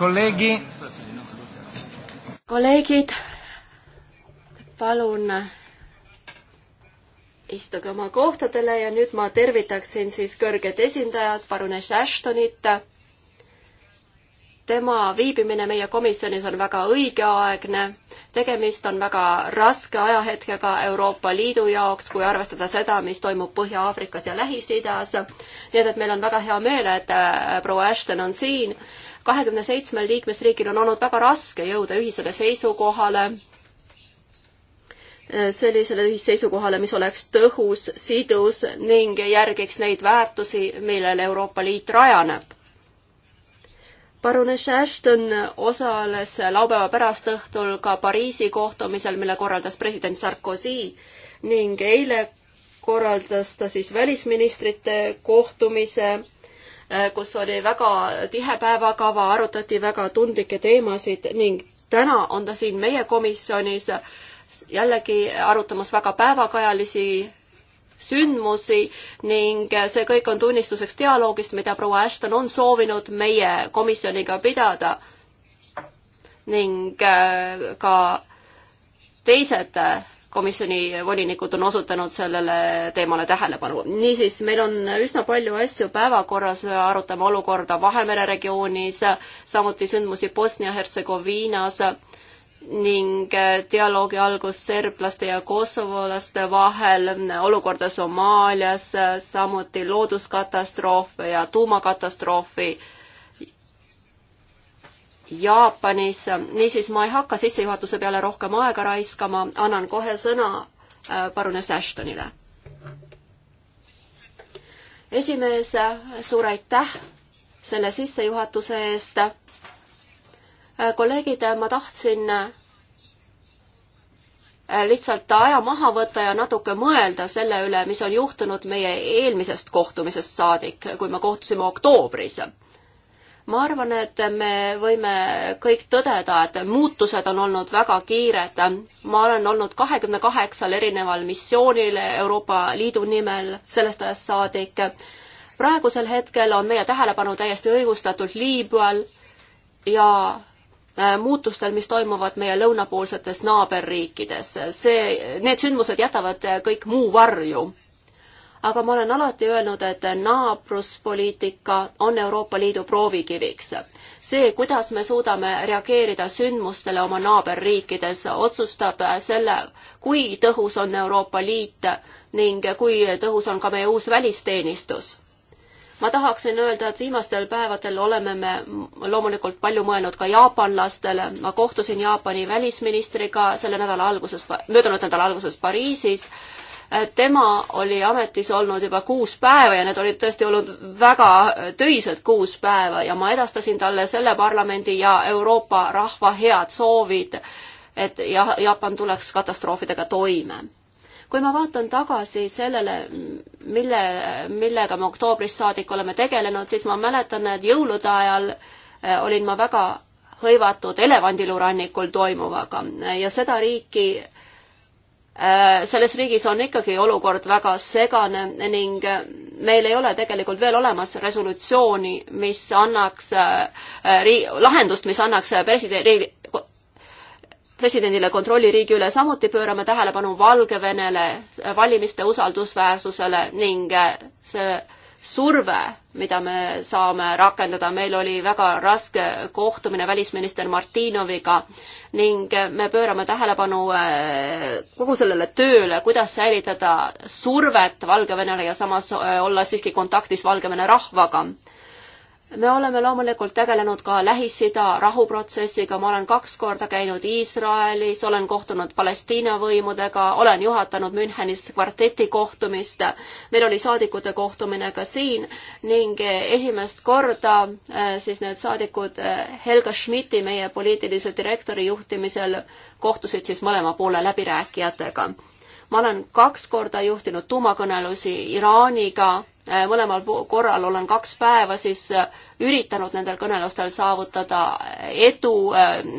kolleegi. kolleegid, palun istuge oma kohtadele ja nüüd ma tervitaksin siis kõrget esindajat, parunes Ashtonit. tema viibimine meie komisjonis on väga õigeaegne. tegemist on väga raske ajahetkega Euroopa Liidu jaoks, kui arvestada seda, mis toimub Põhja-Aafrikas ja Lähis-Idas. nii et, et meil on väga hea meel, et äh, proua Ashton on siin kahekümne seitsmel liikmesriigil on olnud väga raske jõuda ühisele seisukohale, eh, sellisele ühisseisukohale, mis oleks tõhus, sidus ning järgiks neid väärtusi, millel Euroopa Liit rajaneb Baroness Ashton osales laupäeva pärastõhtul ka Pariisi kohtumisel, mille korraldas president Sarkozy ning eile korraldas ta siis välisministrite kohtumise Äh, kus oli väga tihe päevakava, arutati väga tundlikke teemasid ning täna on ta siin meie komisjonis jällegi arutamas väga päevakajalisi sündmusi ning see kõik on tunnistuseks dialoogist, mida proua Ashton on soovinud meie komisjoniga pidada ning äh, ka teised komisjoni volinikud on osutanud sellele teemale tähelepanu. niisiis, meil on üsna palju asju päevakorras, me arutame olukorda Vahemere regioonis, samuti sündmusi Bosnia-Hertsegoviinas ning dialoogi algus serblaste ja kosovolaste vahel, olukorda Somaalias, samuti looduskatastroofe ja tuumakatastroofi Jaapanis. niisiis, ma ei hakka sissejuhatuse peale rohkem aega raiskama, annan kohe sõna äh, parunes Ashtonile. esimees, suur aitäh selle sissejuhatuse eest. Äh, kolleegid, ma tahtsin äh, lihtsalt aja maha võtta ja natuke mõelda selle üle, mis on juhtunud meie eelmisest kohtumisest saadik, kui me kohtusime oktoobris ma arvan, et me võime kõik tõdeda, et muutused on olnud väga kiired. ma olen olnud kahekümne kaheksal erineval missioonil Euroopa Liidu nimel sellest ajast saadik. praegusel hetkel on meie tähelepanu täiesti õigustatult Liibüal ja äh, muutustel, mis toimuvad meie lõunapoolsetes naaberriikides. see, need sündmused jätavad kõik muu varju aga ma olen alati öelnud, et naabruspoliitika on Euroopa Liidu proovikiviks. see, kuidas me suudame reageerida sündmustele oma naaberriikides, otsustab selle, kui tõhus on Euroopa Liit ning kui tõhus on ka meie uus välisteenistus ma tahaksin öelda, et viimastel päevadel oleme me loomulikult palju mõelnud ka jaapanlastele. ma kohtusin Jaapani välisministriga selle nädala alguses, möödunud nädala alguses Pariisis tema oli ametis olnud juba kuus päeva ja need olid tõesti olnud väga töised kuus päeva ja ma edastasin talle selle parlamendi ja Euroopa rahva head soovid, et Jaapan tuleks katastroofidega toime kui ma vaatan tagasi sellele, mille, millega me oktoobrist saadik oleme tegelenud, siis ma mäletan, et jõulude ajal eh, olin ma väga hõivatud elevandiluurannikul toimuvaga ja seda riiki Äh, selles riigis on ikkagi olukord väga segane ning äh, meil ei ole tegelikult veel olemas resolutsiooni, mis annaks äh, ri-, lahendust, mis annaks presidendi, presidendile kontrolli riigi üle, samuti pöörame tähelepanu Valgevenele, valimiste usaldusväärsusele ning see surve mida me saame rakendada. meil oli väga raske kohtumine välisminister Martinoviga ning me pöörame tähelepanu eh, kogu sellele tööle, kuidas säilitada survet Valgevenele ja samas eh, olla siiski kontaktis Valgevene rahvaga me oleme loomulikult tegelenud ka Lähis-Ida rahuprotsessiga, ma olen kaks korda käinud Iisraelis, olen kohtunud Palestiina võimudega, olen juhatanud Münchenis kvarteti kohtumist, meil oli saadikute kohtumine ka siin ning esimest korda äh, siis need saadikud äh, Helga Schmidti, meie poliitilise direktori juhtimisel, kohtusid siis mõlema poole läbirääkijatega. ma olen kaks korda juhtinud tuumakõnelusi Iraaniga Äh, mõlemal korral olen kaks päeva siis äh, üritanud nendel kõnelustel saavutada äh, edu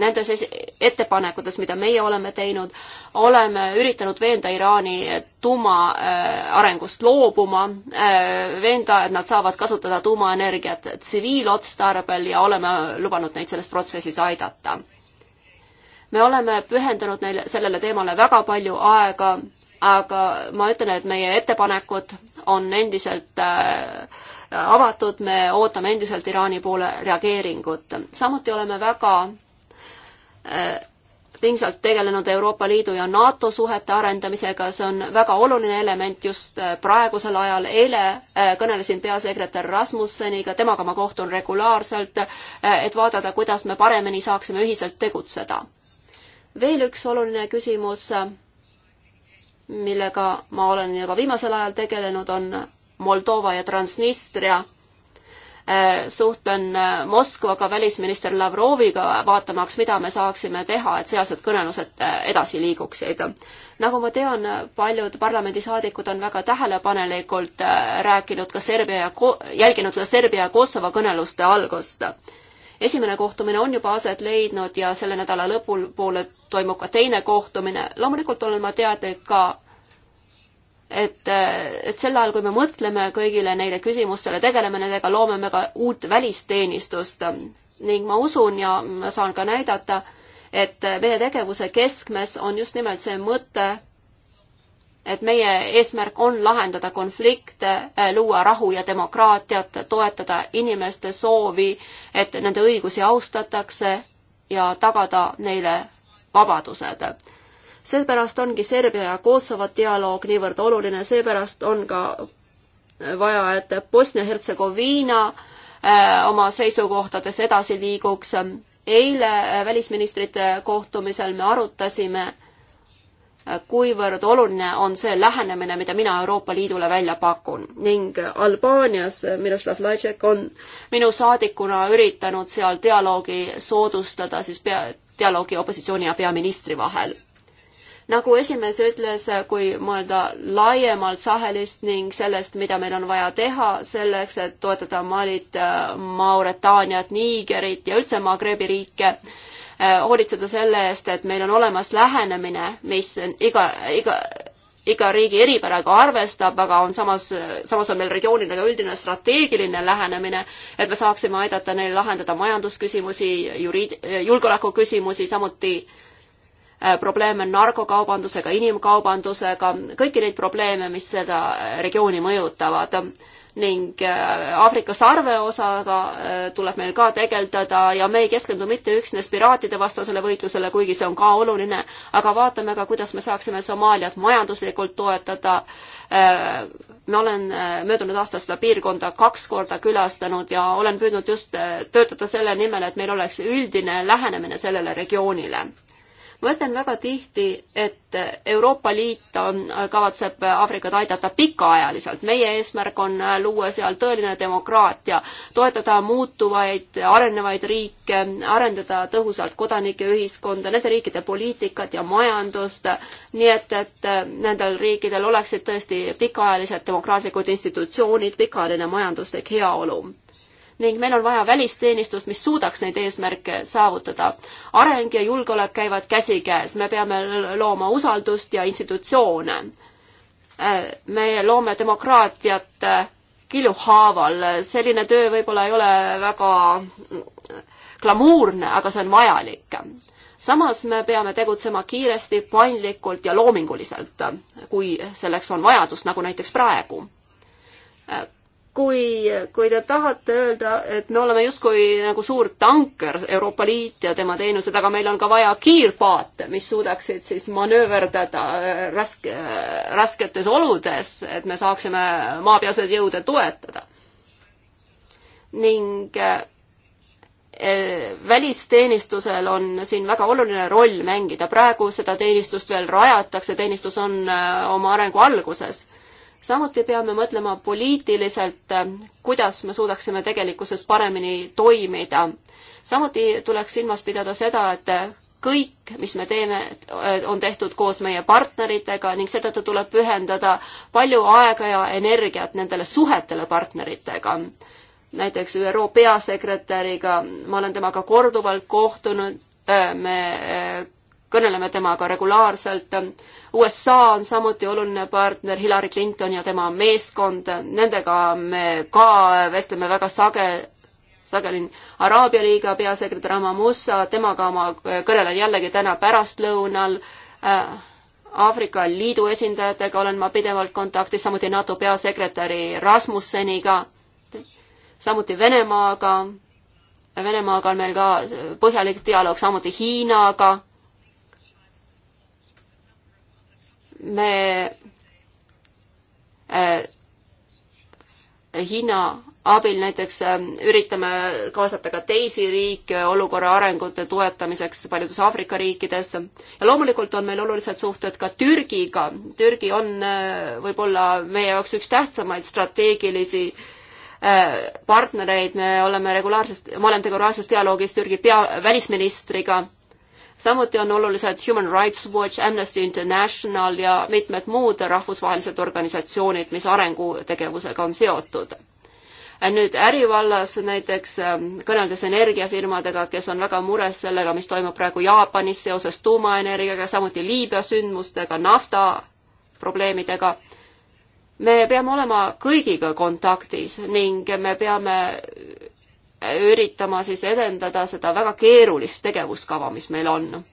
nendes ettepanekutes, mida meie oleme teinud. oleme üritanud veenda Iraani tuumaarengust loobuma, veenda, et nad saavad kasutada tuumaenergiat tsiviilotstarbel ja oleme lubanud neid selles protsessis aidata. me oleme pühendanud neile, sellele teemale väga palju aega aga ma ütlen, et meie ettepanekud on endiselt äh, avatud, me ootame endiselt Iraani poole reageeringut. samuti oleme väga äh, pingsalt tegelenud Euroopa Liidu ja NATO suhete arendamisega, see on väga oluline element just äh, praegusel ajal. eile kõnelesin peasekretär Rasmusseniga, temaga ma kohtun regulaarselt, et vaadata, kuidas me paremini saaksime ühiselt tegutseda. veel üks oluline küsimus millega ma olen ka viimasel ajal tegelenud, on Moldova ja Transnistria. Äh, suhtlen äh, Moskvaga, välisminister Lavroviga, vaatamaks, mida me saaksime teha, et sealsed kõnelused äh, edasi liiguksid. nagu ma tean, paljud parlamendisaadikud on väga tähelepanelikult rääkinud ka Serbia ja, jälginud ka Serbia ja Kosovo kõneluste algust esimene kohtumine on juba aset leidnud ja selle nädala lõpul poole toimub ka teine kohtumine. loomulikult olen ma teadlik ka, et, et sel ajal, kui me mõtleme kõigile neile küsimustele, tegeleme nendega, loome me ka uut välisteenistust ning ma usun ja ma saan ka näidata, et meie tegevuse keskmes on just nimelt see mõte, et meie eesmärk on lahendada konflikte, äh, luua rahu ja demokraatiat, toetada inimeste soovi, et nende õigusi austatakse ja tagada neile vabadused. seepärast ongi Serbia ja Kosovo dialoog niivõrd oluline, seepärast on ka vaja, et Bosnia-Hertsegoviina äh, oma seisukohtades edasi liiguks. eile äh, välisministrite kohtumisel me arutasime kuivõrd oluline on see lähenemine, mida mina Euroopa Liidule välja pakun ning Albaanias Miroslav Lajcek on minu saadikuna üritanud seal dialoogi soodustada siis pea, dialoogi opositsiooni ja peaministri vahel. nagu esimees ütles, kui mõelda laiemalt Sahelist ning sellest, mida meil on vaja teha selleks, et toetada Malit, Mauretaaniat, Nigerit ja üldse Magrebi riike, Äh, hoolitseda selle eest, et meil on olemas lähenemine, mis iga, iga, iga riigi eripäraga arvestab, aga on samas, samas on meil regioonil väga üldine strateegiline lähenemine, et me saaksime aidata neil lahendada majandusküsimusi, juriid-, julgeolekuküsimusi, samuti äh, probleeme narkokaubandusega, inimkaubandusega, kõiki neid probleeme, mis seda regiooni mõjutavad ning äh, Aafrika sarve osaga äh, tuleb meil ka tegeldada ja me ei keskendu mitte üksnes piraatide vastasele võitlusele, kuigi see on ka oluline, aga vaatame ka, kuidas me saaksime Somaaliat majanduslikult toetada. Äh, ma olen möödunud aastal seda piirkonda kaks korda külastanud ja olen püüdnud just töötada selle nimel, et meil oleks üldine lähenemine sellele regioonile ma ütlen väga tihti, et Euroopa Liit on, kavatseb Aafrikat aidata pikaajaliselt. meie eesmärk on luua seal tõeline demokraatia, toetada muutuvaid, arenevaid riike, arendada tõhusalt kodanikeühiskonda, nende riikide poliitikat ja majandust, nii et, et nendel riikidel oleksid tõesti pikaajalised demokraatlikud institutsioonid, pikaajaline majanduslik heaolu ning meil on vaja välisteenistust, mis suudaks neid eesmärke saavutada. areng ja julgeolek käivad käsikäes, me peame looma usaldust ja institutsioone. Äh, me loome demokraatiat äh, kiljuhaaval, selline töö võib-olla ei ole väga äh, glamuurne, aga see on vajalik. samas me peame tegutsema kiiresti, paindlikult ja loominguliselt, kui selleks on vajadust, nagu näiteks praegu kui, kui te tahate öelda, et me oleme justkui nagu suur tanker, Euroopa Liit ja tema teenused, aga meil on ka vaja kiirpaate, mis suudaksid siis manööverdada äh, raske, äh, rasketes oludes, et me saaksime maapealseid jõude toetada. ning äh, välisteenistusel on siin väga oluline roll mängida, praegu seda teenistust veel rajatakse, teenistus on oma arengu alguses samuti peame mõtlema poliitiliselt, äh, kuidas me suudaksime tegelikkuses paremini toimida. samuti tuleks silmas pidada seda, et äh, kõik, mis me teeme, äh, on tehtud koos meie partneritega ning seetõttu tuleb pühendada palju aega ja energiat nendele suhetele partneritega. näiteks ÜRO peasekretäriga, ma olen temaga korduvalt kohtunud, me kõneleme temaga regulaarselt. USA on samuti oluline partner, Hillary Clinton ja tema meeskond, nendega me ka vestleme väga sage, sageli Araabia liiga peasekretär Amma Musa, temaga ma kõnelen jällegi täna pärastlõunal. Äh, Aafrika Liidu esindajatega olen ma pidevalt kontaktis, samuti NATO peasekretäri Rasmusseniga, samuti Venemaaga Venemaaga on meil ka põhjalik dialoog, samuti Hiinaga. me äh, Hiina abil näiteks ähm, üritame kaasata ka teisi riike olukorra arengute toetamiseks paljudes Aafrika riikides. ja loomulikult on meil olulised suhted ka Türgiga. Türgi on äh, võib-olla meie jaoks üks tähtsamaid strateegilisi äh, partnereid, me oleme regulaarses, ma olen regulaarses dialoogis Türgi pea, välisministriga samuti on olulised Human Rights Watch, Amnesty International ja mitmed muud rahvusvahelised organisatsioonid, mis arengutegevusega on seotud nüüd ärivallas näiteks ähm, kõneldes energiafirmadega, kes on väga mures sellega, mis toimub praegu Jaapanis seoses tuumaenergiaga, samuti Liibüa sündmustega, nafta probleemidega. me peame olema kõigiga kontaktis ning me peame üritama siis edendada seda väga keerulist tegevuskava, mis meil on.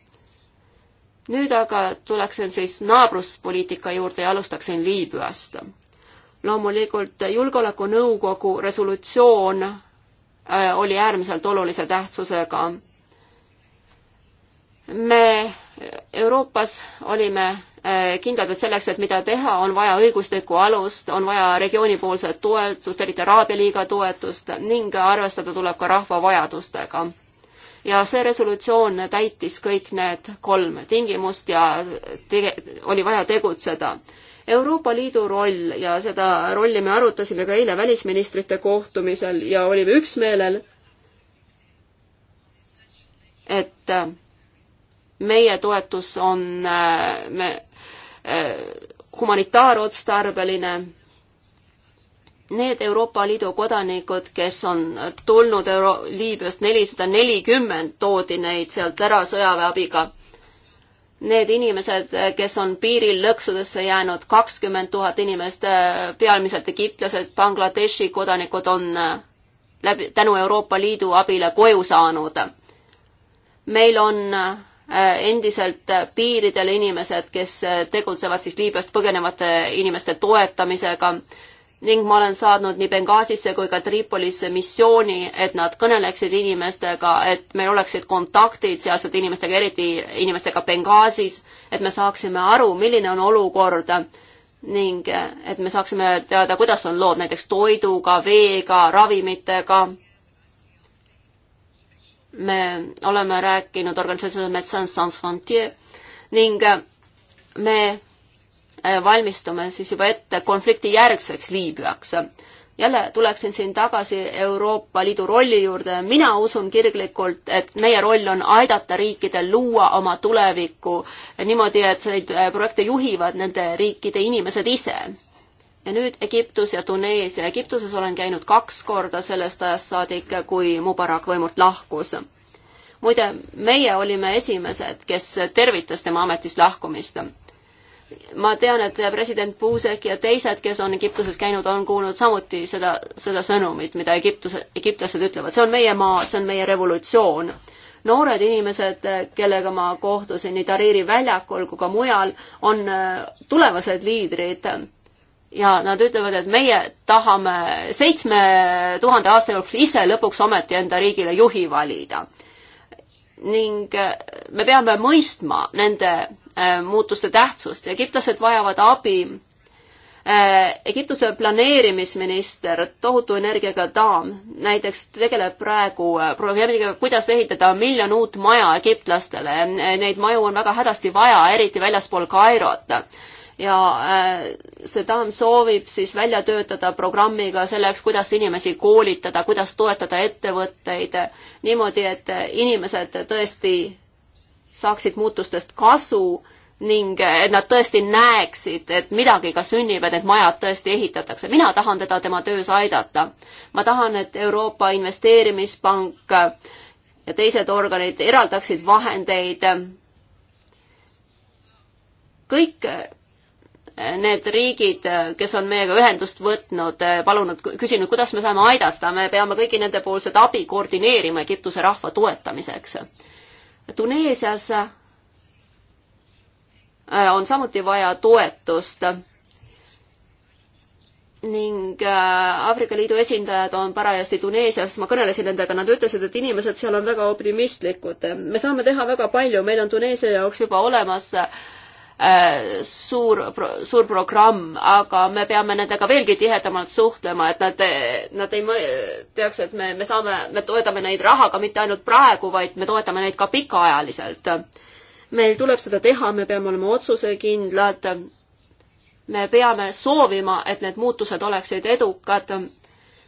nüüd aga tuleksin siis naabruspoliitika juurde ja alustaksin Liibüast. loomulikult Julgeolekunõukogu resolutsioon äh, oli äärmiselt olulise tähtsusega. me Euroopas olime Äh, kindlad, et selleks, et mida teha, on vaja õiguslikku alust, on vaja regioonipoolset toetust, eriti Araabia liiga toetust ning arvestada tuleb ka rahva vajadustega. ja see resolutsioon täitis kõik need kolm tingimust ja tege-, oli vaja tegutseda. Euroopa Liidu roll ja seda rolli me arutasime ka eile välisministrite kohtumisel ja olime üksmeelel, et meie toetus on, me humanitaarotstarbeline. Need Euroopa Liidu kodanikud, kes on tulnud Euro-, Liibüast nelisada nelikümmend, toodi neid sealt ära sõjaväeabiga. Need inimesed, kes on piiril lõksudesse jäänud, kakskümmend tuhat inimest, peamiselt egiptlased, Bangladeshi kodanikud on läbi, tänu Euroopa Liidu abile koju saanud. meil on Äh, endiselt piiridel inimesed, kes äh, tegutsevad siis Liibüast põgenevate inimeste toetamisega ning ma olen saatnud nii Benghazisse kui ka Tripolisse missiooni, et nad kõneleksid inimestega, et meil oleksid kontaktid sealsete inimestega, eriti inimestega Benghazis, et me saaksime aru, milline on olukord ning äh, et me saaksime teada, kuidas on lood näiteks toiduga, veega, ravimitega me oleme rääkinud organisatsiooni Metsans Sans Frontier ning äh, me äh, valmistume siis juba ette konflikti järgseks Liibüaks. jälle tuleksin siin tagasi Euroopa Liidu rolli juurde, mina usun kirglikult, et meie roll on aidata riikidel luua oma tulevikku niimoodi, et neid äh, projekte juhivad nende riikide inimesed ise ja nüüd Egiptus ja Tuneesia. Egiptuses olen käinud kaks korda sellest ajast saadik, kui Mubarak võimult lahkus. muide, meie olime esimesed, kes tervitas tema ametist lahkumist. ma tean, et president Buzek ja teised, kes on Egiptuses käinud, on kuulnud samuti seda, seda sõnumit, mida Egiptuse, egiptlased ütlevad. see on meie maa, see on meie revolutsioon noored inimesed, kellega ma kohtusin nii Tariri väljakul kui ka mujal, on äh, tulevased liidrid ja nad ütlevad, et meie tahame seitsme tuhande aasta jooksul ise lõpuks ometi enda riigile juhi valida. ning äh, me peame mõistma nende äh, muutuste tähtsust, egiptlased vajavad abi. Äh, Egiptuse planeerimisminister, tohutu energiaga daam, näiteks tegeleb praegu programmiga, kuidas ehitada miljon uut maja egiptlastele. Neid maju on väga hädasti vaja, eriti väljaspool Kairot ja äh, see daam soovib siis välja töötada programmiga selleks, kuidas inimesi koolitada, kuidas toetada ettevõtteid niimoodi, et inimesed tõesti saaksid muutustest kasu ning et nad tõesti näeksid, et midagi ka sünnib, et need majad tõesti ehitatakse. mina tahan teda tema töös aidata. ma tahan, et Euroopa Investeerimispank ja teised organid eraldaksid vahendeid. kõik need riigid, kes on meiega ühendust võtnud, eh, palunud, küsinud, kuidas me saame aidata, me peame kõigi nendepoolset abi koordineerima Egiptuse rahva toetamiseks. Tuneesias eh, on samuti vaja toetust ning eh, Aafrika Liidu esindajad on parajasti Tuneesias, ma kõnelesin nendega, nad ütlesid, et inimesed seal on väga optimistlikud. me saame teha väga palju, meil on Tuneesia jaoks juba olemas äh, Äh, suur, suur programm, aga me peame nendega veelgi tihedamalt suhtlema, et nad, nad ei teaks, et me, me saame, me toetame neid rahaga mitte ainult praegu, vaid me toetame neid ka pikaajaliselt. meil tuleb seda teha, me peame olema otsusekindlad. me peame soovima, et need muutused oleksid edukad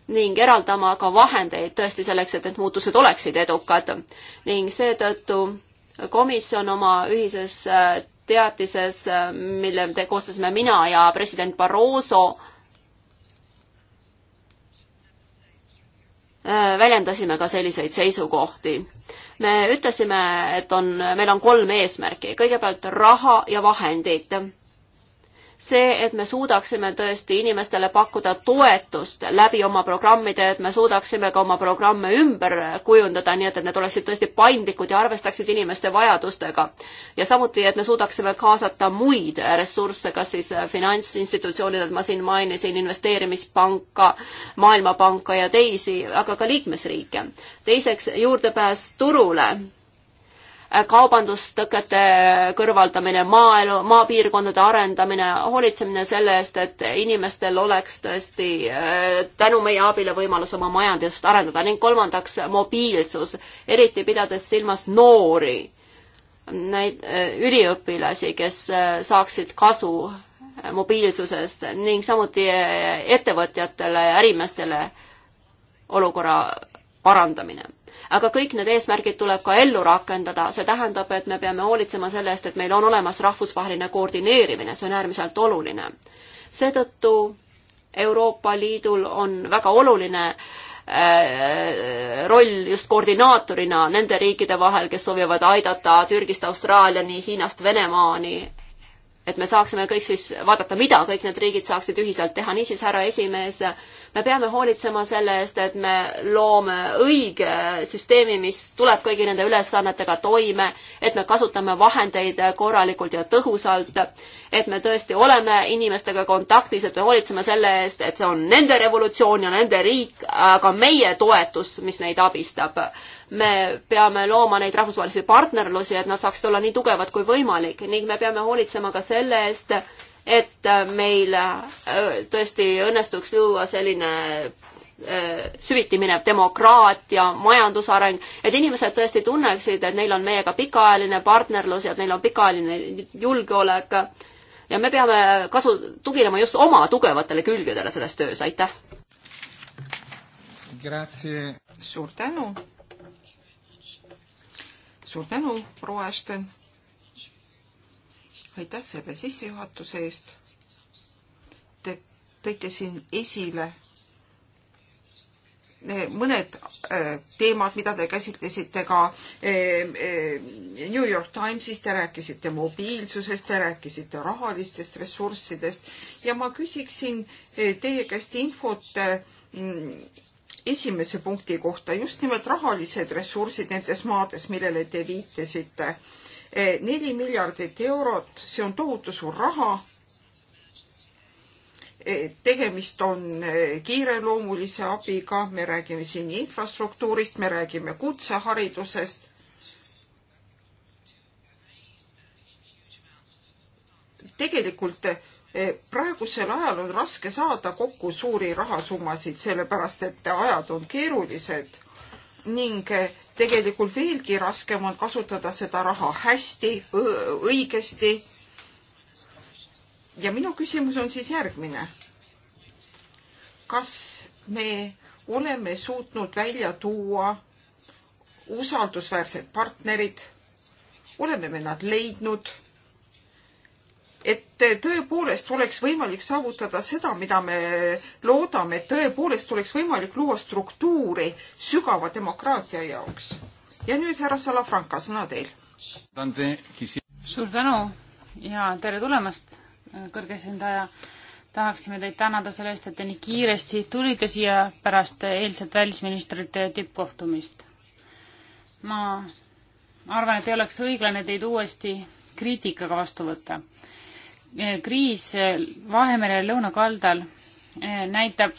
ning eraldama ka vahendeid tõesti selleks, et need muutused oleksid edukad. ning seetõttu komisjon oma ühises teatises, mille te koostasime mina ja president Barroso, äh, väljendasime ka selliseid seisukohti. me ütlesime, et on, meil on kolm eesmärki, kõigepealt raha ja vahendid see, et me suudaksime tõesti inimestele pakkuda toetust läbi oma programmide, et me suudaksime ka oma programme ümber kujundada, nii et, et need oleksid tõesti paindlikud ja arvestaksid inimeste vajadustega. ja samuti, et me suudaksime kaasata muid ressursse, kas siis finantsinstitutsioonidelt ma siin mainisin, investeerimispanka, Maailmapanka ja teisi, aga ka liikmesriike. teiseks, juurdepääs turule Äh, kaubandustõkete kõrvaldamine, maaelu, maapiirkondade arendamine, hoolitsemine selle eest, et inimestel oleks tõesti äh, tänu meie abile võimalus oma majandust arendada ning kolmandaks mobiilsus, eriti pidades silmas noori neid äh, üliõpilasi, kes saaksid kasu mobiilsusest ning samuti ettevõtjatele ja ärimeestele olukorra parandamine aga kõik need eesmärgid tuleb ka ellu rakendada, see tähendab, et me peame hoolitsema selle eest, et meil on olemas rahvusvaheline koordineerimine, see on äärmiselt oluline. seetõttu Euroopa Liidul on väga oluline äh, roll just koordinaatorina nende riikide vahel, kes soovivad aidata Türgist Austraaliani, Hiinast Venemaani, et me saaksime kõik siis vaadata, mida kõik need riigid saaksid ühiselt teha. niisiis, härra esimees, me peame hoolitsema selle eest, et me loome õige süsteemi, mis tuleb kõigi nende ülesannetega toime, et me kasutame vahendeid korralikult ja tõhusalt, et me tõesti oleme inimestega kontaktis, et me hoolitseme selle eest, et see on nende revolutsioon ja nende riik, aga meie toetus, mis neid abistab. me peame looma neid rahvusvahelisi partnerlusi, et nad saaksid olla nii tugevad kui võimalik ning me peame hoolitsema ka selle eest, et äh, meil äh, tõesti õnnestuks luua selline äh, süviti minev demokraatia, majandusareng, et inimesed tõesti tunneksid, et neil on meiega pikaajaline partnerlus ja et neil on pikaajaline julgeolek. ja me peame kasu, tuginema just oma tugevatele külgedele selles töös, aitäh! suur tänu! suur tänu, proua Ashton! aitäh selle sissejuhatuse eest. Te tõite siin esile eh, mõned eh, teemad, mida te käsitlesite ka eh, New York Timesis, te rääkisite mobiilsusest, te rääkisite rahalistest ressurssidest ja ma küsiksin teie käest infot esimese punkti kohta, just nimelt rahalised ressursid nendes maades, millele te viitasite neli miljardit eurot, see on tohutu suur raha. E, tegemist on e, kiireloomulise abiga, me räägime siin infrastruktuurist, me räägime kutseharidusest. tegelikult e, praegusel ajal on raske saada kokku suuri rahasummasid, sellepärast et ajad on keerulised ning eh, tegelikult veelgi raskem on kasutada seda raha hästi, õigesti. ja minu küsimus on siis järgmine. kas me oleme suutnud välja tuua usaldusväärsed partnerid, oleme me nad leidnud et tõepoolest oleks võimalik saavutada seda, mida me loodame, et tõepoolest oleks võimalik luua struktuuri sügava demokraatia jaoks. ja nüüd härra Salafranca, sõna teil. suur tänu ja tere tulemast, kõrge esindaja. tahaksime teid tänada selle eest, et te nii kiiresti tulite siia pärast eilset välisministrite tippkohtumist. ma arvan, et ei oleks õiglane teid uuesti kriitikaga vastu võtta kriis eh, Vahemere lõunakaldal eh, näitab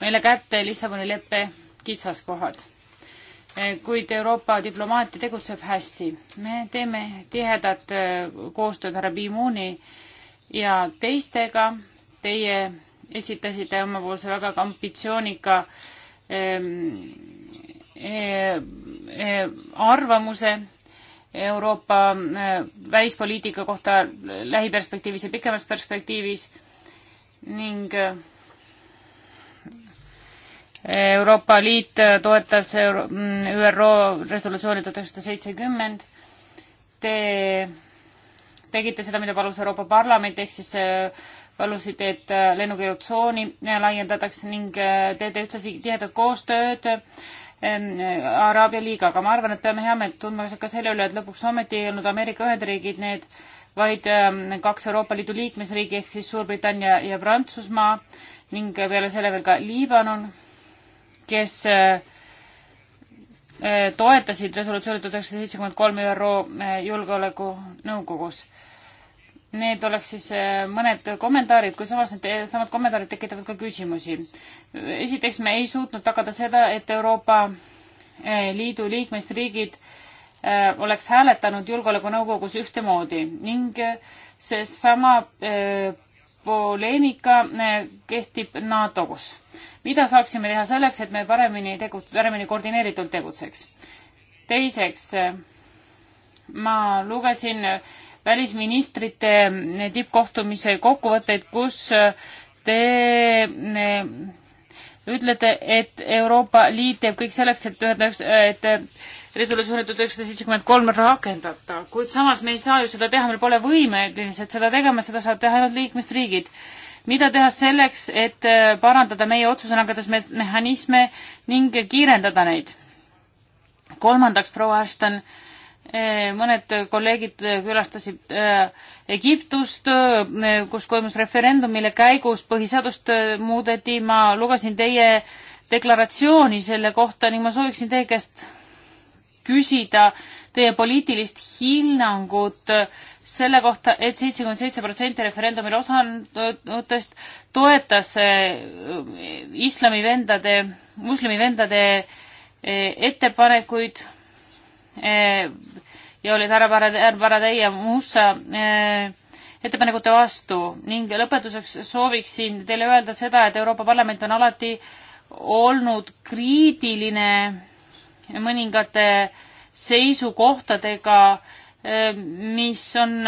meile kätte Lissaboni leppe kitsaskohad. Eh, kuid Euroopa diplomaatia tegutseb hästi. me teeme tihedat koostööd härra Bimuni ja teistega. Teie esitasite omapoolse väga ambitsioonika ehm, arvamuse Euroopa äh, välispoliitika kohta lähiperspektiivis ja pikemas perspektiivis ning äh, Euroopa Liit toetas mm, ÜRO resolutsiooni tuhat üheksasada seitsekümmend. Te tegite seda, mida palus Euroopa Parlament, ehk siis äh, palusid, et lennukeelutsooni laiendatakse ning teete ühtlasi tihedat koostööd Eh, Araabia liigaga. ma arvan, et peame heameelt tundma ka selle üle, et lõpuks ometi ei olnud Ameerika Ühendriigid need, vaid kaks Euroopa Liidu liikmesriigi ehk siis Suurbritannia ja Prantsusmaa ning peale selle veel ka Liibanon, kes eh, eh, toetasid resolutsiooni tuhat üheksasada seitsekümmend kolm ÜRO Julgeolekunõukogus Need oleks siis äh, mõned kommentaarid, kui samas need äh, samad kommentaarid tekitavad ka küsimusi. esiteks, me ei suutnud tagada seda, et Euroopa äh, Liidu liikmesriigid oleks hääletanud Julgeolekunõukogus ühtemoodi ning seesama poleemika kehtib NATO-s. mida saaksime teha selleks, et me paremini tegu-, paremini koordineeritult tegutseks? teiseks, ma lugesin äh, välisministrite eh, tippkohtumise kokkuvõtteid, kus eh, te eh, ütlete, et Euroopa Liit teeb kõik selleks, et ühendaks, et resolutsiooni tuhat üheksasada seitsekümmend kolm rakendada, kuid samas me ei saa ju seda teha, meil pole võimelised seda tegema, seda saavad teha ainult liikmesriigid. mida teha selleks, et parandada meie otsuselangetusmehhanisme ning kiirendada neid? kolmandaks, proua Ashton Eh, mõned kolleegid eh, külastasid eh, Egiptust, kus toimus referendum, mille käigus põhiseadust muudeti, ma lugesin teie deklaratsiooni selle kohta ning ma sooviksin teie käest küsida teie poliitilist hinnangut selle kohta et, et seitsekümmend seitse protsenti referendumil osanutest toetas islami vendade, moslemi vendade ettepanekuid Eh, ja olid härra Paradei ja Musa eh, ettepanekute vastu ning lõpetuseks sooviksin teile öelda seda, et Euroopa Parlament on alati olnud kriitiline mõningate seisukohtadega, eh, mis on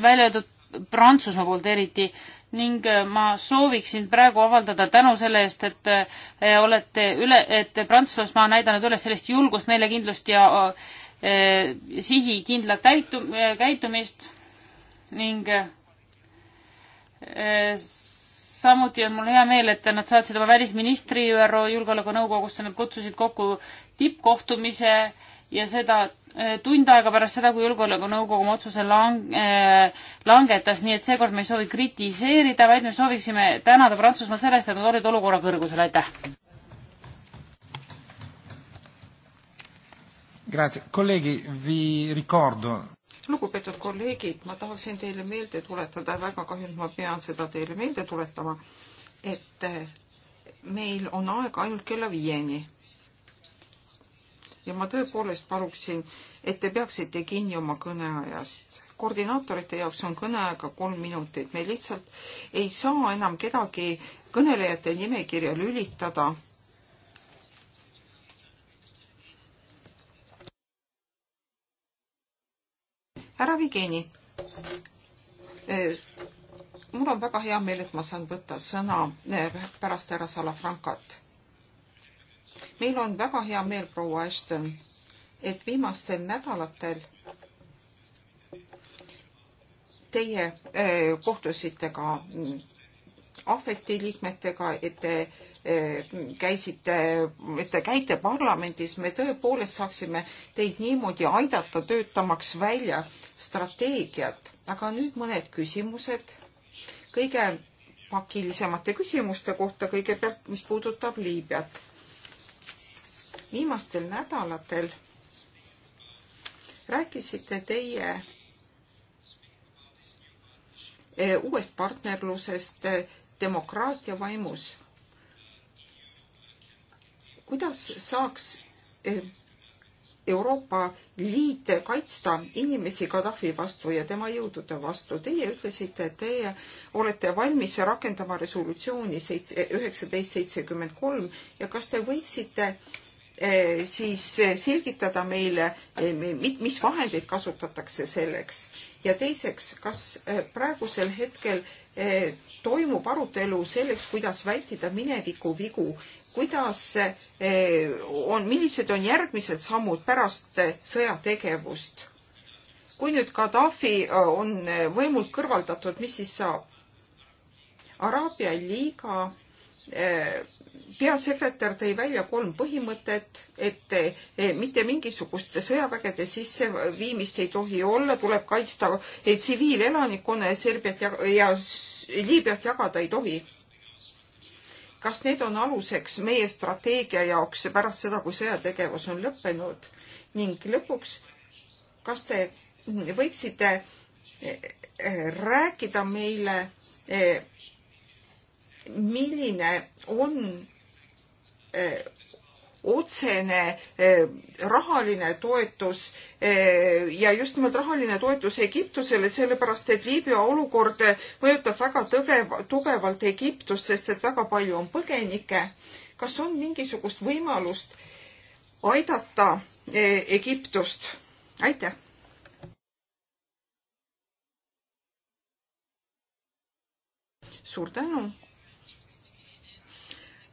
välja öeldud Prantsusmaa poolt eriti ning äh, ma sooviksin praegu avaldada tänu selle eest, et äh, olete üle, et Prantsusmaa on näidanud üles sellist julgust, meelekindlust ja äh, sihikindlat täitu-, äh, käitumist ning äh, samuti on mul hea meel, et nad saatsid oma välisministri ÜRO Julgeolekunõukogusse, nad kutsusid kokku tippkohtumise ja seda Eh, tund aega pärast seda, kui Julgeolekunõukogu oma otsuse lang-, eh, langetas, nii et seekord me ei soovi kritiseerida, vaid me sooviksime tänada Prantsusmaad selle eest, et nad olid olukorra kõrgusel, aitäh! lugupeetud kolleegid, ma tahaksin teile meelde tuletada, väga kahju, et ma pean seda teile meelde tuletama, et eh, meil on aega ainult kella viieni ja ma tõepoolest paluksin, et te peaksite kinni oma kõneajast. koordinaatorite jaoks on kõneaega kolm minutit, me lihtsalt ei saa enam kedagi kõnelejate nimekirja lülitada härra Vigeni, eh, mul on väga hea meel, et ma saan võtta sõna eh, pärast härra Salafrankat meil on väga hea meel, proua Ashton, et viimastel nädalatel teie eh, kohtusite ka mm, ahveti liikmetega, et te eh, käisite, et te käite parlamendis, me tõepoolest saaksime teid niimoodi aidata, töötamaks välja strateegiat. aga nüüd mõned küsimused kõige pakilisemate küsimuste kohta, kõigepealt, mis puudutab Liibüat viimastel nädalatel rääkisite teie eh, uuest partnerlusest eh, demokraatia vaimus. kuidas saaks eh, Euroopa Liit kaitsta inimesi Gaddafi vastu ja tema jõudude vastu. Teie ütlesite, et teie olete valmis rakendama resolutsiooni üheksateist seitsekümmend kolm ja kas te võiksite Eh, siis eh, selgitada meile, eh, mis vahendeid kasutatakse selleks ja teiseks, kas praegusel hetkel toimub arutelu selleks, kuidas vältida mineviku vigu, kuidas on, millised on järgmised sammud pärast sõjategevust? kui nüüd Gaddafi on võimult kõrvaldatud, mis siis saab? Araabia liiga Eh, peasekretär tõi välja kolm põhimõtet, et eh, mitte mingisugust sõjavägede sisseviimist ei tohi olla, tuleb kaitsta tsiviilelanikkonna ja Serbiat ja, ja Liibüat jagada ei tohi. kas need on aluseks meie strateegia jaoks pärast seda, kui sõjategevus on lõppenud ning lõpuks, kas te võiksite eh, rääkida meile milline on eh, otsene eh, rahaline toetus eh, ja just nimelt rahaline toetus Egiptusele, sellepärast et Liibüa olukord mõjutab väga tõgev, tugevalt Egiptust, sest et väga palju on põgenikke. kas on mingisugust võimalust aidata Egiptust? aitäh! suur tänu!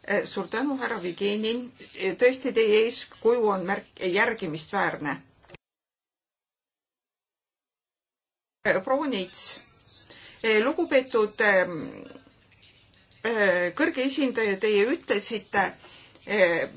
Eh, suur tänu, härra Vigenin. Eh, tõesti, teie eeskuju on märk, järgimist väärne. Eh, proua Niits, lugupeetud kõrge esindaja, teie ütlesite, Eh,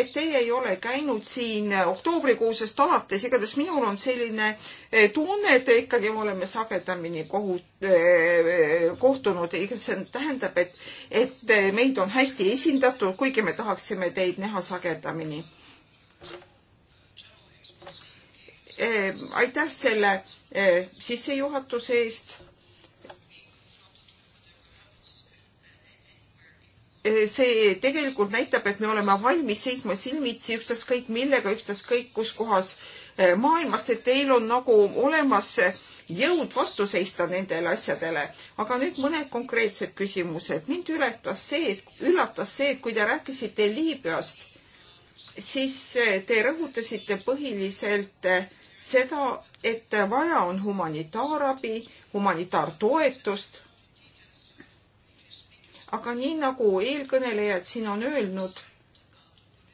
et teie ei ole käinud siin oktoobrikuusest alates, igatahes minul on selline eh, tunne, et ikkagi me oleme sagedamini kohut-, eh, kohtunud, see tähendab, et, et meid on hästi esindatud, kuigi me tahaksime teid näha sagedamini. aitäh selle sissejuhatuse eest Eh, see tegelikult näitab, et me oleme valmis seisma silmitsi ükstaskõik millega, ükstaskõik kus kohas eh, maailmas, et teil on nagu olemas eh, jõud vastu seista nendele asjadele. aga nüüd mõned konkreetsed küsimused. mind ületas see, üllatas see, et kui te rääkisite Liibüast, siis te rõhutasite põhiliselt seda, et vaja on humanitaarabi, humanitaartoetust aga nii nagu eelkõnelejad siin on öelnud,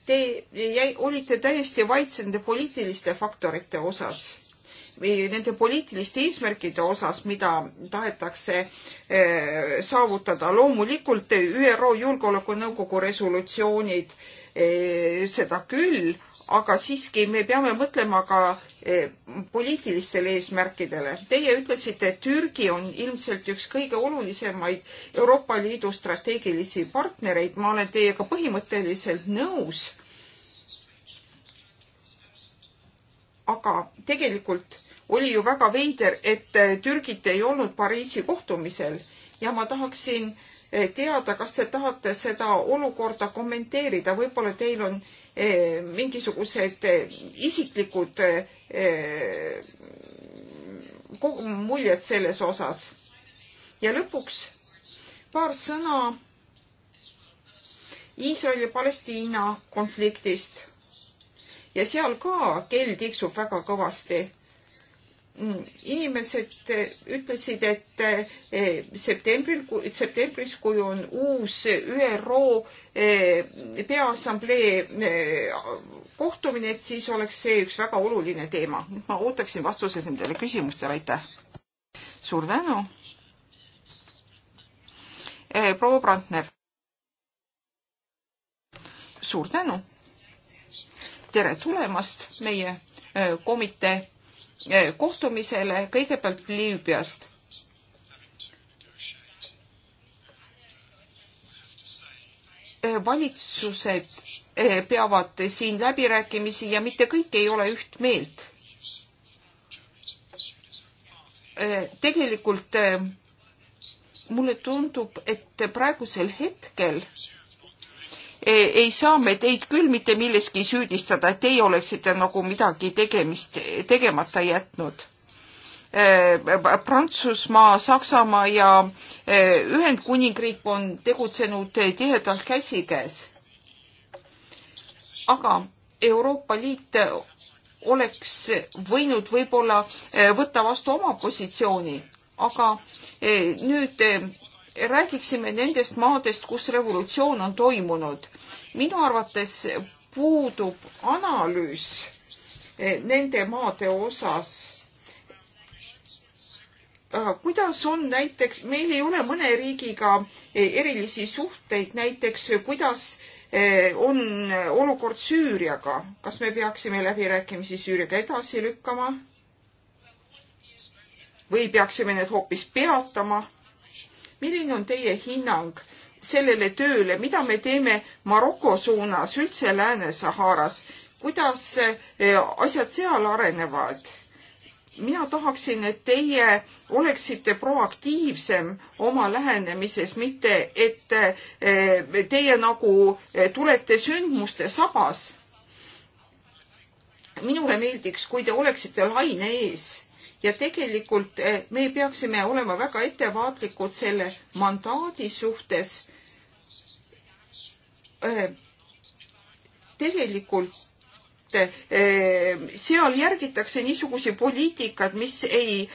te jäi, olite täiesti vaid nende poliitiliste faktorite osas või nende poliitiliste eesmärkide osas, mida tahetakse eh, saavutada. loomulikult ÜRO Julgeolekunõukogu resolutsioonid eh,, seda küll, aga siiski me peame mõtlema ka eh, poliitilistele eesmärkidele. Teie ütlesite, et Türgi on ilmselt üks kõige olulisemaid Euroopa Liidu strateegilisi partnereid. ma olen teiega põhimõtteliselt nõus. aga tegelikult oli ju väga veider, et eh, Türgit ei olnud Pariisi kohtumisel ja ma tahaksin äh, Eh, teada, kas te tahate seda olukorda kommenteerida, võib-olla teil on eh, mingisugused eh, isiklikud muljed selles osas. ja lõpuks paar sõna Iisraeli ja Palestiina konfliktist. ja seal ka kell tiksub väga kõvasti inimesed eh, ütlesid, et eh, septembril, septembris, kui on uus ÜRO eh, Peaassamblee kohtumine, et siis oleks see üks väga oluline teema. ma ootaksin vastuseid nendele küsimustele, aitäh. suur tänu. proua Brandner. suur tänu. tere tulemast meie komitee Eh, kohtumisele kõigepealt Liibüast. Eh, valitsused eh, peavad siin läbirääkimisi ja mitte kõik ei ole üht meelt. tegelikult mulle tundub, et praegusel hetkel Eh, ei saa me teid küll mitte milleski süüdistada, et teie oleksite nagu midagi tegemist, tegemata jätnud. Eh, Prantsusmaa, Saksamaa ja eh, Ühendkuningriik on tegutsenud tihedalt käsikäes. aga Euroopa Liit oleks võinud võib-olla võtta vastu oma positsiooni, aga nüüd räägiksime nendest maadest, kus revolutsioon on toimunud. minu arvates puudub analüüs eh, nende maade osas. Äh, kuidas on näiteks, meil ei ole mõne riigiga eh, erilisi suhteid, näiteks kuidas eh, on olukord Süüriaga, kas me peaksime läbirääkimisi Süüriaga edasi lükkama? või peaksime need hoopis peatama? milline on teie hinnang sellele tööle, mida me teeme Maroko suunas, üldse Lääne-Saharas, kuidas eh, asjad seal arenevad? mina tahaksin, et teie oleksite proaktiivsem oma lähenemises, mitte et eh, teie nagu eh, tulete sündmuste sabas. minule meeldiks, kui te oleksite laine ees ja tegelikult eh, me peaksime olema väga ettevaatlikud selle mandaadi suhtes. Eh, tegelikult eh, seal järgitakse niisugusi poliitikat, mis ei,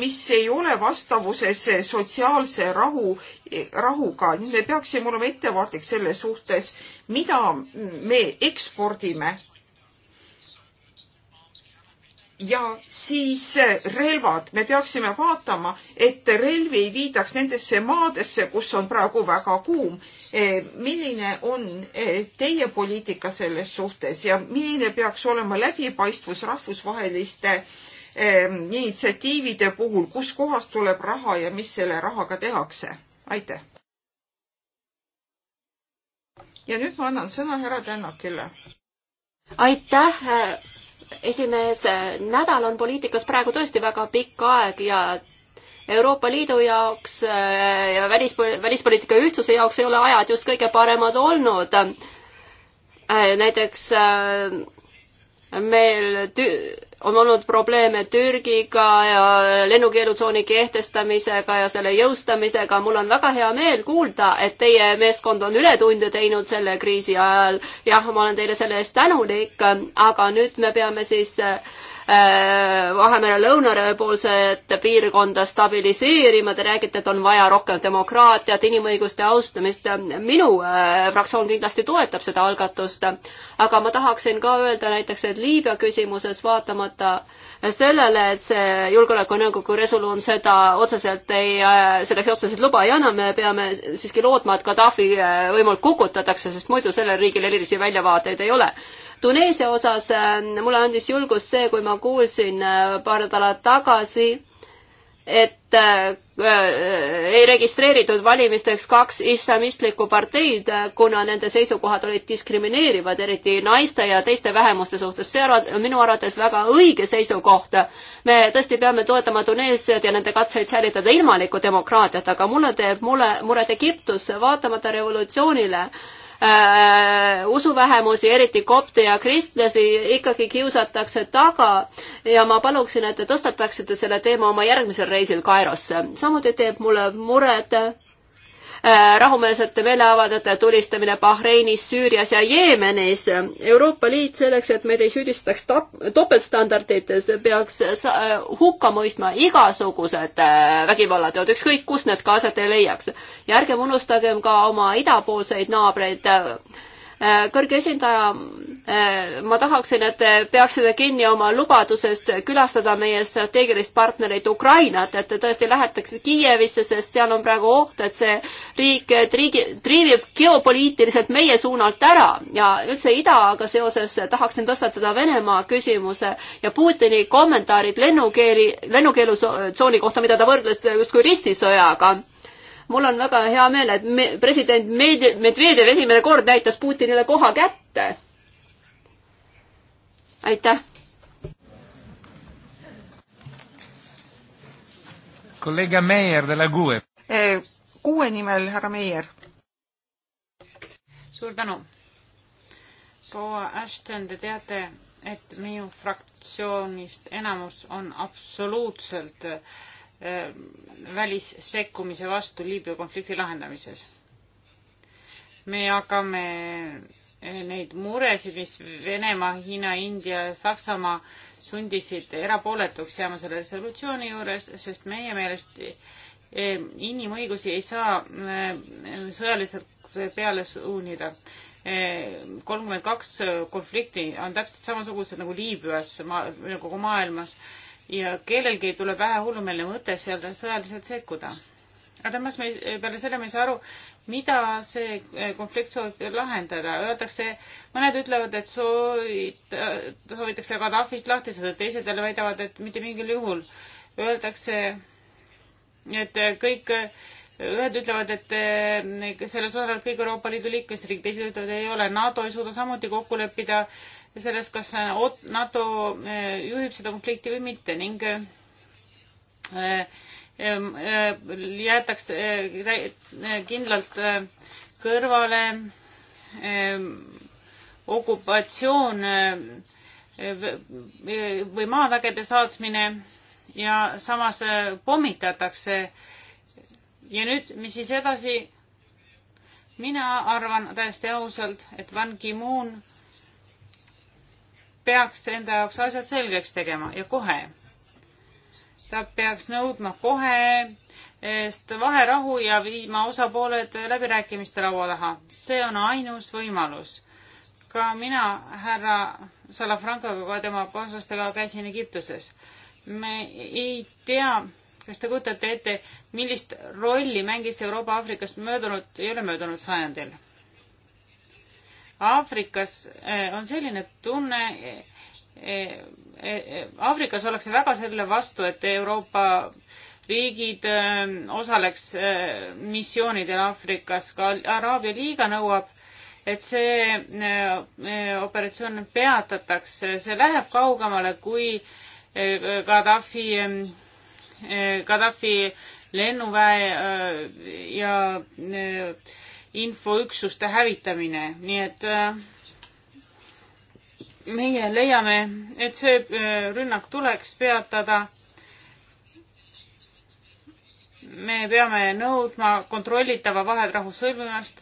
mis ei ole vastavuses sotsiaalse rahu, rahuga. nüüd me peaksime olema ettevaatlik selle suhtes, mida me ekspordime ja siis eh, relvad, me peaksime vaatama, et relvi ei viidaks nendesse maadesse, kus on praegu väga kuum. Eh, milline on eh, teie poliitika selles suhtes ja milline peaks olema läbipaistvus rahvusvaheliste initsiatiivide puhul, kuskohast tuleb raha ja mis selle rahaga tehakse? aitäh. ja nüüd ma annan sõna härra Tännakile. aitäh esimees, nädal on poliitikas praegu tõesti väga pikk aeg ja Euroopa Liidu jaoks äh, ja välispo-, välispoliitika ühtsuse jaoks ei ole ajad just kõige paremad olnud. Äh, näiteks äh, meil on olnud probleeme Türgiga ja lennukeelutsooni kehtestamisega ja selle jõustamisega. mul on väga hea meel kuulda, et teie meeskond on ületunde teinud selle kriisi ajal. jah, ma olen teile selle eest tänulik, aga nüüd me peame siis äh, Äh, Vahemere lõunapoolset piirkonda stabiliseerima, te räägite, et on vaja rohkem demokraatiat, inimõiguste austamist. minu äh, fraktsioon kindlasti toetab seda algatust, aga ma tahaksin ka öelda näiteks, et Liibüa küsimuses vaatamata sellele, et see Julgeolekunõukogu resoluun seda otseselt ei, äh, selleks otseselt luba ei anna, me peame siiski lootma, et Gaddafi võimult kukutatakse, sest muidu sellel riigil erilisi väljavaateid ei ole Tuneesia osas äh, mulle andis julgust see, kui ma kuulsin äh, paar nädalat tagasi, et äh, ei registreeritud valimisteks kaks islamistlikku parteid, kuna nende seisukohad olid diskrimineerivad, eriti naiste ja teiste vähemuste suhtes. see on minu arvates väga õige seisukoht. me tõesti peame toetama Tuneesiat ja nende katseid säilitada ilmalikku demokraatiat, aga mulle teeb mure, muret Egiptus, vaatamata revolutsioonile äh, äh, usuvähemusi, eriti kopte ja kristlasi, ikkagi kiusatakse taga ja ma paluksin, et te tõstataksite selle teema oma järgmisel reisil Kairosse. samuti teeb mulle muret äh, Äh, rahumeelsete meeleavaldajate tulistamine Bahreinis, Süürias ja Jeemenis. Euroopa Liit selleks, et meid ei süüdistataks topeltstandardites, peaks äh, hukka mõistma igasugused äh, vägivallateod, ükskõik kus need ka aset ei leiaks. ja ärgem unustagem ka oma idapoolseid naabreid kõrge esindaja Äh, ma tahaksin, et te peaksite kinni oma lubadusest külastada meie strateegilist partnerit Ukrainat, et te tõesti lähetakse Kiievisse, sest seal on praegu oht, et see riik triigi, triivib geopoliitiliselt meie suunalt ära ja üldse idaga seoses tahaksin tõstatada Venemaa küsimuse ja Putini kommentaarid lennukeeli, lennukeelutsooni kohta, mida ta võrdles justkui ristisõjaga mul on väga hea meel, et me, president Medvedev esimene kord näitas Putinile koha kätte aitäh! kolleeg Meier de la Gue. Kuue eh, nimel härra Meier. suur tänu. proua Ashton, te teate, et minu fraktsioonist enamus on absoluutselt äh, välissekkumise vastu Liibüa konflikti lahendamises. me jagame neid muresid, mis Venemaa, Hiina, India ja Saksamaa sundisid erapooletuks jääma selle resolutsiooni juures, sest meie meelest eh, inimõigusi ei saa eh, sõjaliselt peale suunida. Eh, kolmkümmend kaks konflikti on täpselt samasugused nagu Liibüas, nagu kogu maailmas ja kellelgi tuleb vähe hullumeelne mõte seal sõjaliselt sekkuda aga samas me ei, peale selle me ei saa aru, mida see eh, konflikt soovib lahendada. Öeldakse, mõned ütlevad, et soovid, soovitakse Gaddafist lahti saada, teised jälle väidavad, et mitte mingil juhul. Öeldakse, et kõik, ühed ütlevad, et eh, selles osalevad kõik Euroopa Liidu liikmesriigid, teised ütlevad, ei ole, NATO ei suuda samuti kokku leppida selles, kas NATO eh, juhib seda konflikti või mitte ning jäetakse kindlalt kõrvale okupatsioon või maavägede saatmine ja samas äh, pommitatakse. ja nüüd, mis siis edasi? mina arvan täiesti ausalt, et Ban Ki-moon peaks enda jaoks asjad selgeks tegema ja kohe ta peaks nõudma kohe eest vaherahu ja viima osapooled läbirääkimiste laua taha. see on ainus võimalus. ka mina härra Salafrankaga, tema kaaslastega käisin Egiptuses. me ei tea, kas te kujutate ette, millist rolli mängis Euroopa Aafrikast möödunud, ei ole möödunud sajandil. Aafrikas eh, on selline tunne, Aafrikas ollakse väga selle vastu, et Euroopa riigid ähm, osaleks äh, missioonidel Aafrikas, ka Araabia liiga nõuab, et see äh, äh, operatsioon peatatakse, see läheb kaugemale kui Gaddafi, ähm, Gaddafi lennuväe ja infoüksuste hävitamine, nii et meie leiame, et see äh, rünnak tuleks peatada. me peame nõudma kontrollitava vaherahu sõlmimast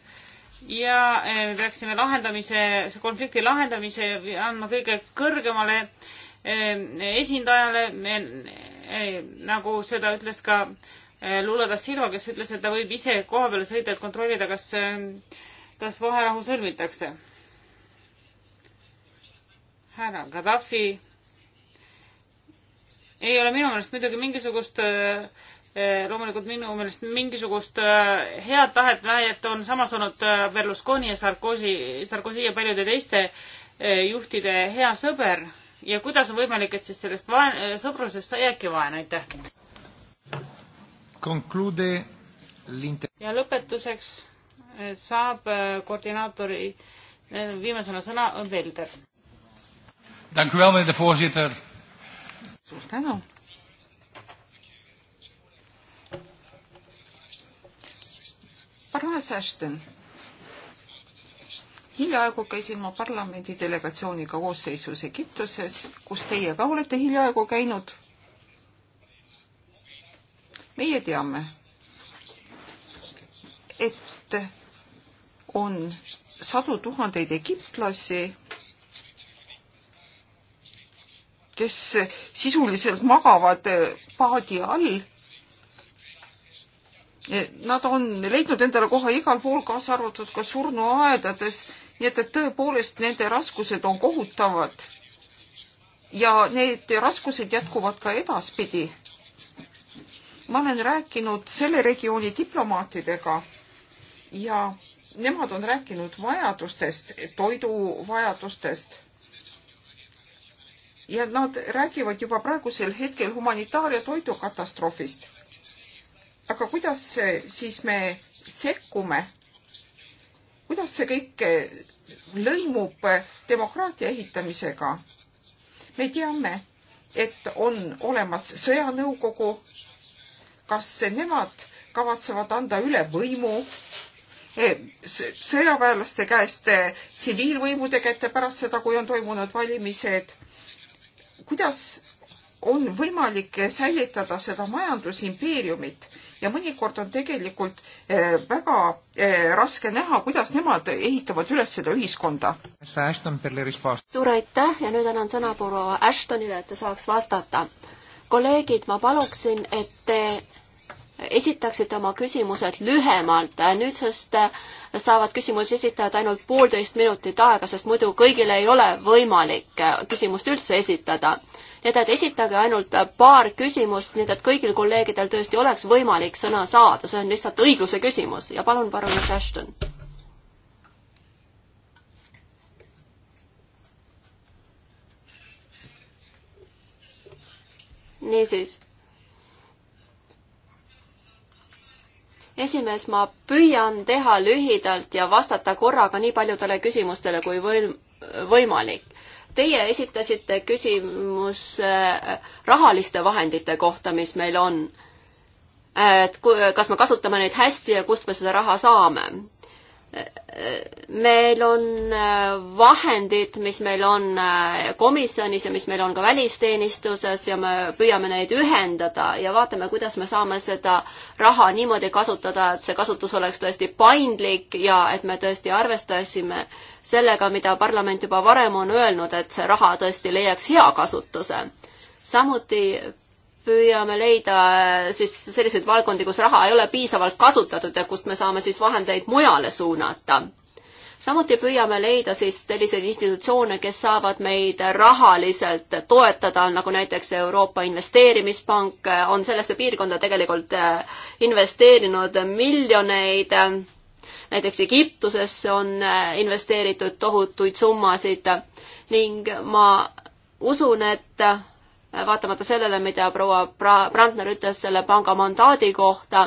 ja äh, me peaksime lahendamise, konflikti lahendamise andma kõige kõrgemale äh, esindajale, nagu seda ütles ka Lula da Silva, kes ütles, et ta võib ise koha peale sõita, et kontrollida, kas, kas vaherahu sõlmitakse härra Gaddafi ei ole minu meelest muidugi mingisugust eh, eh, loomulikult minu meelest mingisugust eh, head tahet väidet on samas olnud Berlusconi ja Sarkozy, Sarkozy ja paljude teiste juhtide hea sõber ja kuidas on võimalik, et siis sellest vaen-, sõprusest jääbki vaen, aitäh! ja lõpetuseks saab koordinaatori viimasena sõna Velder. Dank u wel, meneer de voorzitter. suur tänu. Barnes Ashton, hiljaaegu käisin ma parlamendi delegatsiooniga koosseisus Egiptuses, kus teie ka olete hiljaaegu käinud. meie teame, et on sadu tuhandeid egiptlasi kes sisuliselt magavad paadi all. Nad on leidnud endale koha igal pool, kaasa arvatud ka surnuaedades, nii et, et tõepoolest nende raskused on kohutavad. ja need raskused jätkuvad ka edaspidi. ma olen rääkinud selle regiooni diplomaatidega ja nemad on rääkinud vajadustest, toiduvajadustest ja nad räägivad juba praegusel hetkel humanitaar- ja toidukatastroofist. aga kuidas siis me sekkume? kuidas see kõik eh, lõimub eh, demokraatia ehitamisega? me teame, et on olemas sõjanõukogu. kas nemad kavatsevad anda üle võimu eh, sõjaväelaste käest tsiviilvõimude kätte pärast seda, kui on toimunud valimised kuidas on võimalik säilitada seda majandusimpeeriumit ja mõnikord on tegelikult eh, väga eh, raske näha, kuidas nemad ehitavad üles seda ühiskonda. suur aitäh ja nüüd annan sõna proua Ashtonile, et ta saaks vastata. kolleegid, ma paluksin, et te esitaksite oma küsimused lühemalt, nüüdsest äh, saavad küsimusi esitajad ainult poolteist minutit aega, sest muidu kõigil ei ole võimalik äh, küsimust üldse esitada. nii et, et esitage ainult äh, paar küsimust, nii et, et kõigil kolleegidel tõesti oleks võimalik sõna saada, see on lihtsalt õigluse küsimus ja palun, parunes Ashton. niisiis esimees, ma püüan teha lühidalt ja vastata korraga nii paljudele küsimustele kui võim-, võimalik. Teie esitasite küsimuse äh, rahaliste vahendite kohta, mis meil on. Äh, et kui, kas me kasutame neid hästi ja kust me seda raha saame meil on äh, vahendid, mis meil on äh, komisjonis ja mis meil on ka välisteenistuses ja me püüame neid ühendada ja vaatame, kuidas me saame seda raha niimoodi kasutada, et see kasutus oleks tõesti paindlik ja et me tõesti arvestasime sellega, mida parlament juba varem on öelnud, et see raha tõesti leiaks hea kasutuse. samuti püüame leida äh, siis selliseid valdkondi, kus raha ei ole piisavalt kasutatud ja kust me saame siis vahendeid mujale suunata. samuti püüame leida siis selliseid institutsioone, kes saavad meid rahaliselt toetada, nagu näiteks Euroopa Investeerimispank äh, on sellesse piirkonda tegelikult äh, investeerinud miljoneid, näiteks Egiptusesse on investeeritud tohutuid summasid ning ma usun, et vaatamata sellele, mida proua Brandner ütles selle panga mandaadi kohta,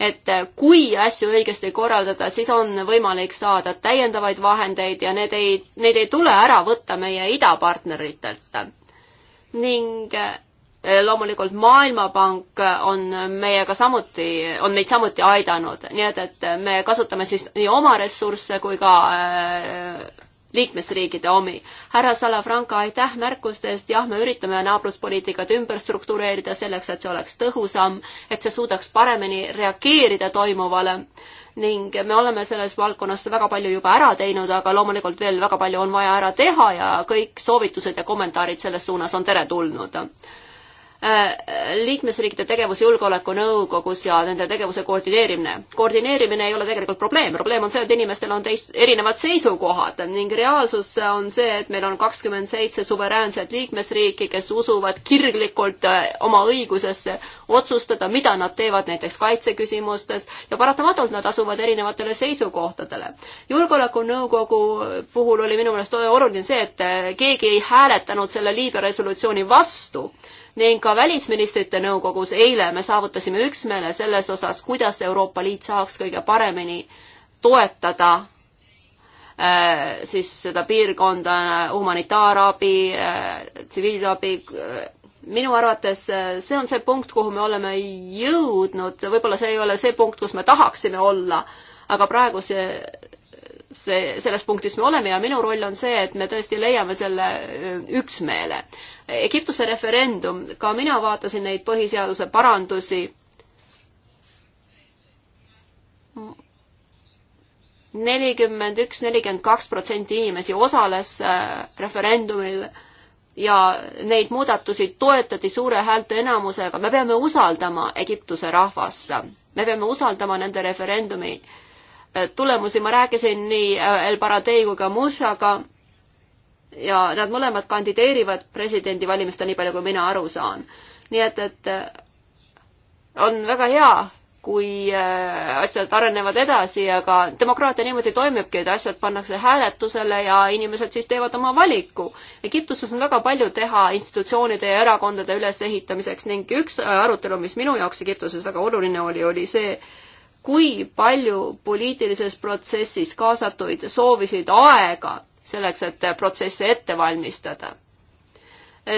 et kui asju õigesti korraldada, siis on võimalik saada täiendavaid vahendeid ja need ei, neid ei tule ära võtta meie idapartneritelt. ning eh, loomulikult Maailmapank on meiega samuti, on meid samuti aidanud, nii et, et me kasutame siis nii oma ressursse kui ka äh, liikmesriigide omi. härra Salafranca, aitäh märkuste eest, jah, me üritame naabruspoliitikat ümber struktureerida selleks, et see oleks tõhusam, et see suudaks paremini reageerida toimuvale ning me oleme selles valdkonnas väga palju juba ära teinud, aga loomulikult veel väga palju on vaja ära teha ja kõik soovitused ja kommentaarid selles suunas on teretulnud Äh, liikmesriikide tegevus Julgeolekunõukogus ja nende tegevuse koordineerimine. koordineerimine ei ole tegelikult probleem, probleem on see, et inimestel on teist, erinevad seisukohad ning reaalsus on see, et meil on kakskümmend seitse suveräänset liikmesriiki, kes usuvad kirglikult äh, oma õigusesse otsustada, mida nad teevad näiteks kaitseküsimustes ja paratamatult nad asuvad erinevatele seisukohtadele. julgeolekunõukogu puhul oli minu meelest oluline see, et äh, keegi ei hääletanud selle Liibüa resolutsiooni vastu ning ka välisministrite nõukogus eile me saavutasime üksmeele selles osas, kuidas Euroopa Liit saaks kõige paremini toetada äh, siis seda piirkonda, humanitaarabi, äh, tsiviilabi, äh, minu arvates see on see punkt, kuhu me oleme jõudnud, võib-olla see ei ole see punkt, kus me tahaksime olla, aga praegu see, see, selles punktis me oleme ja minu roll on see, et me tõesti leiame selle äh, üksmeele. Egiptuse referendum, ka mina vaatasin neid põhiseaduse parandusi. nelikümmend üks, nelikümmend kaks protsenti inimesi osales äh, referendumil ja neid muudatusi toetati suure häälteenamusega. me peame usaldama Egiptuse rahvast, me peame usaldama nende referendumi äh, tulemusi ma rääkisin nii äh, El Paradei kui ka Mushaga ja nad mõlemad kandideerivad presidendivalimistel, nii palju kui mina aru saan. nii et, et äh, on väga hea, kui äh, asjad arenevad edasi, aga demokraatia niimoodi toimibki, et asjad pannakse hääletusele ja inimesed siis teevad oma valiku. Egiptuses on väga palju teha institutsioonide ja erakondade ülesehitamiseks ning üks arutelu, mis minu jaoks Egiptuses väga oluline oli, oli see, kui palju poliitilises protsessis kaasatuid soovisid aega selleks, et protsesse ette valmistada.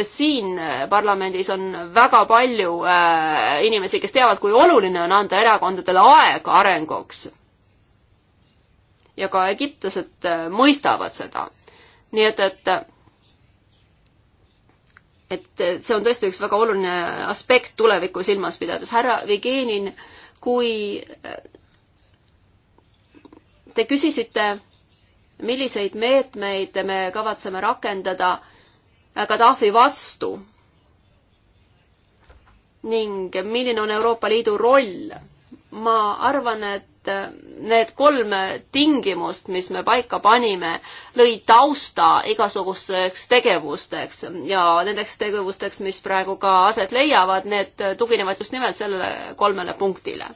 siin parlamendis on väga palju äh, inimesi, kes teavad, kui oluline on anda erakondadele aega arenguks. ja ka egiptlased äh, mõistavad seda. nii et, et et see on tõesti üks väga oluline aspekt tulevikku silmas pidades. härra Vigenin äh, kui äh, te küsisite, milliseid meetmeid me kavatseme rakendada äh, Gaddafi vastu ning milline on Euroopa Liidu roll. ma arvan, et et äh, need kolm tingimust, mis me paika panime, lõid tausta igasugusteks tegevusteks ja nendeks tegevusteks, mis praegu ka aset leiavad, need tuginevad just nimelt sellele kolmele punktile.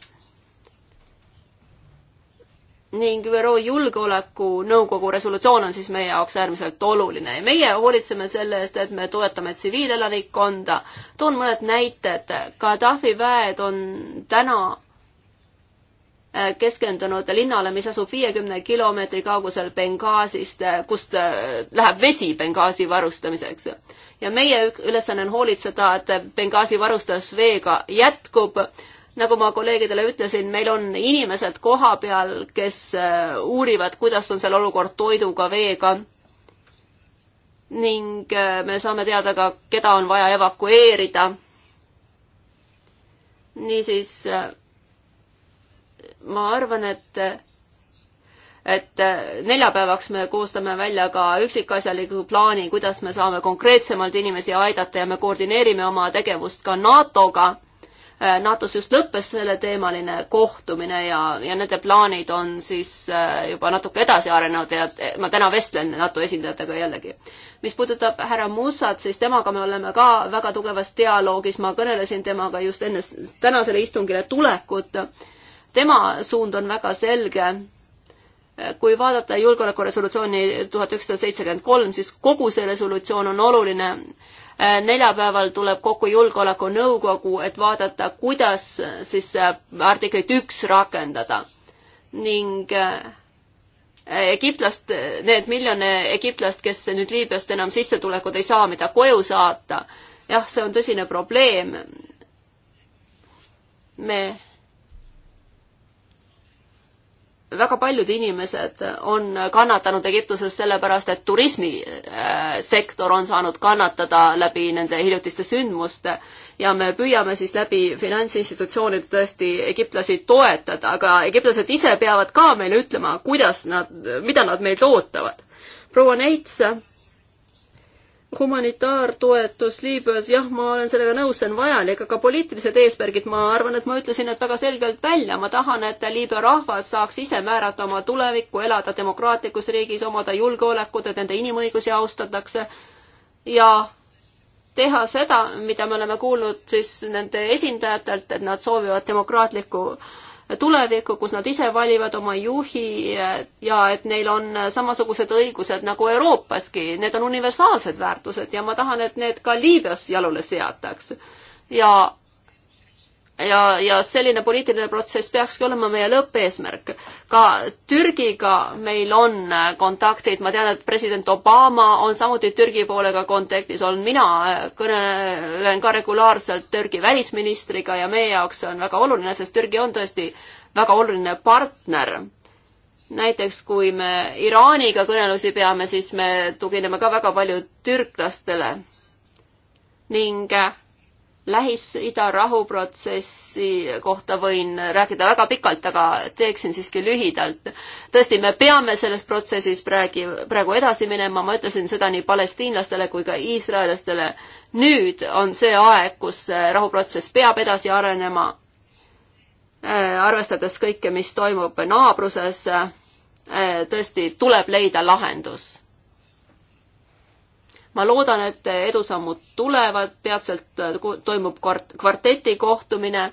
ning ÜRO Julgeolekunõukogu resolutsioon on siis meie jaoks äärmiselt oluline ja meie hoolitseme selle eest, et me toetame tsiviilelanikkonda. toon mõned näited. Gaddafi väed on täna keskendunud linnale, mis asub viiekümne kilomeetri kaugusel Benghazist, kust äh, läheb vesi Benghazi varustamiseks. ja meie ülesanne on hoolitseda, et Benghazi varustus veega jätkub. nagu ma kolleegidele ütlesin, meil on inimesed kohapeal, kes äh, uurivad, kuidas on seal olukord toiduga, veega ning äh, me saame teada ka, keda on vaja evakueerida. niisiis ma arvan, et et neljapäevaks me koostame välja ka üksikasjaliku plaani, kuidas me saame konkreetsemalt inimesi aidata ja me koordineerime oma tegevust ka NATO-ga. NATO-s just lõppes selleteemaline kohtumine ja, ja nende plaanid on siis äh, juba natuke edasi arenenud ja ma täna vestlen NATO esindajatega jällegi. mis puudutab härra Mussat, siis temaga me oleme ka väga tugevas dialoogis, ma kõnelesin temaga just enne tänasele istungile tulekut tema suund on väga selge. kui vaadata julgeolekuresolutsiooni tuhat üheksasada seitsekümmend kolm, siis kogu see resolutsioon on oluline. neljapäeval tuleb kokku Julgeolekunõukogu, et vaadata, kuidas siis artiklit üks rakendada ning eh, egiptlast, need miljon egiptlast, kes nüüd Liibüast enam sissetulekud ei saa, mida koju saata, jah, see on tõsine probleem. me väga paljud inimesed on kannatanud Egiptuses sellepärast, et turismisektor äh, on saanud kannatada läbi nende hiljutiste sündmuste ja me püüame siis läbi finantsinstitutsioonide tõesti egiptlasi toetada, aga egiptlased ise peavad ka meile ütlema, kuidas nad, mida nad meilt ootavad. proua Neits humanitaartoetus Liibüas, jah, ma olen sellega nõus, see on vajalik, aga poliitilised eesmärgid, ma arvan, et ma ütlesin need väga selgelt välja, ma tahan, et Liibüa rahvas saaks ise määrata oma tulevikku, elada demokraatlikus riigis, omada julgeolekut, et nende inimõigusi austatakse ja teha seda, mida me oleme kuulnud siis nende esindajatelt, et nad soovivad demokraatlikku äh, tulevikku, kus nad ise valivad oma juhi eh, ja et neil on samasugused õigused nagu Euroopaski, need on universaalsed väärtused ja ma tahan, et need ka Liibüas jalule seataks. ja ja, ja selline poliitiline protsess peakski olema meie lõppeesmärk. ka Türgiga meil on äh, kontaktid, ma tean, et president Obama on samuti Türgi poolega kontaktis olnud, mina äh, kõnelen ka regulaarselt Türgi välisministriga ja meie jaoks see on väga oluline, sest Türgi on tõesti väga oluline partner. näiteks kui me Iraaniga kõnelusi peame, siis me tugineme ka väga palju türklastele ning äh, Lähis-Ida rahuprotsessi kohta võin rääkida väga pikalt, aga teeksin siiski lühidalt. tõesti, me peame selles protsessis praegu, praegu edasi minema, ma ütlesin seda nii palestiinlastele kui ka iisraellastele. nüüd on see aeg, kus rahuprotsess peab edasi arenema, äh, arvestades kõike, mis toimub naabruses, äh, tõesti tuleb leida lahendus ma loodan, et edusammud tulevad, peatselt äh, toimub kvart-, kvarteti kohtumine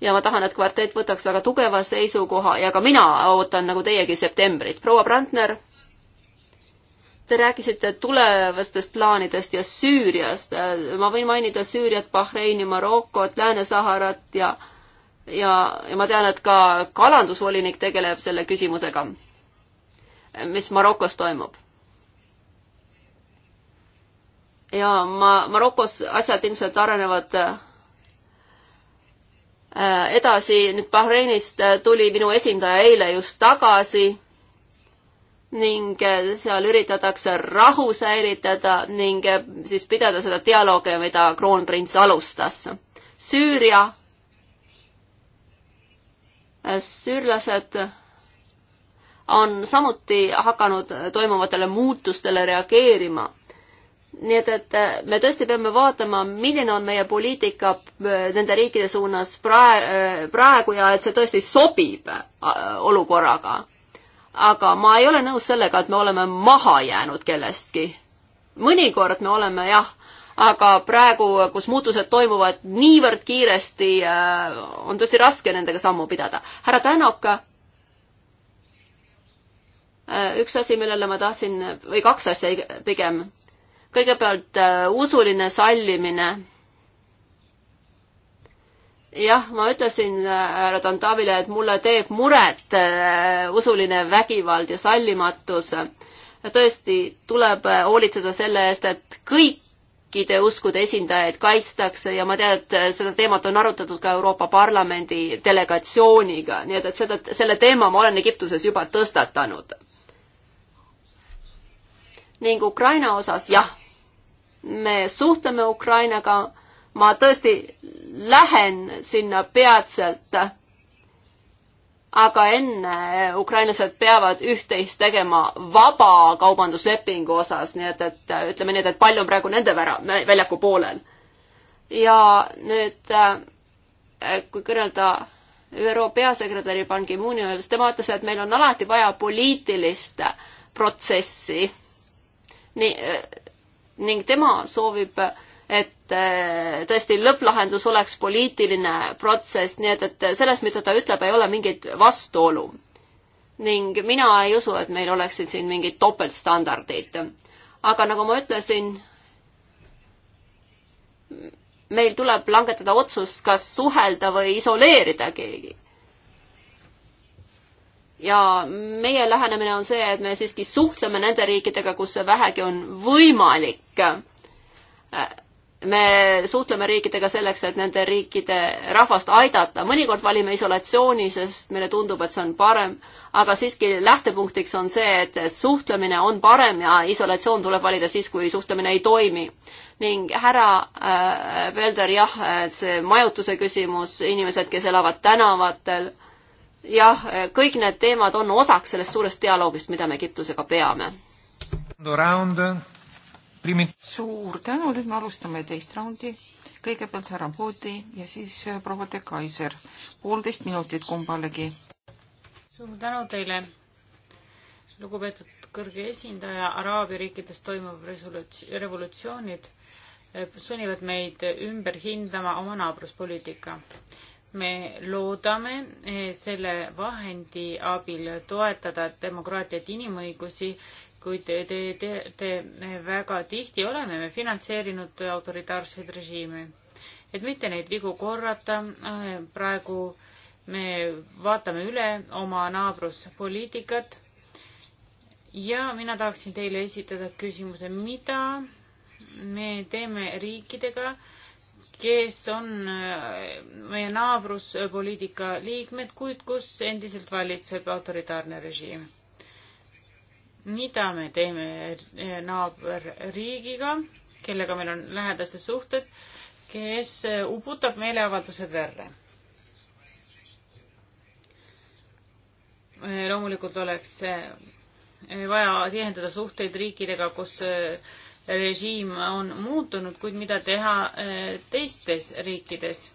ja ma tahan, et kvartett võtaks väga tugeva seisukoha ja ka mina ootan nagu teiegi septembrit. proua Brandner, te rääkisite tulevastest plaanidest ja Süüriast. Äh, ma võin mainida Süüriat, Bahreini, Marokot, Lääne-Saharat ja ja, ja ma tean, et ka kalandusvolinik tegeleb selle küsimusega, mis Marokos toimub ja ma, Marokos asjad ilmselt arenevad äh, edasi, nüüd Bahreinist äh, tuli minu esindaja eile just tagasi ning äh, seal üritatakse rahu säilitada ning siis pidada seda dialoogi, mida kroonprints alustas. Süüria, süürlased on samuti hakanud toimuvatele muutustele reageerima nii et, et äh, me tõesti peame vaatama, milline on meie poliitika äh, nende riikide suunas praegu, äh, praegu ja et see tõesti sobib olukorraga. aga ma ei ole nõus sellega, et me oleme maha jäänud kellestki. mõnikord me oleme jah, aga praegu, kus muutused toimuvad niivõrd kiiresti, on tõesti raske nendega sammu pidada. härra Tänok üks asi, millele ma tahtsin, või kaks asja pigem kõigepealt äh, usuline sallimine. jah, ma ütlesin äh, härra Tantavile, et mulle teeb muret äh, usuline vägivald ja sallimatus. tõesti, tuleb hoolitseda selle eest, et kõikide uskude esindajaid kaitstakse ja ma tean, et seda teemat on arutatud ka Euroopa Parlamendi delegatsiooniga, nii et, et seda, selle teema ma olen Egiptuses juba tõstatanud ning Ukraina osas jah, me suhtleme Ukrainaga, ma tõesti lähen sinna peatselt. aga enne ukrainlased peavad üht-teist tegema vabakaubanduslepingu osas, nii et, et ütleme nii, et, et palju on praegu nende vära, väljaku poolel. ja nüüd äh, kui kõnelda ÜRO peasekretäri Ban Ki-mooni öeldes, tema ütles, et meil on alati vaja poliitilist protsessi. nii, ning tema soovib, et äh, tõesti lõpplahendus oleks poliitiline protsess, nii et, et selles, mida ta ütleb, ei ole mingit vastuolu. ning mina ei usu, et meil oleksid siin mingid topeltstandardid. aga nagu ma ütlesin, meil tuleb langetada otsus, kas suhelda või isoleerida keegi ja meie lähenemine on see, et me siiski suhtleme nende riikidega, kus see vähegi on võimalik. me suhtleme riikidega selleks, et nende riikide rahvast aidata, mõnikord valime isolatsiooni, sest meile tundub, et see on parem, aga siiski lähtepunktiks on see, et suhtlemine on parem ja isolatsioon tuleb valida siis, kui suhtlemine ei toimi. ning härra äh, Pelder, jah, see majutuse küsimus, inimesed, kes elavad tänavatel äh,, jah, kõik need teemad on osaks sellest suurest dialoogist, mida me Egiptusega peame. suur tänu, nüüd me alustame teist raundi. kõigepealt härra Poodi ja siis äh, proua de Kaiser. poolteist minutit kumbalegi. suur tänu teile, lugupeetud kõrge esindaja, Araabia riikides toimuv resoluts-, revolutsioonid eh, sunnivad meid ümber hindama oma naabruspoliitika me loodame eh, selle vahendi abil toetada demokraatiat, inimõigusi, kuid te, te, te, te eh, väga tihti oleme me finantseerinud autoritaarseid režiime. et mitte neid vigu korrata, eh, praegu me vaatame üle oma naabruspoliitikat ja mina tahaksin teile esitada küsimuse, mida me teeme riikidega, kes on äh, meie naabruspoliitika liikmed, kuid kus endiselt valitseb autoritaarne režiim. mida me teeme äh, naaberriigiga, kellega meil on lähedased suhted, kes äh, uputab meeleavaldused verre? loomulikult oleks vaja tihendada suhteid riikidega, kus režiim on muutunud, kuid mida teha eh, teistes riikides?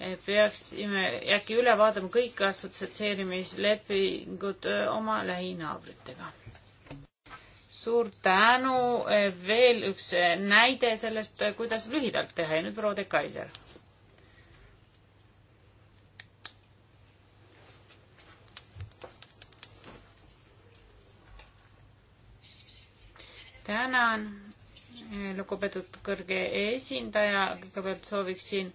Eh, peaksime äkki üle vaatama kõik assotsieerimislepingud eh, oma lähinaabritega. suur tänu, veel üks näide sellest, kuidas lühidalt teha ja nüüd proua de Kaiser. tänan lugupeetud kõrge esindaja, kõigepealt sooviksin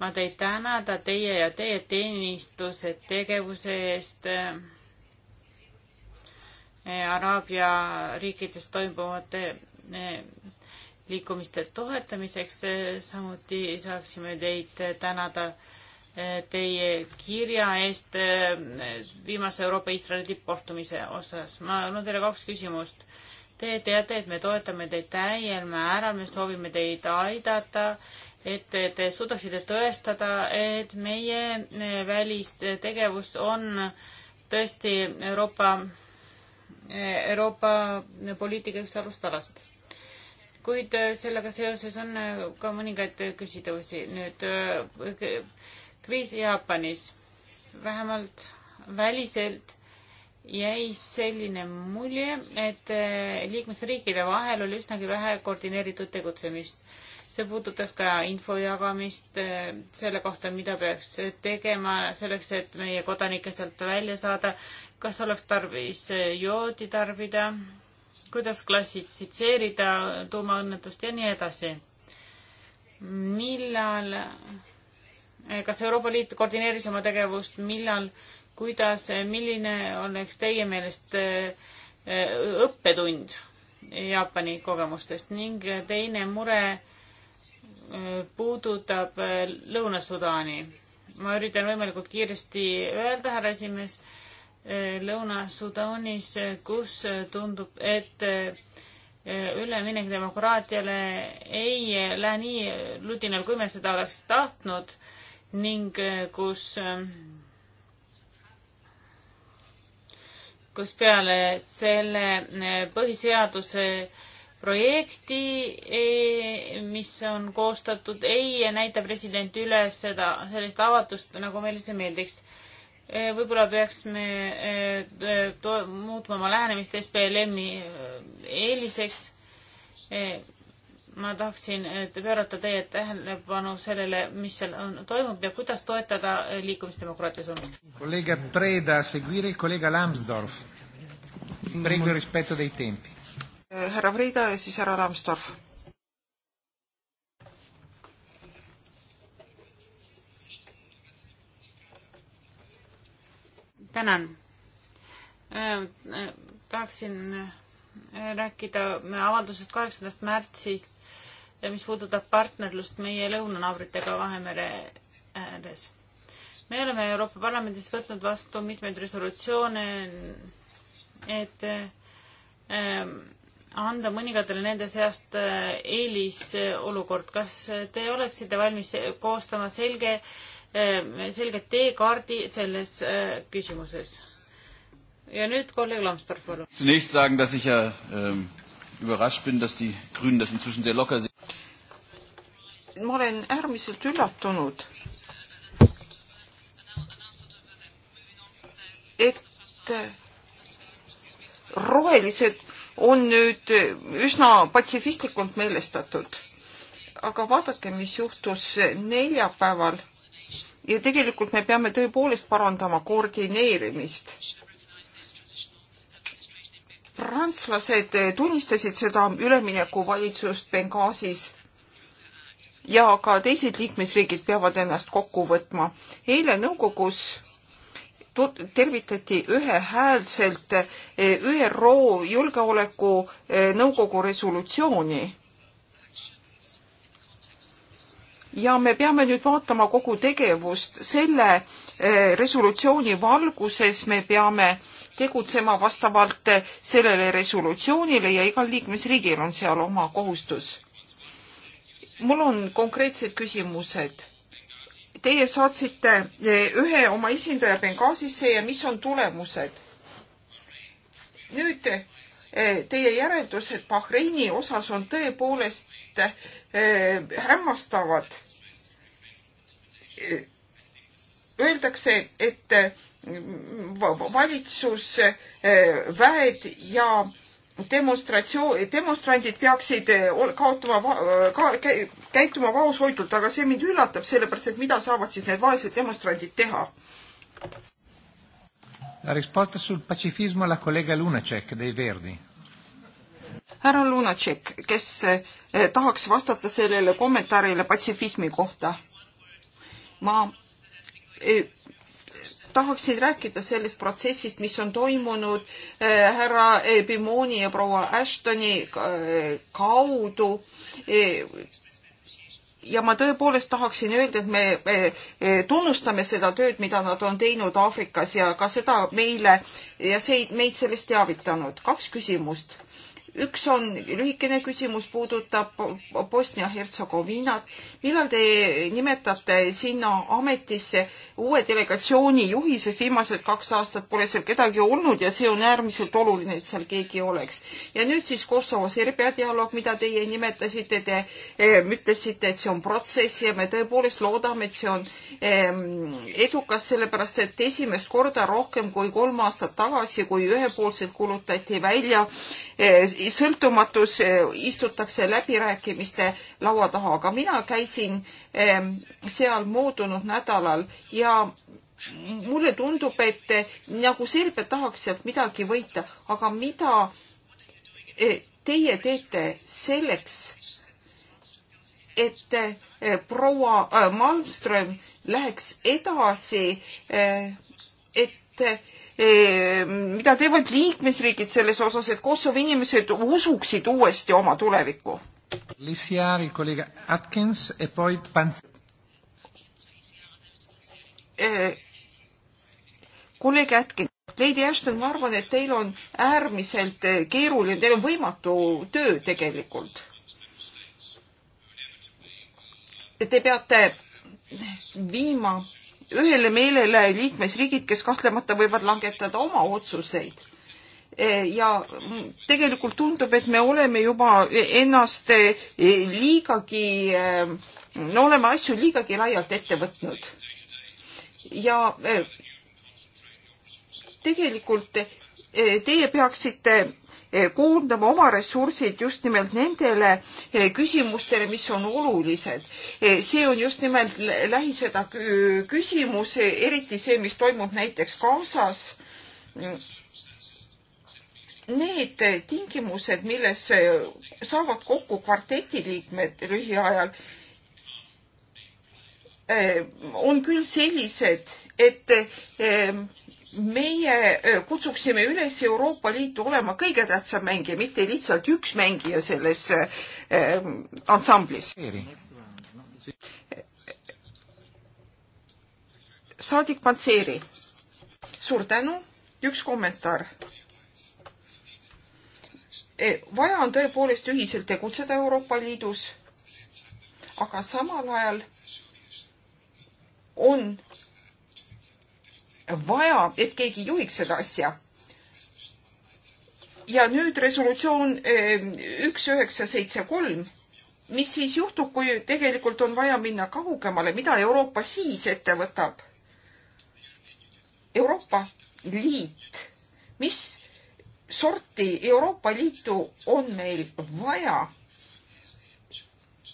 ma teid tänada teie ja teie teenistuse tegevuse eest Araabia riikides toimuvate eh, liikumiste toetamiseks. Eh, samuti saaksime teid tänada eh, teie kirja eest viimase Euroopa-Iisraeli tippkohtumise osas. ma, mul on teile kaks küsimust Te teate, et me toetame teid täiel määral, me soovime teid aidata, et te suudaksite tõestada, et meie eh, välistegevus on tõesti Euroopa, eh, Euroopa poliitika üks alustalasid. kuid eh, sellega seoses on ka mõningaid küsitavusi. nüüd kriis Jaapanis vähemalt väliselt jäi selline mulje, et eh, liikmesriikide vahel oli üsnagi vähe koordineeritud tegutsemist. see puudutas ka info jagamist eh, selle kohta, mida peaks tegema selleks, et meie kodanikke sealt välja saada, kas oleks tarvis eh, joodi tarbida, kuidas klassifitseerida tuumaõnnetust ja nii edasi. millal, kas Euroopa Liit koordineeris oma tegevust, millal kuidas, milline oleks teie meelest äh, äh, õppetund Jaapani kogemustest ning teine mure äh, puudutab Lõuna-Sudaani. ma üritan võimalikult kiiresti öelda, härra esimees, Lõuna-Sudaanis, kus tundub, et üleminek demokraatiale ei lähe nii ludinal, kui me seda oleks tahtnud ning kus kus peale selle eh, põhiseaduse projekti, eh, mis on koostatud, ei näita president üles seda, sellist avatust, nagu meile see meeldiks. Eh, võib-olla peaks me muutma oma lähenemist SPLM-i eeliseks ma tahaksin pöörata teie tähelepanu sellele, mis seal on, toimub ja kuidas toetada liikumisdemokraatia suunas. kolleeg Preda, seguire kolleeg Lambsdorff. Prego rispetto dei tempi. härra Preda ja siis härra Lambsdorff. tänan. Äh, äh, tahaksin äh, rääkida avaldusest kaheksandast märtsist mis puudutab partnerlust meie lõunanaabritega Vahemere ääres. me oleme Euroopa Parlamendis võtnud vastu mitmeid resolutsioone, et ähm, anda mõningatele nende seast äh, eelisolukord. kas te oleksite valmis koostama selge, ähm, selge teekaardi selles äh, küsimuses? ja nüüd kolleeg Lambsdorff, palun. Zunächst sagen, dass ich ja ähm, überrascht bin, dass die Grünen das inzwischen sehr locker sehen ma olen äärmiselt üllatunud, et rohelised on nüüd üsna patsifistlikult meelestatud. aga vaadake, mis juhtus neljapäeval. ja tegelikult me peame tõepoolest parandama koordineerimist. prantslased tunnistasid seda üleminekuvalitsust Benghazis ja ka teised liikmesriigid peavad ennast kokku võtma. eile nõukogus tervitati ühehäälselt e, ÜRO Julgeolekunõukogu e, resolutsiooni ja me peame nüüd vaatama kogu tegevust selle e, resolutsiooni valguses me peame tegutsema vastavalt sellele resolutsioonile ja igal liikmesriigil on seal oma kohustus mul on konkreetsed küsimused. Teie saatsite eh, ühe oma esindaja Benghazisse ja mis on tulemused? nüüd eh, teie järeldused Bahreini osas on tõepoolest eh, hämmastavad. Öeldakse, et valitsusväed ja demonstratsioon, demonstrandid peaksid eh, kaotama eh, ka,, käituma vaoshoitult, aga see mind üllatab, sellepärast et mida saavad siis need vaesed demonstrandid teha? La risposta sul pacifismo alla collega Lunacek dei Verdi. härra Lunacek, kes eh, tahaks vastata sellele kommentaarile patsifismi kohta? ma tahaksin rääkida sellest protsessist, mis on toimunud eh, härra Bimoni ja proua Ashtoni eh, kaudu eh, ja ma tõepoolest tahaksin öelda, et me tunnustame seda tööd, mida nad on teinud Aafrikas ja ka seda meile ja see meid sellest teavitanud. kaks küsimust üks on lühikene küsimus, puudutab Bosnia-Hertsegoviinat. millal te nimetate sinna ametisse uue delegatsiooni juhi, sest viimased kaks aastat pole seal kedagi olnud ja see on äärmiselt oluline, et seal keegi oleks. ja nüüd siis Kosovo-Serbia dialoog, mida teie nimetasite, te eh, ütlesite, et see on protsess ja me tõepoolest loodame, et see on ehm, edukas, sellepärast et esimest korda rohkem kui kolm aastat tagasi, kui ühepoolselt kuulutati välja Eh, sõltumatus eh, istutakse läbirääkimiste laua taha, aga mina käisin eh, seal moodunud nädalal ja mulle tundub, et nagu Serbia tahaks sealt midagi võita, aga mida teie teete selleks, et proua Malmström läheks edasi, et mida teevad liikmesriigid selles osas, et Kosovo inimesed usuksid uuesti oma tulevikku? E kolleeg Atkins, Lady Ashton, ma arvan, et teil on äärmiselt keeruline, teil on võimatu töö tegelikult. Te peate viima ühele meelele liikmesriigid, kes kahtlemata võivad langetada oma otsuseid. E, ja tegelikult tundub, et me oleme juba ennast e, liigagi, no e, oleme asju liigagi laialt ette võtnud. ja tegelikult teie peaksite Eh, koondama oma ressursid just nimelt nendele eh, küsimustele, mis on olulised. Eh, see on just nimelt Lähis-Ida küsimus, eriti see, mis toimub näiteks Gazas need tingimused, milles saavad kokku kvarteti liikmed lühiajal, on küll sellised, et meie kutsuksime üles Euroopa Liitu olema kõige tähtsam mängija, mitte lihtsalt üks mängija selles ansamblis. saadik Panseri, suur tänu, üks kommentaar. E, vaja on tõepoolest ühiselt tegutseda Euroopa Liidus, aga samal ajal on vaja, et keegi juhiks seda asja. ja nüüd resolutsioon eh, üks üheksa seitse kolm mis siis juhtub, kui tegelikult on vaja minna kaugemale, mida Euroopa siis ette võtab? Euroopa Liit, mis sorti Euroopa Liitu on meil vaja?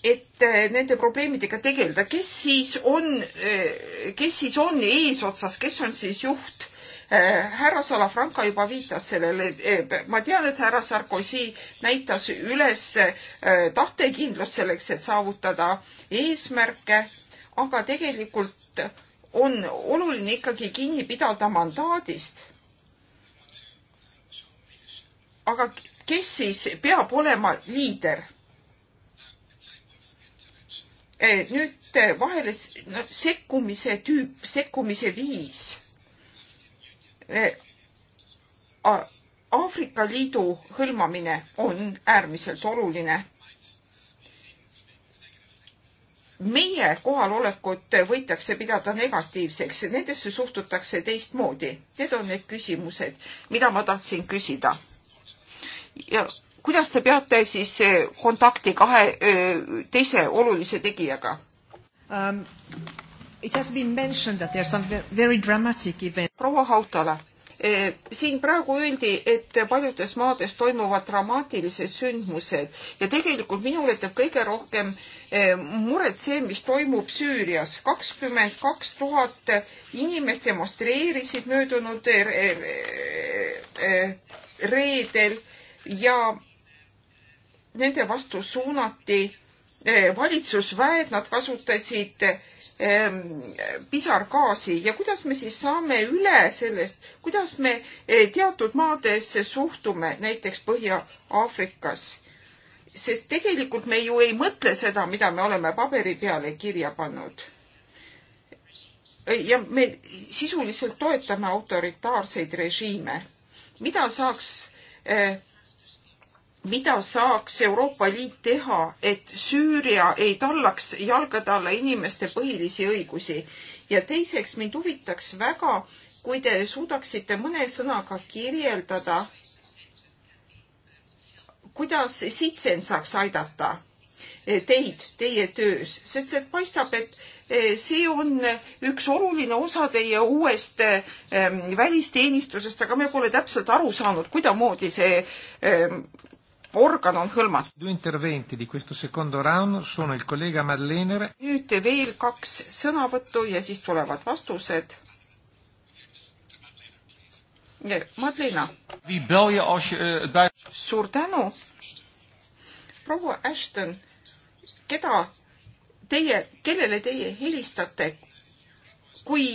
et äh, nende probleemidega tegeleda, kes siis on, äh, kes siis on eesotsas, kes on siis juht? Äh, härra Salafranca juba viitas sellele, ma tean, et härra Sarkozy näitas üles tahtekindlust selleks, et saavutada eesmärke, aga tegelikult on oluline ikkagi kinni pidada mandaadist. aga kes siis peab olema liider? Eh, nüüd eh, vahele no, sekkumise tüüp, sekkumise viis. Eh, Aafrika Liidu hõlmamine on äärmiselt oluline. meie kohalolekut võidakse pidada negatiivseks, nendesse suhtutakse teistmoodi. Need on need küsimused, mida ma tahtsin küsida. ja kuidas te peate siis eh, kontakti kahe eh, teise olulise tegijaga um,? proua Hautala, eh, siin praegu öeldi, et paljudes maades toimuvad dramaatilised sündmused ja tegelikult minule teeb kõige rohkem muret see, mis toimub Süürias. kakskümmend kaks tuhat inimest demonstreerisid möödunud reedel ja nende vastu suunati eh, valitsusväed, nad kasutasid ehm, pisargaasi ja kuidas me siis saame üle sellest, kuidas me eh, teatud maadesse suhtume, näiteks Põhja-Aafrikas? sest tegelikult me ju ei mõtle seda, mida me oleme paberi peale kirja pannud. ja me sisuliselt toetame autoritaarseid režiime. mida saaks eh, mida saaks Euroopa Liit teha, et Süüria ei tallaks jalgade alla inimeste põhilisi õigusi? ja teiseks, mind huvitaks väga, kui te suudaksite mõne sõnaga kirjeldada, kuidas Sitsen saaks aidata eh, teid teie töös, sest et paistab, et eh, see on üks oluline osa teie uuest ehm, välisteenistusest, aga me pole täpselt aru saanud, kuidamoodi see ehm, organ on hõlmatud. nüüd veel kaks sõnavõttu ja siis tulevad vastused. Madlena. Eh, suur tänu. proua Ashton, keda teie, kellele teie helistate, kui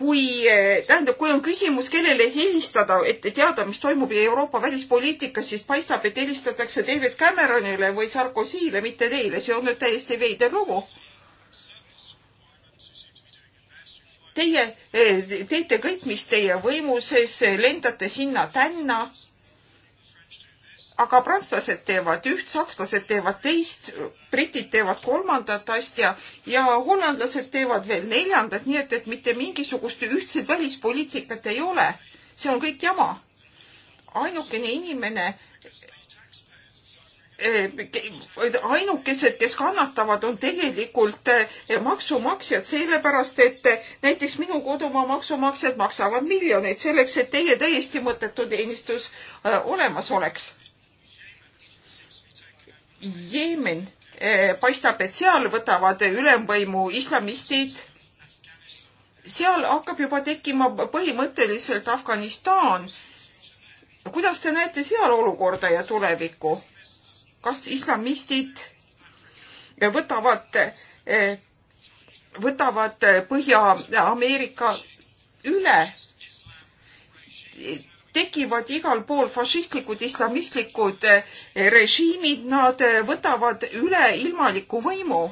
kui, eh, tähendab, kui on küsimus, kellele helistada, et teada, mis toimub Euroopa välispoliitikas, siis paistab, et helistatakse David Cameronile või Sarkozyle, mitte teile. see on nüüd täiesti veider lugu. Teie eh, teete kõik, mis teie võimuses, lendate sinna-tänna aga prantslased teevad üht, sakslased teevad teist, britid teevad kolmandat asja ja hollandlased teevad veel neljandat, nii et, et mitte mingisugust ühtset välispoliitikat ei ole. see on kõik jama. ainukene inimene, eh, ainukesed, kes kannatavad, on tegelikult eh, maksumaksjad, sellepärast et eh, näiteks minu kodumaa maksumaksjad maksavad miljoneid selleks, et teie täiesti mõttetu teenistus olemas oleks Jeemen eh, paistab, et seal võtavad ülemvõimu islamistid. seal hakkab juba tekkima põhimõtteliselt Afganistan. kuidas te näete seal olukorda ja tulevikku? kas islamistid eh, võtavad, eh, võtavad Põhja-Ameerika üle? tekivad igal pool fašistlikud islamistlikud eh, režiimid, nad eh, võtavad üle ilmaliku võimu.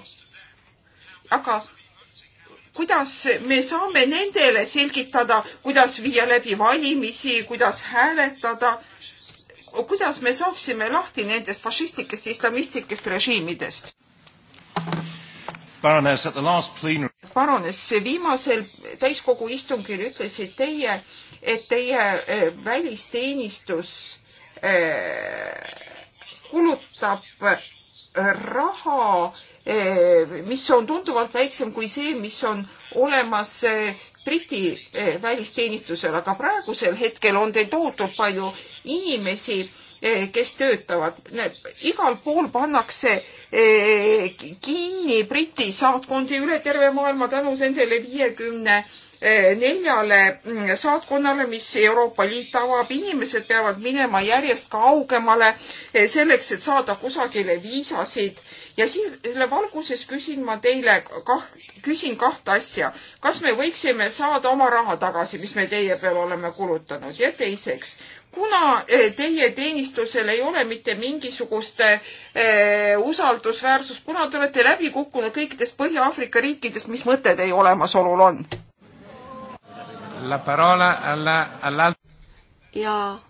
aga kuidas me saame nendele selgitada, kuidas viia läbi valimisi, kuidas hääletada, kuidas me saaksime lahti nendest fašistlikest islamistlikest režiimidest? Baroness, viimasel täiskogu istungil ütlesite teie, et teie eh, välisteenistus eh, kulutab eh, raha, mis on tunduvalt väiksem kui see, mis on olemas Briti välisteenistusel, aga praegusel hetkel on teil tohutult palju inimesi, kes töötavad. igal pool pannakse kinni Briti saatkondi üle terve maailma tänu nendele viiekümne Eh, neljale mm, saatkonnale, mis Euroopa Liit avab. inimesed peavad minema järjest kaugemale eh, selleks, et saada kusagile viisasid ja siis selle valguses küsin ma teile kah, küsin kahte asja. kas me võiksime saada oma raha tagasi, mis me teie peale oleme kulutanud ja teiseks, kuna eh, teie teenistusel ei ole mitte mingisugust eh, usaldusväärsust, kuna te olete läbi kukkunud kõikidest Põhja-Aafrika riikidest, mis mõte teie olemasolul on? la parola alla, alla... ja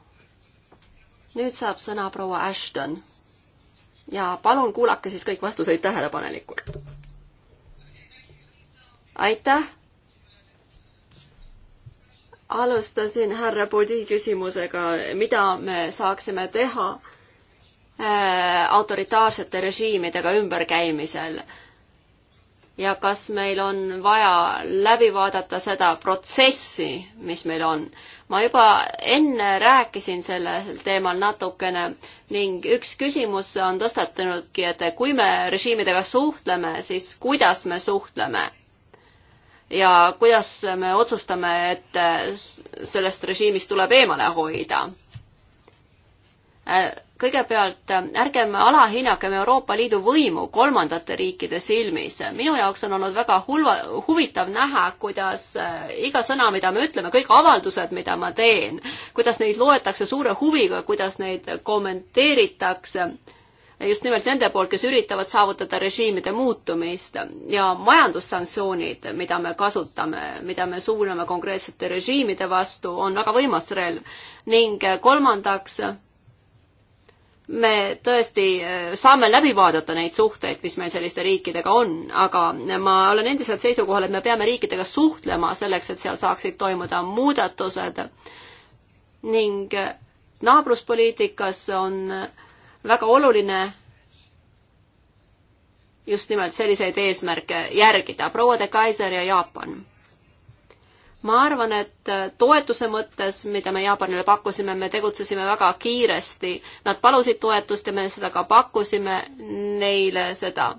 nüüd saab sõna proua Ashton. ja palun kuulake siis kõik vastuseid tähelepanelikult. aitäh! alustasin härra Bodi küsimusega, mida me saaksime teha äh, autoritaarsete režiimidega ümberkäimisel ja kas meil on vaja läbi vaadata seda protsessi, mis meil on. ma juba enne rääkisin sellel teemal natukene ning üks küsimus on tõstatunudki, et kui me režiimidega suhtleme, siis kuidas me suhtleme? ja kuidas me otsustame, et sellest režiimist tuleb eemale hoida? Äh, kõigepealt äh, ärgem alahinnagem Euroopa Liidu võimu kolmandate riikide silmis. minu jaoks on olnud väga hulva, huvitav näha, kuidas äh, iga sõna, mida me ütleme, kõik avaldused, mida ma teen, kuidas neid loetakse suure huviga, kuidas neid kommenteeritakse just nimelt nende poolt, kes üritavad saavutada režiimide muutumist ja majandussanktsioonid, mida me kasutame, mida me suuname konkreetsete režiimide vastu, on väga võimas relv. ning kolmandaks me tõesti äh, saame läbi vaadata neid suhteid, mis meil selliste riikidega on, aga ma olen endiselt seisukohal, et me peame riikidega suhtlema selleks, et seal saaksid toimuda muudatused ning äh, naabruspoliitikas on äh, väga oluline just nimelt selliseid eesmärke järgida. proua de Kaiser ja Jaapan ma arvan, et äh, toetuse mõttes, mida me Jaapanile pakkusime, me tegutsesime väga kiiresti. Nad palusid toetust ja me seda ka pakkusime neile seda.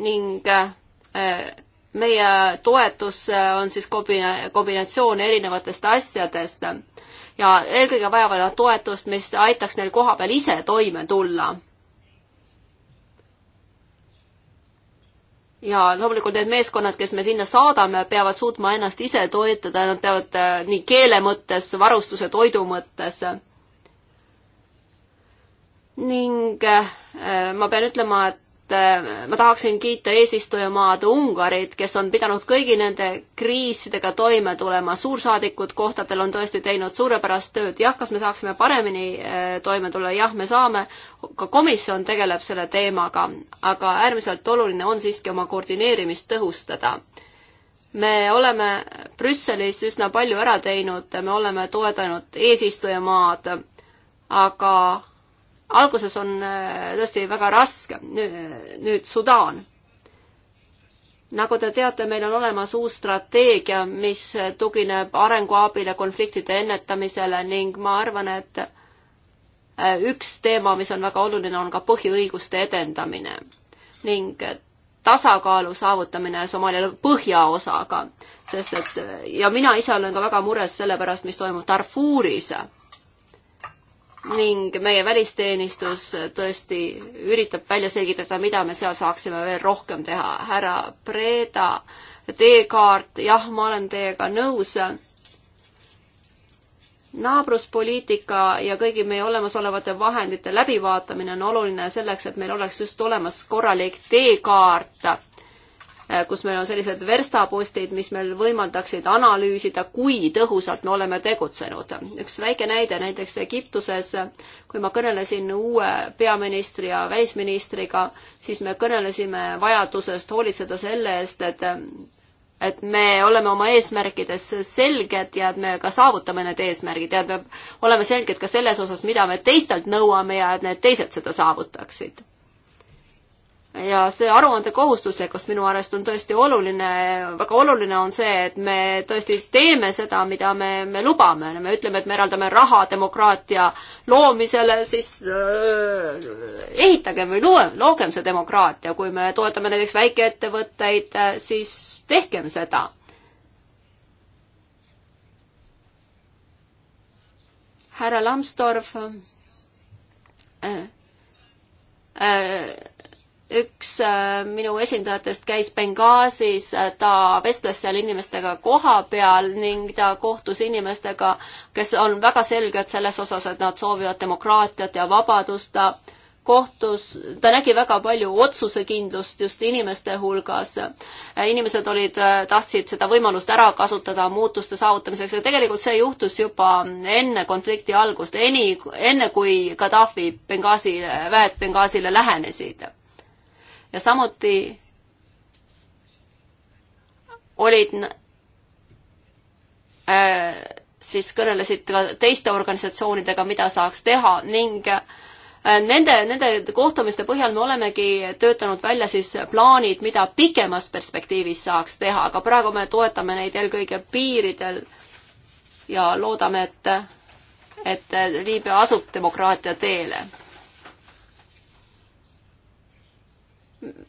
ning äh, meie toetus äh, on siis kombina-, kombinatsioon erinevatest asjadest ja eelkõige vajavad nad toetust, mis aitaks neil kohapeal ise toime tulla ja loomulikult need meeskonnad, kes me sinna saadame, peavad suutma ennast ise toetada, nad peavad äh, nii keele mõttes, varustuse, toidu mõttes. ning äh, ma pean ütlema, et Eh, ma tahaksin kiita eesistujamaad Ungarit, kes on pidanud kõigi nende kriisidega toime tulema, suursaadikud kohtadel on tõesti teinud suurepärast tööd, jah, kas me saaksime paremini eh, toime tulla, jah, me saame, ka komisjon tegeleb selle teemaga, aga äärmiselt oluline on siiski oma koordineerimist tõhustada. me oleme Brüsselis üsna palju ära teinud, me oleme toetanud eesistujamaad, aga alguses on äh, tõesti väga raske. nüüd Sudaan. nagu te teate, meil on olemas uus strateegia, mis tugineb arenguabile, konfliktide ennetamisele ning ma arvan, et äh, üks teema, mis on väga oluline, on ka põhiõiguste edendamine ning tasakaalu saavutamine Somaalia põhjaosaga, sest et ja mina ise olen ka väga mures selle pärast, mis toimub Darfuris ning meie välisteenistus tõesti üritab välja selgitada, mida me seal saaksime veel rohkem teha. härra Breda, teekaart, jah, ma olen teiega nõus. naabruspoliitika ja kõigi meie olemasolevate vahendite läbivaatamine on oluline selleks, et meil oleks just olemas korralik teekaart Äh, kus meil on sellised verstapostid, mis meil võimaldaksid analüüsida, kui tõhusalt me oleme tegutsenud. üks väike näide näiteks Egiptuses, kui ma kõnelesin uue peaministri ja välisministriga, siis me kõnelesime vajadusest hoolitseda selle eest, et et me oleme oma eesmärkides selged ja et me ka saavutame need eesmärgid ja et me oleme selged ka selles osas, mida me teistelt nõuame ja et need teised seda saavutaksid ja see aruande kohustuslikkus minu arust on tõesti oluline, väga oluline on see, et me tõesti teeme seda, mida me, me lubame, me ütleme, et me eraldame raha demokraatia loomisele, siis öö, äh, ehitagem või loo-, loogem see demokraatia, kui me toetame näiteks väikeettevõtteid, äh, siis tehkem seda härra Lambsdorff äh, äh, üks äh, minu esindajatest käis Benghazis, äh, ta vestles seal inimestega koha peal ning ta kohtus inimestega, kes on väga selged selles osas, et nad soovivad demokraatiat ja vabadust, ta kohtus, ta nägi väga palju otsusekindlust just inimeste hulgas. Äh, inimesed olid, tahtsid seda võimalust ära kasutada muutuste saavutamiseks ja tegelikult see juhtus juba enne konflikti algust, eni, enne kui Gaddafi Benghazi, väed Benghazile lähenesid ja samuti olid äh, siis kõnelesid ka teiste organisatsioonidega, mida saaks teha ning äh, nende, nende kohtumiste põhjal me olemegi töötanud välja siis plaanid, mida pikemas perspektiivis saaks teha, aga praegu me toetame neid eelkõige piiridel ja loodame, et, et Liibüa asub demokraatia teele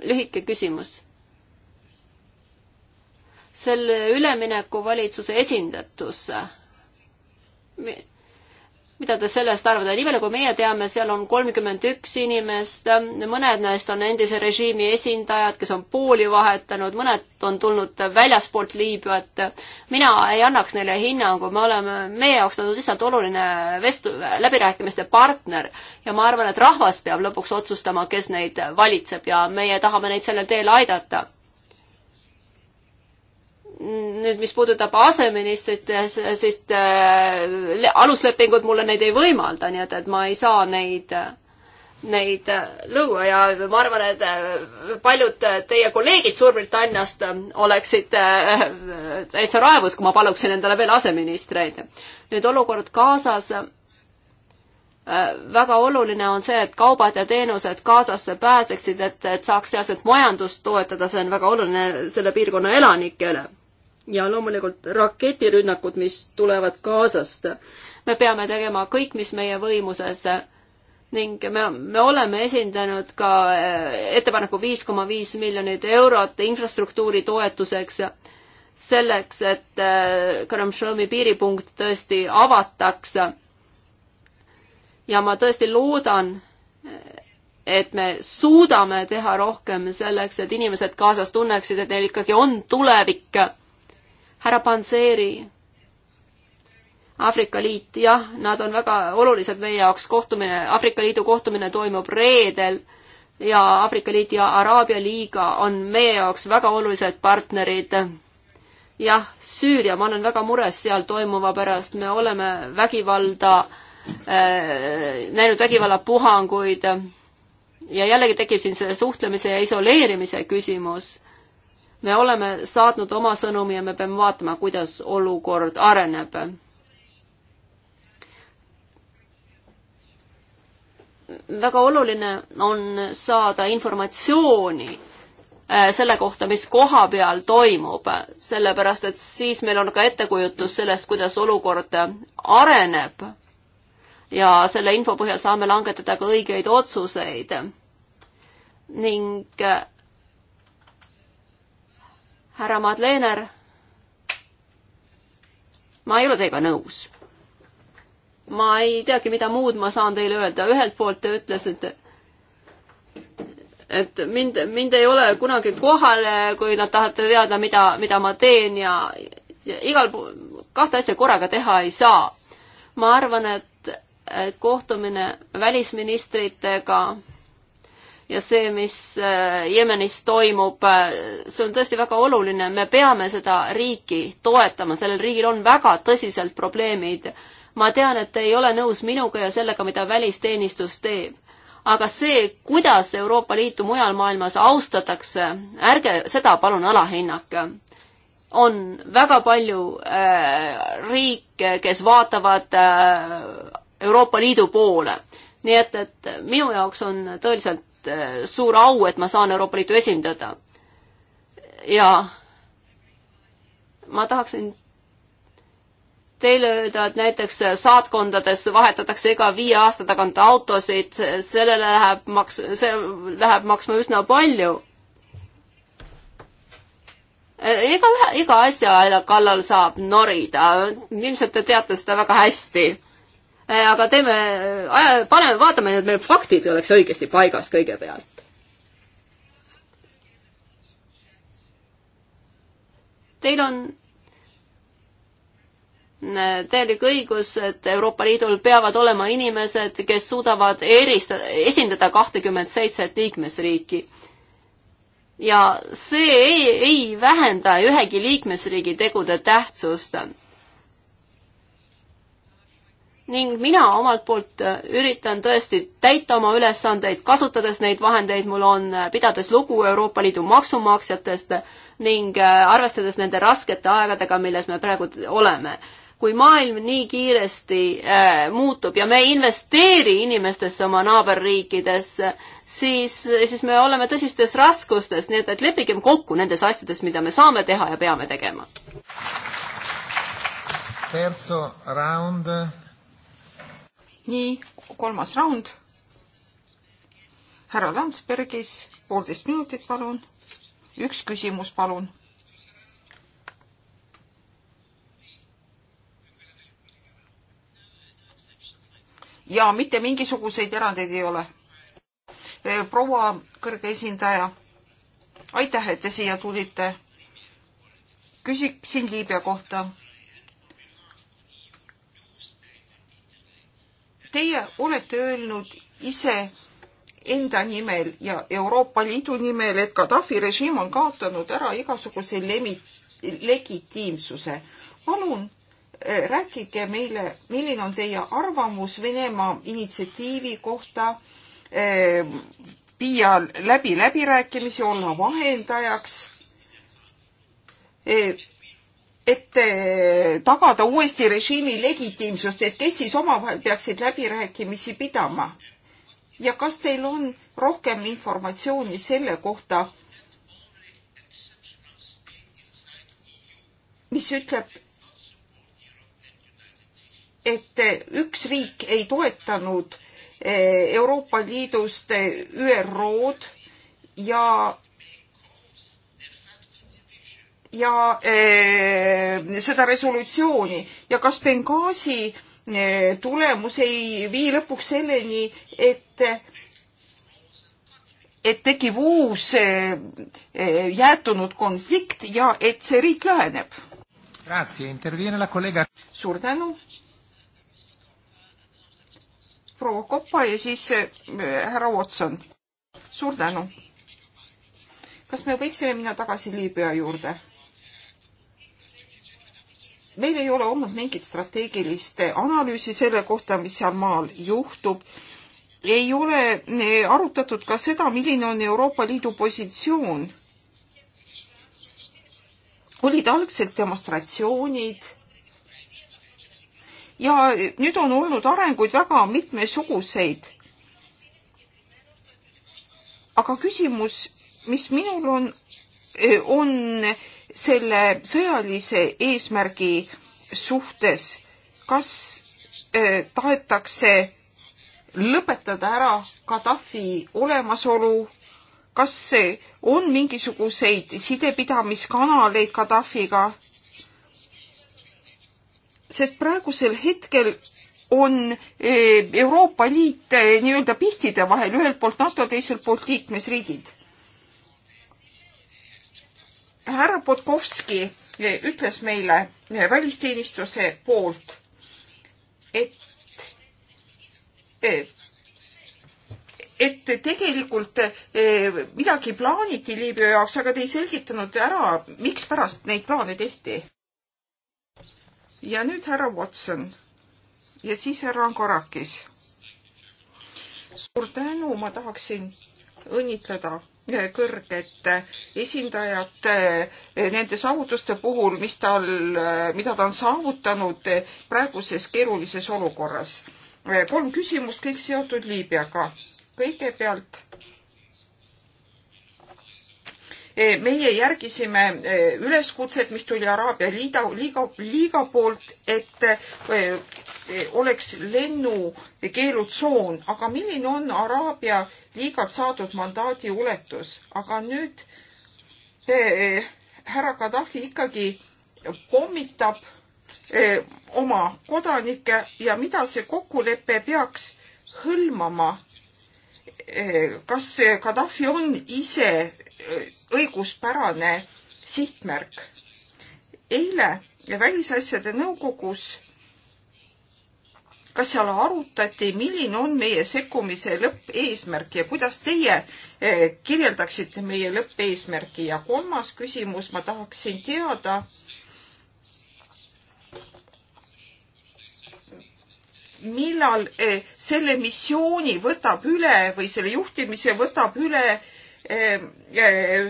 lühike küsimus. selle ülemineku valitsuse esindatus, mida te sellest arvate? nii palju kui meie teame, seal on kolmkümmend üks inimest, mõned neist on endise režiimi esindajad, kes on pooli vahetanud, mõned on tulnud väljaspoolt Liibüat. mina ei annaks neile hinnangu, me oleme, meie jaoks nad on lihtsalt oluline vest-, läbirääkimiste partner ja ma arvan, et rahvas peab lõpuks otsustama, kes neid valitseb ja meie tahame neid sellel teel aidata nüüd, mis puudutab aseministrit, siis äh, aluslepingud mulle neid ei võimalda, nii et, et ma ei saa neid, neid äh, luua ja ma arvan, et äh, paljud teie kolleegid Suurbritanniast oleksid täitsa raevus, kui ma paluksin endale veel aseministreid. nüüd olukord Gazas väga oluline on see, et kaubad ja teenused Gazasse pääseksid, et, et saaks sealset majandust toetada, see on väga oluline selle piirkonna elanikele ja loomulikult raketirünnakud, mis tulevad Gazast. me peame tegema kõik, mis meie võimuses ning me, me oleme esindanud ka eh, ettepaneku viis koma viis miljonit eurot infrastruktuuri toetuseks, selleks, et eh, Karamšõmi piiripunkt tõesti avataks. ja ma tõesti loodan, et me suudame teha rohkem selleks, et inimesed kaasas tunneksid, et neil ikkagi on tulevik härra Panseri. Aafrika Liit, jah, nad on väga olulised meie jaoks, kohtumine, Aafrika Liidu kohtumine toimub reedel ja Aafrika Liit ja Araabia Liiga on meie jaoks väga olulised partnerid. jah, Süüria, ma olen väga mures seal toimuva pärast, me oleme vägivalda äh,, näinud vägivallapuhanguid ja jällegi tekib siin selle suhtlemise ja isoleerimise küsimus me oleme saatnud oma sõnumi ja me peame vaatama, kuidas olukord areneb. väga oluline on saada informatsiooni äh, selle kohta, mis koha peal toimub, sellepärast et siis meil on ka ettekujutus sellest, kuidas olukord areneb. ja selle info põhjal saame langetada ka õigeid otsuseid. ning äh, härra Madlener, ma ei ole teiega nõus. ma ei teagi, mida muud ma saan teile öelda, ühelt poolt te ütlesite, et mind, mind ei ole kunagi kohal, kui nad tahate teada, mida, mida ma teen ja, ja igal pool, kahte asja korraga teha ei saa. ma arvan, et kohtumine välisministritega ja see, mis äh, Jeemenis toimub, äh, see on tõesti väga oluline, me peame seda riiki toetama, sellel riigil on väga tõsiselt probleemid. ma tean, et te ei ole nõus minuga ja sellega, mida välisteenistus teeb aga see, kuidas Euroopa Liitu mujal maailmas austatakse, ärge seda palun alahinnake. on väga palju äh, riike, kes vaatavad äh, Euroopa Liidu poole. nii et, et minu jaoks on tõeliselt Eh, suur au, et ma saan Euroopa Liitu esindada. ja ma tahaksin teile öelda, et näiteks saatkondades vahetatakse iga viie aasta tagant autosid, sellele läheb maks-, see läheb maksma üsna palju. ega, ega asja kallal saab norida, ilmselt te teate seda väga hästi Äh, aga teeme, äh, paneme, vaatame, et meil faktid oleks õigesti paigas kõigepealt. Teil on äh, täielik õigus, et Euroopa Liidul peavad olema inimesed, kes suudavad eristada, esindada kahtekümmet seitset liikmesriiki. ja see ei, ei vähenda ühegi liikmesriigi tegude tähtsust ning mina omalt poolt äh, üritan tõesti täita oma ülesandeid, kasutades neid vahendeid, mul on, äh, pidades lugu Euroopa Liidu maksumaksjatest ning äh, arvestades nende raskete aegadega, milles me praegu oleme. kui maailm nii kiiresti äh, muutub ja me ei investeeri inimestesse oma naaberriikidesse, siis, siis me oleme tõsistes raskustes, nii et, et leppigem kokku nendes asjades, mida me saame teha ja peame tegema. terzo round nii, kolmas raund. härra Landsbergis, poolteist minutit, palun. üks küsimus, palun. ja mitte mingisuguseid erandeid ei ole. proua kõrge esindaja, aitäh, et te siia tulite. küsiksin Liibüa kohta Teie olete öelnud ise enda nimel ja Euroopa Liidu nimel, et Gaddafi režiim on kaotanud ära igasuguse lemi-, legitiimsuse. palun eh, rääkige meile, milline on teie arvamus Venemaa initsiatiivi kohta eh, viia läbi läbirääkimisi, olla vahendajaks eh, et eh, tagada uuesti režiimi legitiimsust, et kes siis omavahel peaksid läbirääkimisi pidama? ja kas teil on rohkem informatsiooni selle kohta, mis ütleb, et üks riik ei toetanud eh, Euroopa Liidust eh, ÜRO-d ja ja e, seda resolutsiooni ja kas Benghazi e, tulemus ei vii lõpuks selleni, et et tekib uus e, jäätunud konflikt ja et see riik läheneb. suur tänu. proua Koppa ja siis härra Watson. suur tänu. kas me võiksime minna tagasi Liibüa juurde? meil ei ole olnud mingit strateegilist analüüsi selle kohta, mis seal maal juhtub. ei ole eh, arutatud ka seda, milline on Euroopa Liidu positsioon. olid algselt demonstratsioonid ja nüüd on olnud arenguid väga mitmesuguseid. aga küsimus, mis minul on, eh, on selle sõjalise eesmärgi suhtes, kas äh, tahetakse lõpetada ära Gaddafi olemasolu, kas on mingisuguseid sidepidamiskanaleid Gaddafiga? sest praegusel hetkel on äh, Euroopa Liit äh, nii-öelda pihtide vahel, ühelt poolt NATO, teiselt poolt liikmesriigid härra Potkovski ütles meile välisteenistuse poolt, et et tegelikult eh, midagi plaaniti Liibüa jaoks, aga te ei selgitanud ära, mikspärast neid plaane tehti. ja nüüd härra Watson ja siis härra Angorakis. suur tänu, ma tahaksin õnnitleda kõrget esindajat eh, nende saavutuste puhul, mis tal, eh, mida ta on saavutanud eh, praeguses keerulises olukorras. kolm küsimust, kõik seotud Liibüaga. kõigepealt meie järgisime üleskutset, mis tuli Araabia liiga, liiga, liiga poolt, et Eh, oleks lennukeelutsoon, aga milline on Araabia liigalt saadud mandaadi ulatus, aga nüüd eh, härra Gaddafi ikkagi pommitab eh, oma kodanikke ja mida see kokkulepe peaks hõlmama eh,? kas Gaddafi on ise eh, õiguspärane sihtmärk? eile välisasjade nõukogus kas seal arutati, milline on meie sekkumise lõppeesmärk ja kuidas teie eh, kirjeldaksite meie lõppeesmärki ja kolmas küsimus, ma tahaksin teada. millal eh, selle missiooni võtab üle või selle juhtimise võtab üle eh,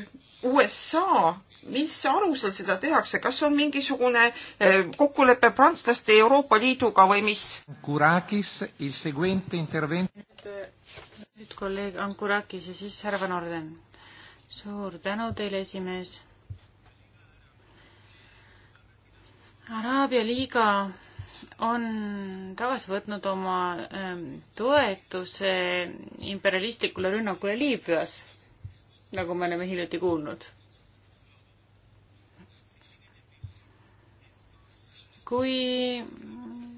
USA mis alusel seda tehakse, kas on mingisugune eh, kokkulepe prantslaste Euroopa Liiduga või mis? Kurakis, il seguente intervent-. Eh, nüüd kolleeg Ankurakis ja siis härra Van Orden. suur tänu teile, esimees. Araabia liiga on tagasi võtnud oma ehm, toetuse imperialistlikule rünnakule Liibüas, nagu me oleme hiljuti kuulnud kui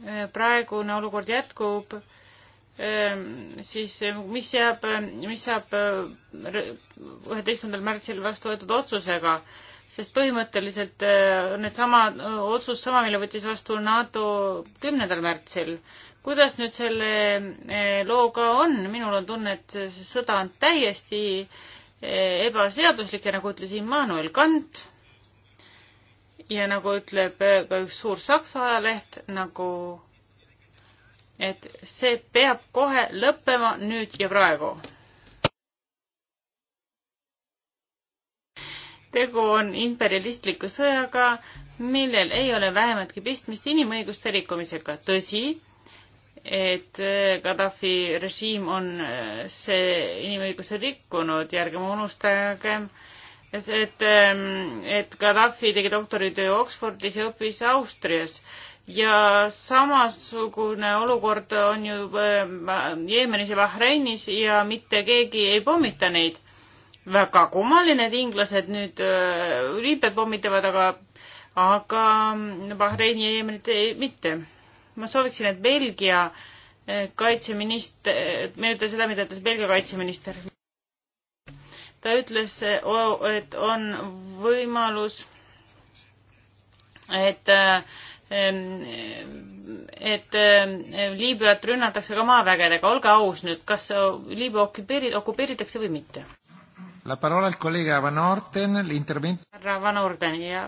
äh, praegune olukord jätkub, ähm, siis äh, mis jääb, äh, mis saab üheteistkümnendal märtsil vastu võetud otsusega, sest põhimõtteliselt on needsama otsus sama, mille võttis vastu NATO kümnendal märtsil. kuidas nüüd selle looga on, minul on tunne, et see sõda on täiesti ebaseaduslik ja nagu ütles Immanuel Kant, ja nagu ütleb äh, ka üks suur Saksa ajaleht, nagu et see peab kohe lõppema nüüd ja praegu. tegu on imperialistliku sõjaga, millel ei ole vähematki pistmist inimõiguste rikkumisega. tõsi, et äh, Gaddafi režiim on äh, see inimõiguse rikkunud ja ärgem unustagem äh, et, ähm, et Gaddafi tegi doktoritöö Oxfordis ja õppis Austrias ja samasugune olukord on ju ähm, Jeemenis ja Bahreinis ja mitte keegi ei pommita neid. väga kummaline, et inglased nüüd äh, Liibüat pommitavad, aga, aga mm, Bahreini ja Jeemenit mitte. ma sooviksin, et Belgia äh, kaitseminister, äh, meenuta seda, mida ütles Belgia kaitseminister ta ütles, et on võimalus, et ähm, et ähm, Liibüat rünnatakse ka maavägedega, olge aus nüüd, kas Liibüa okupeeri-, okupeeritakse või mitte? La parola al collega Van Orten, l'intervent-. härra Van Orten ja,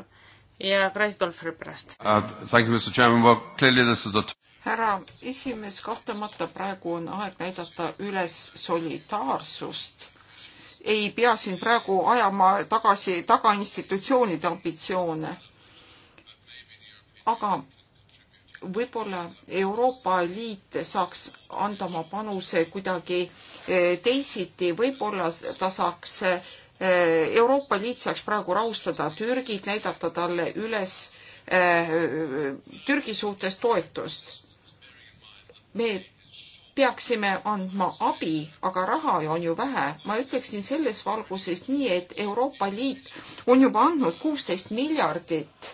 ja Kreis Dolfri pärast uh,. Thank you, Mr Chairman, well clearly this is the härra esimees, kahtlemata praegu on aeg näidata üles solidaarsust ei pea siin praegu ajama tagasi taga institutsioonide ambitsioone. aga võib-olla Euroopa Liit saaks anda oma panuse kuidagi eh, teisiti, võib-olla ta saaks, eh, Euroopa Liit saaks praegu rahustada Türgit, näidata talle üles eh, Türgi suhtes toetust. me peaksime andma abi, aga raha on ju vähe. ma ütleksin selles valguses nii, et Euroopa Liit on juba andnud kuusteist miljardit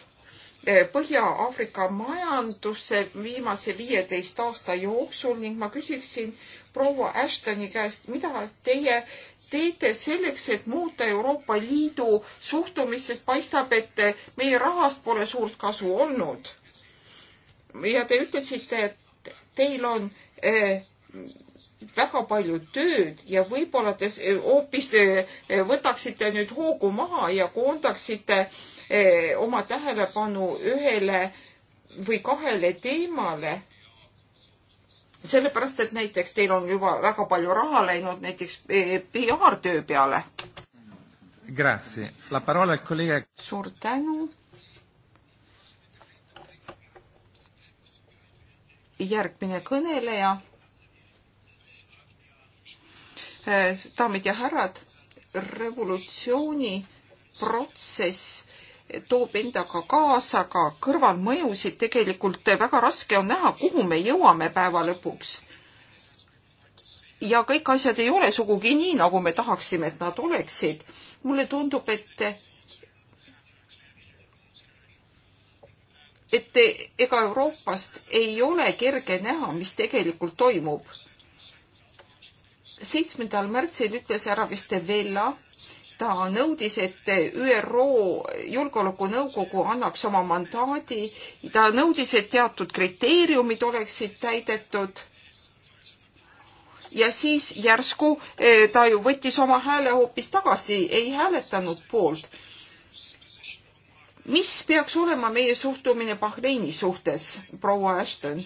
eh, Põhja-Aafrika majandusse viimase viieteist aasta jooksul ning ma küsiksin proua Ashtoni käest, mida teie teete selleks, et muuta Euroopa Liidu suhtumist, sest paistab, et meie rahast pole suurt kasu olnud. ja te ütlesite, et teil on Eh, väga palju tööd ja võib-olla te hoopis eh, võtaksite nüüd hoogu maha ja koondaksite eh, oma tähelepanu ühele või kahele teemale sellepärast, et näiteks teil on juba väga palju raha läinud näiteks PR-töö peale. suur tänu järgmine kõneleja. Äh, daamid ja härrad, revolutsiooniprotsess toob endaga kaasa ka kõrvalmõjusid, tegelikult väga raske on näha, kuhu me jõuame päeva lõpuks. ja kõik asjad ei ole sugugi nii, nagu me tahaksime, et nad oleksid. mulle tundub, et et ega Euroopast ei ole kerge näha, mis tegelikult toimub. seitsmendal märtsil ütles härra Vestevella, ta nõudis, et ÜRO Julgeolekunõukogu annaks oma mandaadi, ta nõudis, et teatud kriteeriumid oleksid täidetud. ja siis järsku eh, ta ju võttis oma hääle hoopis tagasi, ei hääletanud poolt mis peaks olema meie suhtumine Bahreini suhtes, proua Ashton?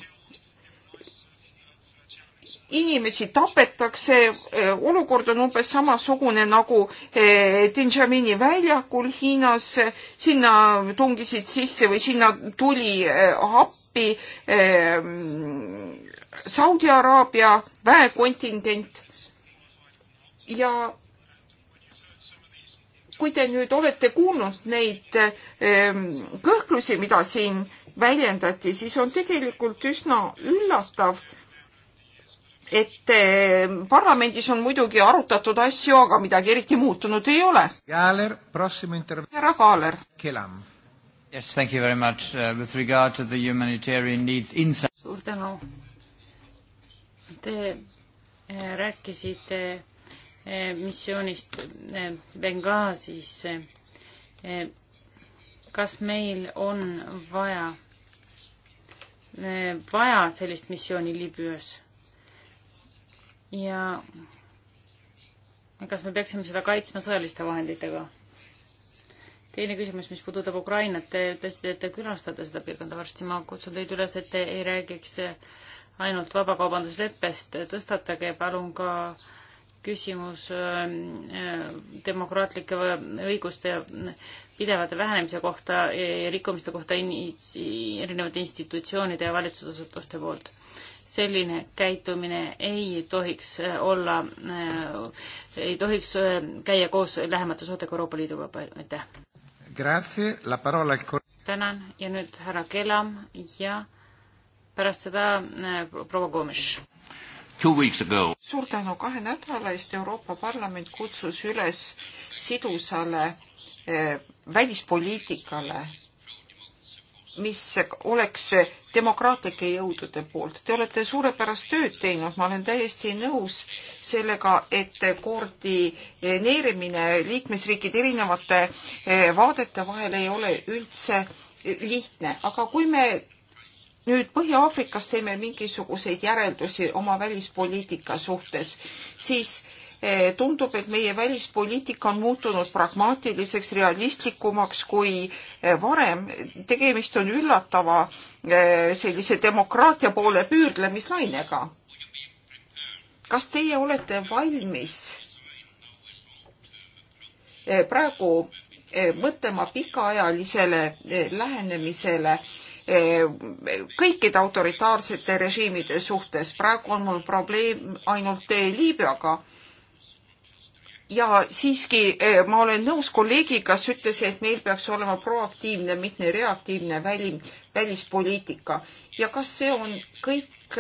inimesi tapetakse, eh, olukord on umbes samasugune nagu eh, Tinjamini väljakul Hiinas, sinna tungisid sisse või sinna tuli eh, appi Saudi Araabia väekontingent ja kui te nüüd olete kuulnud neid ehm, kõhklusi, mida siin väljendati, siis on tegelikult üsna üllatav, et ehm, parlamendis on muidugi arutatud asju, aga midagi eriti muutunud ei ole. härra Kaaler. Yes, thank you very much uh, with regard to the humanitarian needs inside. suur tänu. Te eh, rääkisite Eh, missioonist eh, Benghazisse. Eh, kas meil on vaja, vaja sellist missiooni Liibüas? ja kas me peaksime seda kaitsma sõjaliste vahenditega? teine küsimus, mis puudutab Ukrainat, te ütlesite, et te külastate seda piirkonda varsti, ma kutsun teid üles, et te ei räägiks ainult vabakaubandusleppest, tõstatage palun ka äh, küsimus ähm, äh, demokraatlike õiguste pidevate vähenemise kohta, rikkumiste kohta erinevate institutsioonide ja valitsusasutuste poolt. selline käitumine ei tohiks äh, olla, äh, ei tohiks käia koos lähemate suhetega Euroopa Liiduga, aitäh. tänan ja nüüd härra Kelam ja pärast seda proua Gomes suur tänu, kahe nädala eest Euroopa Parlament kutsus üles sidusale eh, välispoliitikale, mis oleks demokraatlike jõudude poolt. Te olete suurepärast tööd teinud, ma olen täiesti nõus sellega, et koordineerimine liikmesriikide erinevate eh, vaadete vahel ei ole üldse lihtne, aga kui me nüüd Põhja-Aafrikas teeme mingisuguseid järeldusi oma välispoliitika suhtes, siis eh, tundub, et meie välispoliitika on muutunud pragmaatiliseks, realistlikumaks kui eh, varem. tegemist on üllatava eh, sellise demokraatia poole püürdlemislainega. kas teie olete valmis praegu mõtlema pikaajalisele lähenemisele äh, Eh, kõikide autoritaarsete režiimide suhtes. praegu on mul probleem ainult eh, Liibüaga. ja siiski eh, ma olen nõus kolleegiga, kes ütles, et meil peaks olema proaktiivne, mitte reaktiivne välim, välispoliitika ja kas see on kõik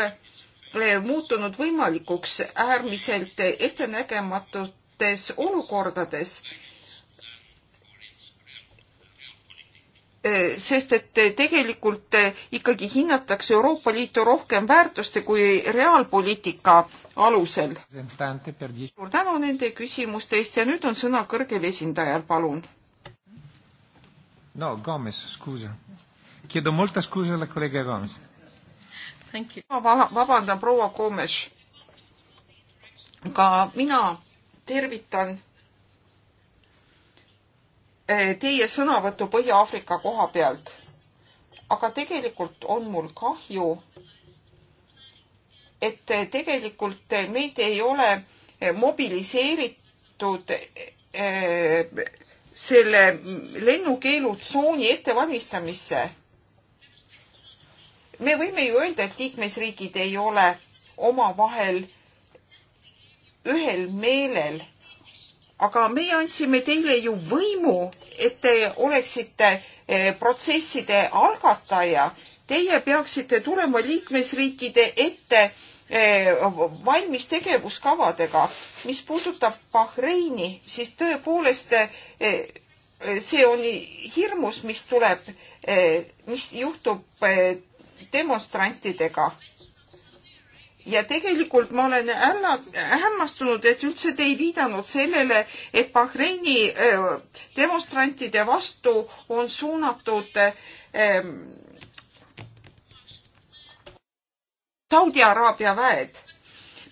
muutunud võimalikuks äärmiselt ettenägematutes olukordades Äh, sest et äh, tegelikult äh, ikkagi hinnatakse Euroopa Liitu rohkem väärtuste kui reaalpoliitika alusel. suur tänu nende küsimuste eest ja nüüd on sõna kõrgel esindajal, palun. no Gomes, scusa. Chiedo molta scusa alla collega Gomes. ma vabandan, proua Gomes. ka mina tervitan Eh, teie sõnavõttu Põhja-Aafrika koha pealt. aga tegelikult on mul kahju, et eh, tegelikult eh, meid ei ole mobiliseeritud selle lennukeelutsooni ettevalmistamisse. me võime ju öelda, et liikmesriigid ei ole omavahel ühel meelel aga meie andsime teile ju võimu, et te oleksite eh, protsesside algataja. Teie peaksite tulema liikmesriikide ette eh, valmis tegevuskavadega. mis puudutab Bahreini, siis tõepoolest eh, see on hirmus, mis tuleb, mis juhtub demonstrantidega ja tegelikult ma olen älna, hämmastunud, et üldse te ei viidanud sellele, et Bahreini äh, demonstrantide vastu on suunatud ähm, Saudi-Araabia väed.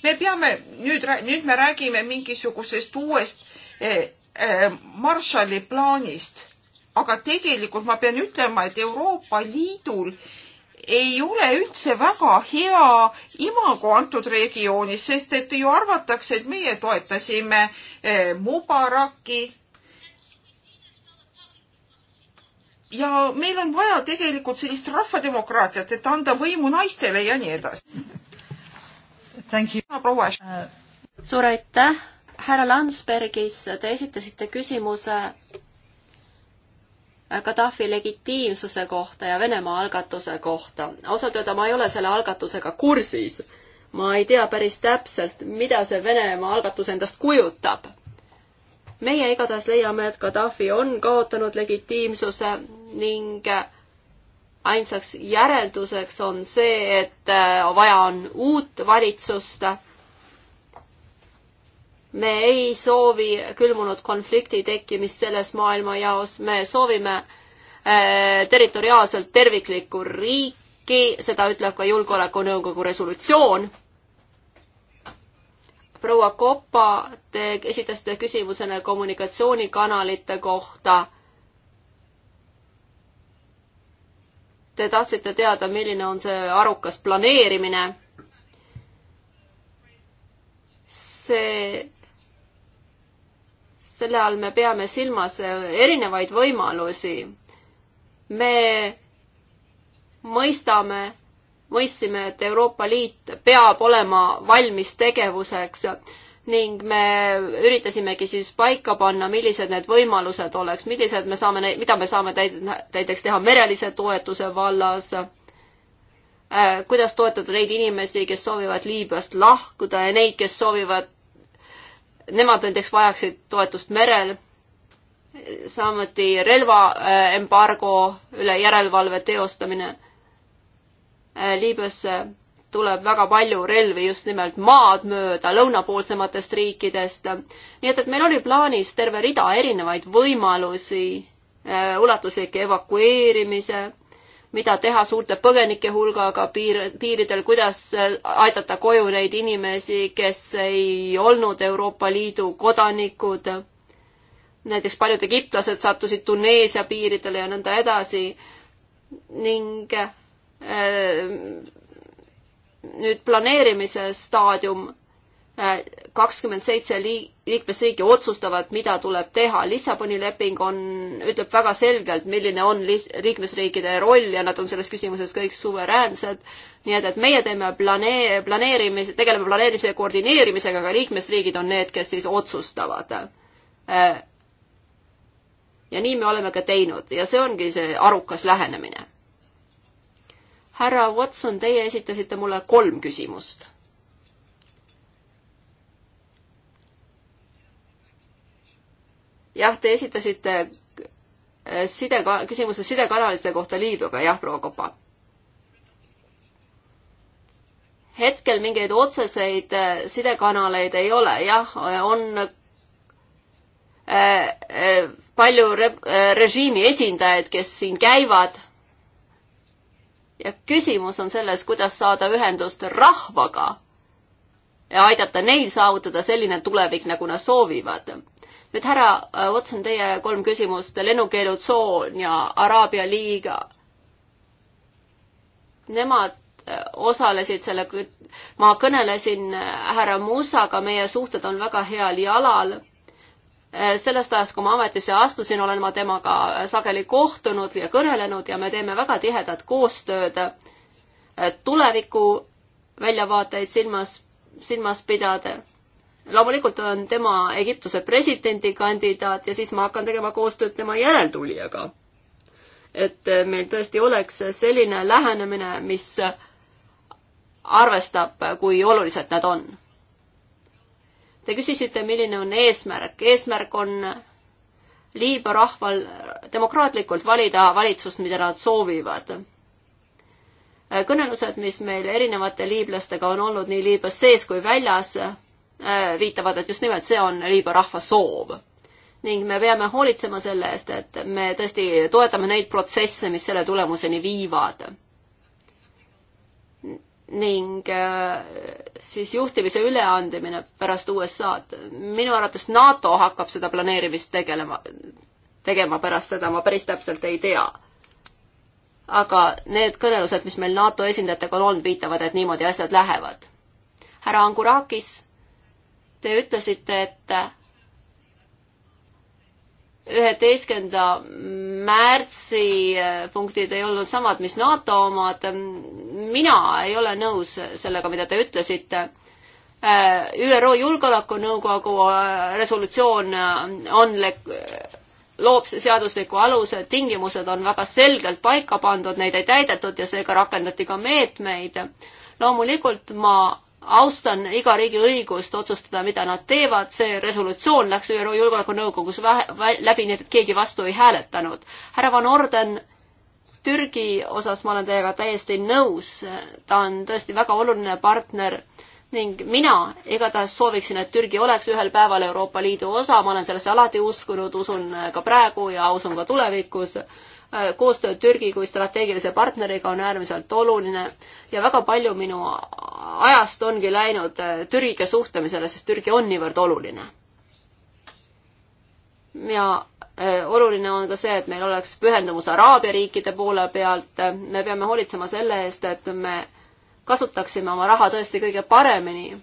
me peame nüüd, nüüd me räägime mingisugusest uuest äh, äh, Marshalli plaanist, aga tegelikult ma pean ütlema, et Euroopa Liidul äh, ei ole üldse väga hea imago antud regioonis, sest et ju arvatakse, et meie toetasime eh, Mubaraki. ja meil on vaja tegelikult sellist rahvademokraatiat, et anda võimu naistele ja nii edasi. proua. suur aitäh, härra Landsbergis, te esitasite küsimuse Gaddafi legitiimsuse kohta ja Venemaa algatuse kohta. ausalt öelda ma ei ole selle algatusega kursis. ma ei tea päris täpselt, mida see Venemaa algatus endast kujutab. meie igatahes leiame, et Gaddafi on kaotanud legitiimsuse ning ainsaks järelduseks on see, et äh, vaja on uut valitsust me ei soovi külmunud konflikti tekkimist selles maailmajaos, me soovime äh, territoriaalselt terviklikku riiki, seda ütleb ka Julgeolekunõukogu resolutsioon. proua Kopa, te esitasite küsimusena kommunikatsioonikanalite kohta. Te tahtsite teada, milline on see arukas planeerimine see selle all me peame silmas äh, erinevaid võimalusi. me mõistame, mõistsime, et Euroopa Liit peab olema valmis tegevuseks ning me üritasimegi siis paika panna, millised need võimalused oleks, millised me saame, mida me saame näiteks teha merelise toetuse vallas, äh, kuidas toetada neid inimesi, kes soovivad Liibüast lahkuda ja neid, kes soovivad nemad näiteks vajaksid toetust merel, samuti relvaembargo äh, üle järelevalve teostamine. Äh, Liibüasse tuleb väga palju relvi just nimelt maad mööda lõunapoolsematest riikidest. nii et, et meil oli plaanis terve rida erinevaid võimalusi, äh, ulatuslik evakueerimise mida teha suurte põgenike hulgaga piir, piiridel, kuidas äh, aidata koju neid inimesi, kes ei olnud Euroopa Liidu kodanikud. näiteks paljud egiptlased sattusid Tuneesia piiridele ja nõnda edasi ning äh, nüüd planeerimise staadium kakskümmend seitse liikmesriiki otsustavad, mida tuleb teha. Lissaboni leping on, ütleb väga selgelt, milline on liikmesriikide roll ja nad on selles küsimuses kõik suveräänsed. nii et, et meie teeme planee-, planeerimise, tegeleme planeerimise ja koordineerimisega, aga liikmesriigid on need, kes siis otsustavad. Äh, ja nii me oleme ka teinud ja see ongi see arukas lähenemine. härra Watson, teie esitasite mulle kolm küsimust jah, te esitasite äh, side, küsimuse sidekanalite kohta Liibüaga, jah, proua Kopa? hetkel mingeid otseseid äh, sidekanaleid ei ole, jah, on äh, palju re-, režiimi esindajaid, kes siin käivad. ja küsimus on selles, kuidas saada ühendust rahvaga ja aidata neil saavutada selline tulevik, nagu nad soovivad nüüd härra äh, Watson, teie kolm küsimust, lennukeelutsoon ja Araabia liiga. Nemad äh, osalesid selle, ma kõnelesin äh, härra Musaga, meie suhted on väga heal jalal. sellest ajast, kui ma ametisse astusin, olen ma temaga sageli kohtunud ja kõnelenud ja me teeme väga tihedat koostööd tuleviku väljavaateid silmas, silmas pidada loomulikult on tema Egiptuse presidendikandidaat ja siis ma hakkan tegema koostööd tema järeltulijaga. et eh, meil tõesti oleks selline lähenemine, mis arvestab, kui olulised nad on. Te küsisite, milline on eesmärk. eesmärk on Liibüa rahval demokraatlikult valida valitsust, mida nad soovivad kõnelused, mis meil erinevate liiblastega on olnud nii Liibüas sees kui väljas, Äh, viitavad, et just nimelt see on Liibüa rahva soov. ning me peame hoolitsema selle eest, et me tõesti toetame neid protsesse, mis selle tulemuseni viivad. ning äh, siis juhtimise üleandmine pärast USA-d. minu arvates NATO hakkab seda planeerimist tegelema, tegema pärast seda, ma päris täpselt ei tea aga need kõnelused, mis meil NATO esindajatega on olnud, viitavad, et niimoodi asjad lähevad. härra Angurakis Te ütlesite, et üheteistkümnenda märtsi äh, punktid ei olnud samad, mis NATO omad. mina ei ole nõus sellega, mida te ütlesite äh, ÜRO Julgeolekunõukogu äh, resolutsioon on loob seadusliku aluse, tingimused on väga selgelt paika pandud, neid ei täidetud ja seega rakendati ka meetmeid. loomulikult ma austan iga riigi õigust otsustada, mida nad teevad, see resolutsioon läks ÜRO Julgeolekunõukogus läbi, nii et keegi vastu ei hääletanud. härra Van Orden, Türgi osas ma olen teiega täiesti nõus, ta on tõesti väga oluline partner ning mina igatahes sooviksin, et Türgi oleks ühel päeval Euroopa Liidu osa, ma olen sellesse alati uskunud, usun ka praegu ja usun ka tulevikus, koostöö Türgi kui strateegilise partneriga on äärmiselt oluline ja väga palju minu ajast ongi läinud äh, Türgiga suhtlemisele, sest Türgi on niivõrd oluline. ja äh, oluline on ka see, et meil oleks pühendumus Araabia riikide poole pealt, me peame hoolitsema selle eest, et me kasutaksime oma raha tõesti kõige paremini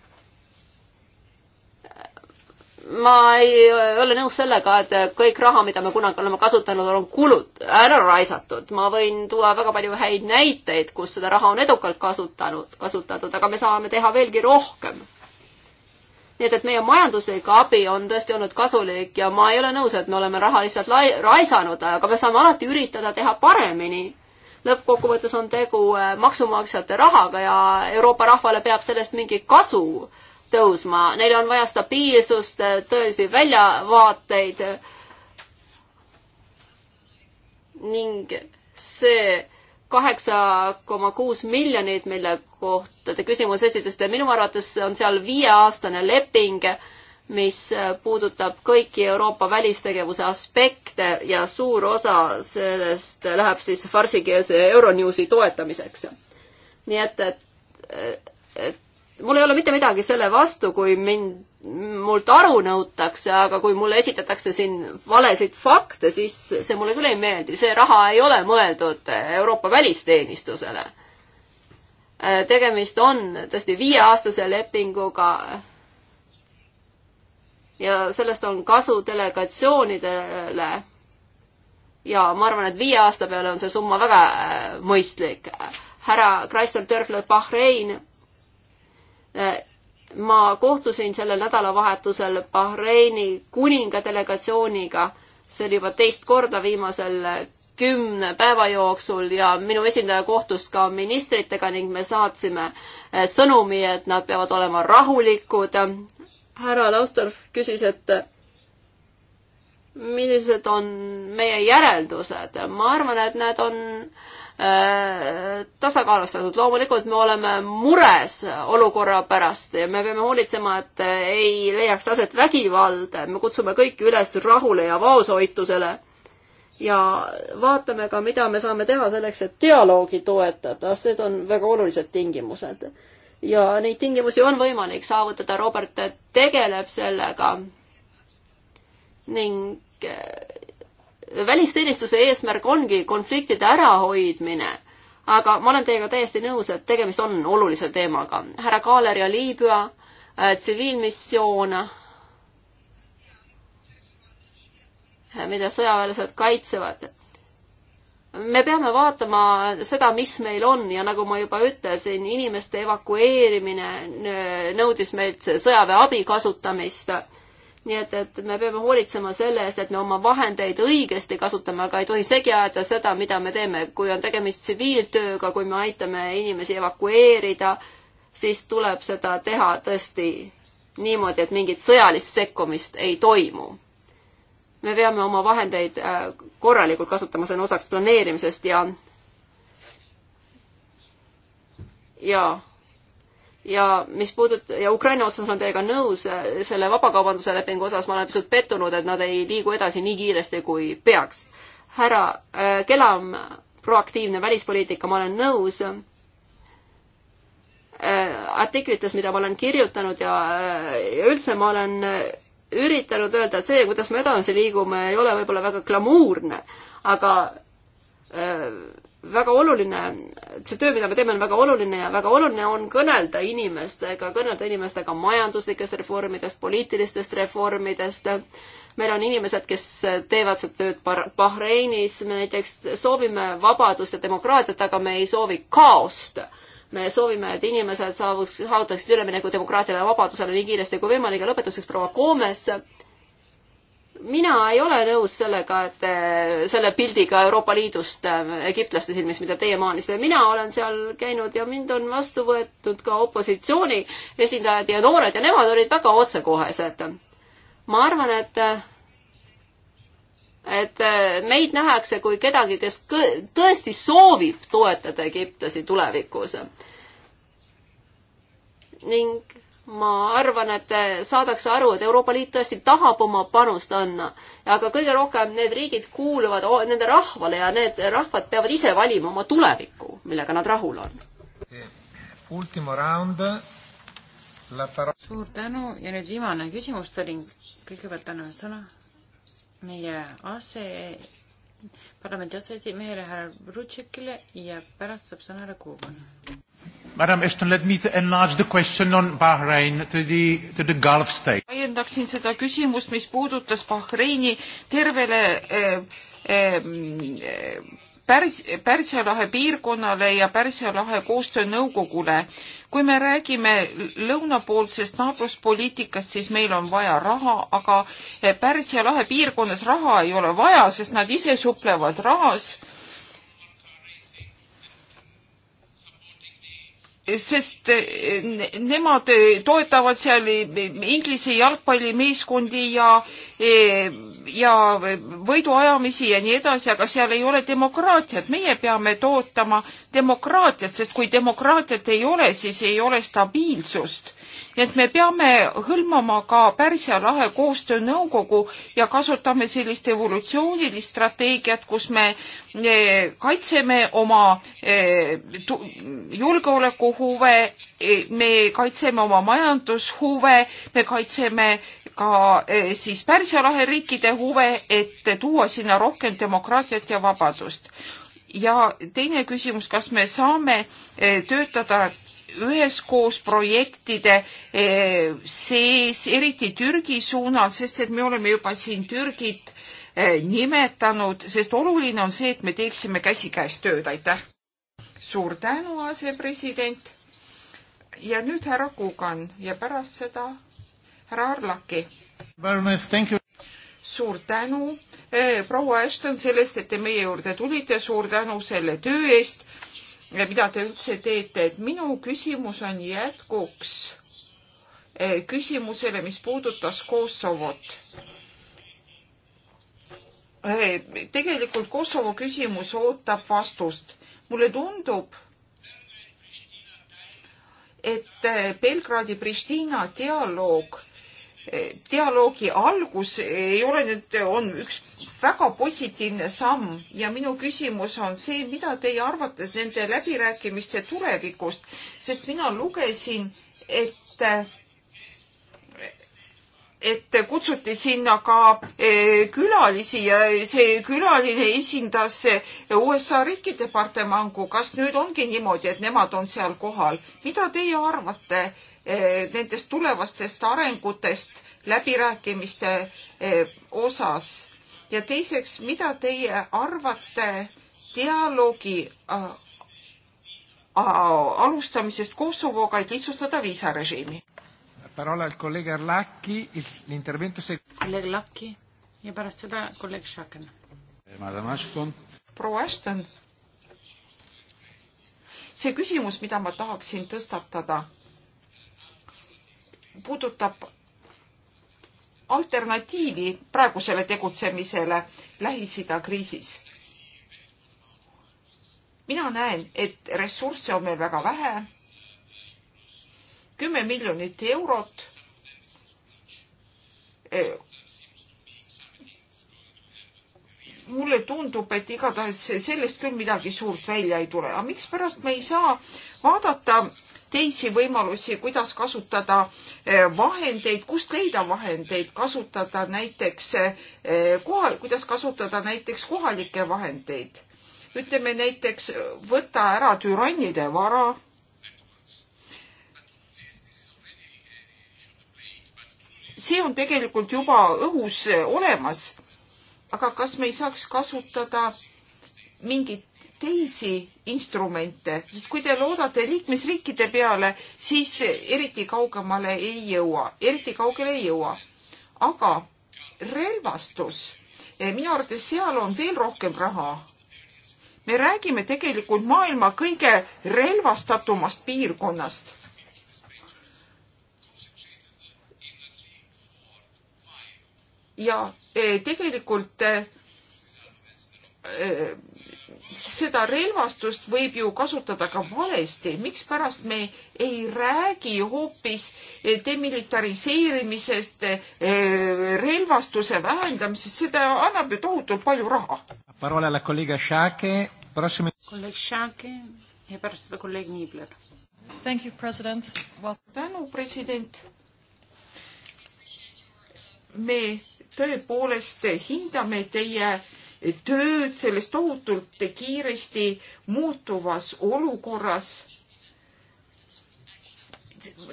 ma ei ole nõus sellega, et kõik raha, mida me kunagi oleme kasutanud, on kulud, ära raisatud. ma võin tuua väga palju häid näiteid, kus seda raha on edukalt kasutanud, kasutatud, aga me saame teha veelgi rohkem. nii et, et meie majanduslik abi on tõesti olnud kasulik ja ma ei ole nõus, et me oleme raha lihtsalt lai-, raisanud, aga me saame alati üritada teha paremini. lõppkokkuvõttes on tegu äh, maksumaksjate rahaga ja Euroopa rahvale peab sellest mingi kasu tõusma, neil on vaja stabiilsust, tõelisi väljavaateid ning see kaheksa koma kuus miljonit, mille kohta te küsimuse esitasite, minu arvates on seal viieaastane leping, mis puudutab kõiki Euroopa välistegevuse aspekte ja suur osa sellest läheb siis farsikeelse Euronewsi toetamiseks. nii et, et, et mul ei ole mitte midagi selle vastu, kui mind, mult aru nõutakse, aga kui mulle esitatakse siin valesid fakte, siis see mulle küll ei meeldi, see raha ei ole mõeldud Euroopa välisteenistusele. Äh, tegemist on tõesti viieaastase lepinguga ja sellest on kasu delegatsioonidele. ja ma arvan, et viie aasta peale on see summa väga äh, mõistlik. härra Chrysler Dörfler Bahrein ma kohtusin sellel nädalavahetusel Bahreini kuninga delegatsiooniga, see oli juba teist korda viimasel kümne päeva jooksul ja minu esindaja kohtus ka ministritega ning me saatsime eh, sõnumi, et nad peavad olema rahulikud. härra Laustorf küsis, et millised on meie järeldused. ma arvan, et need on äh, Äh, tasakaalustatud. loomulikult me oleme mures olukorra pärast ja me peame hoolitsema, et ei leiaks aset vägivald. me kutsume kõiki üles rahule ja vaoshoitusele. ja vaatame ka, mida me saame teha selleks, et dialoogi toetada, need on väga olulised tingimused. ja neid tingimusi on võimalik saavutada, Robert tegeleb sellega. ning äh, välisteenistuse eesmärk ongi konfliktide ärahoidmine, aga ma olen teiega täiesti nõus, et tegemist on olulise teemaga. härra Kaaler ja Liibüa äh, tsiviilmissioon äh,, mida sõjaväelased kaitsevad me peame vaatama seda, mis meil on ja nagu ma juba ütlesin, inimeste evakueerimine äh, nõudis meilt sõjaväe abi kasutamist nii et, et me peame hoolitsema selle eest, et me oma vahendeid õigesti kasutame, aga ei tohi segi ajada seda, mida me teeme. kui on tegemist tsiviiltööga, kui me aitame inimesi evakueerida, siis tuleb seda teha tõesti niimoodi, et mingit sõjalist sekkumist ei toimu. me peame oma vahendeid äh, korralikult kasutama, see on osaks planeerimisest ja jaa ja mis puudut- ja Ukraina otsas olen teiega nõus, selle vabakaubanduse lepingu osas ma olen pisut pettunud, et nad ei liigu edasi nii kiiresti, kui peaks. härra äh, Kelam, proaktiivne välispoliitika, ma olen nõus äh,. artiklites, mida ma olen kirjutanud ja, äh, ja üldse ma olen äh, üritanud öelda, et see, kuidas me edasi liigume, ei ole võib-olla väga glamuurne, aga äh, väga oluline, see töö, mida me teeme, on väga oluline ja väga oluline on kõnelda inimestega, kõnelda inimestega majanduslikest reformidest, poliitilistest reformidest. meil on inimesed, kes teevad seda tööd Bahreinis, me näiteks soovime vabadust ja demokraatiat, aga me ei soovi kaost. me soovime, et inimesed saavuks, saavutaksid ülemineku demokraatiale ja vabadusele nii kiiresti kui võimalik ja lõpetuseks proua Koomes mina ei ole nõus sellega, et eh, selle pildiga Euroopa Liidust eh, egiptlaste silmis, mida teie maanisite. mina olen seal käinud ja mind on vastu võetud ka opositsiooni esindajad ja noored ja nemad olid väga otsekohesed. ma arvan, et eh, et meid nähakse kui kedagi, kes tõesti soovib toetada egiptlasi tulevikus. ning ma arvan, et saadakse aru, et Euroopa Liit tõesti tahab oma panust anda, aga kõige rohkem need riigid kuuluvad nende rahvale ja need rahvad peavad ise valima oma tulevikku, millega nad rahul on. suur tänu ja nüüd viimane küsimuste ring. kõigepealt anname sõna meie ase, parlamendi aseesimehele härra Rutšekile ja pärast saab sõna härra Kuuban. Madam Ashton, let me enlarge the question on Bahrain to the, to the Gulf state. laiendaksin seda küsimust, mis puudutas Bahreini tervele eh, eh, pärs-, Pärsia lahe piirkonnale ja Pärsia lahe koostöönõukogule. kui me räägime lõunapoolsest naabruspoliitikast, siis meil on vaja raha, aga Pärsia lahe piirkonnas raha ei ole vaja, sest nad ise suplevad rahas sest eh, nemad eh, toetavad seal eh, Inglise jalgpallimeeskondi ja, ja võiduajamisi ja nii edasi, aga seal ei ole demokraatiat. meie peame tootama demokraatiat, sest kui demokraatiat ei ole, siis ei ole stabiilsust nii et me peame hõlmama ka Pärsia lahe koostöönõukogu ja kasutame sellist evolutsioonilist strateegiat, kus me eh, kaitseme oma eh, julgeolekuhuve, eh, me kaitseme oma majandushuve, me kaitseme ka siis Pärsia lahe riikide huve, et tuua sinna rohkem demokraatiat ja vabadust ja teine küsimus, kas me saame töötada üheskoos projektide eh, sees, eriti Türgi suunal, sest et me oleme juba siin Türgit eh, nimetanud, sest oluline on see, et me teeksime käsikäes tööd, aitäh. suur tänu, asepresident. ja nüüd härra Kugan ja pärast seda härra Arlaki. suur tänu, eh, proua Ashton, sellest, et te meie juurde tulite, suur tänu selle töö eest mida te üldse teete, et minu küsimus on jätkuks eh, küsimusele, mis puudutas Kosovot. Eh, tegelikult Kosovo küsimus ootab vastust. mulle tundub, et eh, Belgradi-Pristina dialoog dialoogi algus ei ole nüüd, on üks väga positiivne samm ja minu küsimus on see, mida teie arvate nende läbirääkimiste tulevikust, sest mina lugesin, et et kutsuti sinna ka e, külalisi ja see külaline esindas USA riikide partemangu. kas nüüd ongi niimoodi, et nemad on seal kohal? mida teie arvate, Eh, nendest tulevastest arengutest läbirääkimiste eh, osas ja teiseks, mida teie arvate dialoogi äh, äh, alustamisest Kosovoga, et lihtsustada viisarežiimi? parola al kolleeg Arlaki, l'intervento se-. kolleeg Laki ja pärast seda kolleeg Šaken. Madam Ashton. proua Ashton. see küsimus, mida ma tahaksin tõstatada puudutab alternatiivi praegusele tegutsemisele Lähis-Ida kriisis. mina näen, et ressursse on meil väga vähe. kümme miljonit eurot eh, mulle tundub, et igatahes sellest küll midagi suurt välja ei tule, aga mikspärast me ei saa vaadata teisi võimalusi, kuidas kasutada eh, vahendeid, kust leida vahendeid, kasutada näiteks eh, kohal, kuidas kasutada näiteks kohalikke vahendeid. ütleme näiteks võtta ära türannide vara see on tegelikult juba õhus eh, olemas. aga kas me ei saaks kasutada mingeid teisi instrumente, sest kui te loodate liikmesriikide peale, siis eriti kaugemale ei jõua, eriti kaugele ei jõua. aga relvastus, eh, minu arvates seal on veel rohkem raha. me räägime tegelikult maailma kõige relvastatumast piirkonnast ja eh, tegelikult eh, seda relvastust võib ju kasutada ka valesti, mikspärast me ei räägi hoopis eh, demilitariseerimisest, eh, relvastuse vähendamisest, seda annab ju tohutult palju raha. kolleeg Šake ja pärast seda kolleeg Niibler. tänu, president me tõepoolest hindame teie tööd selles tohutult kiiresti muutuvas olukorras.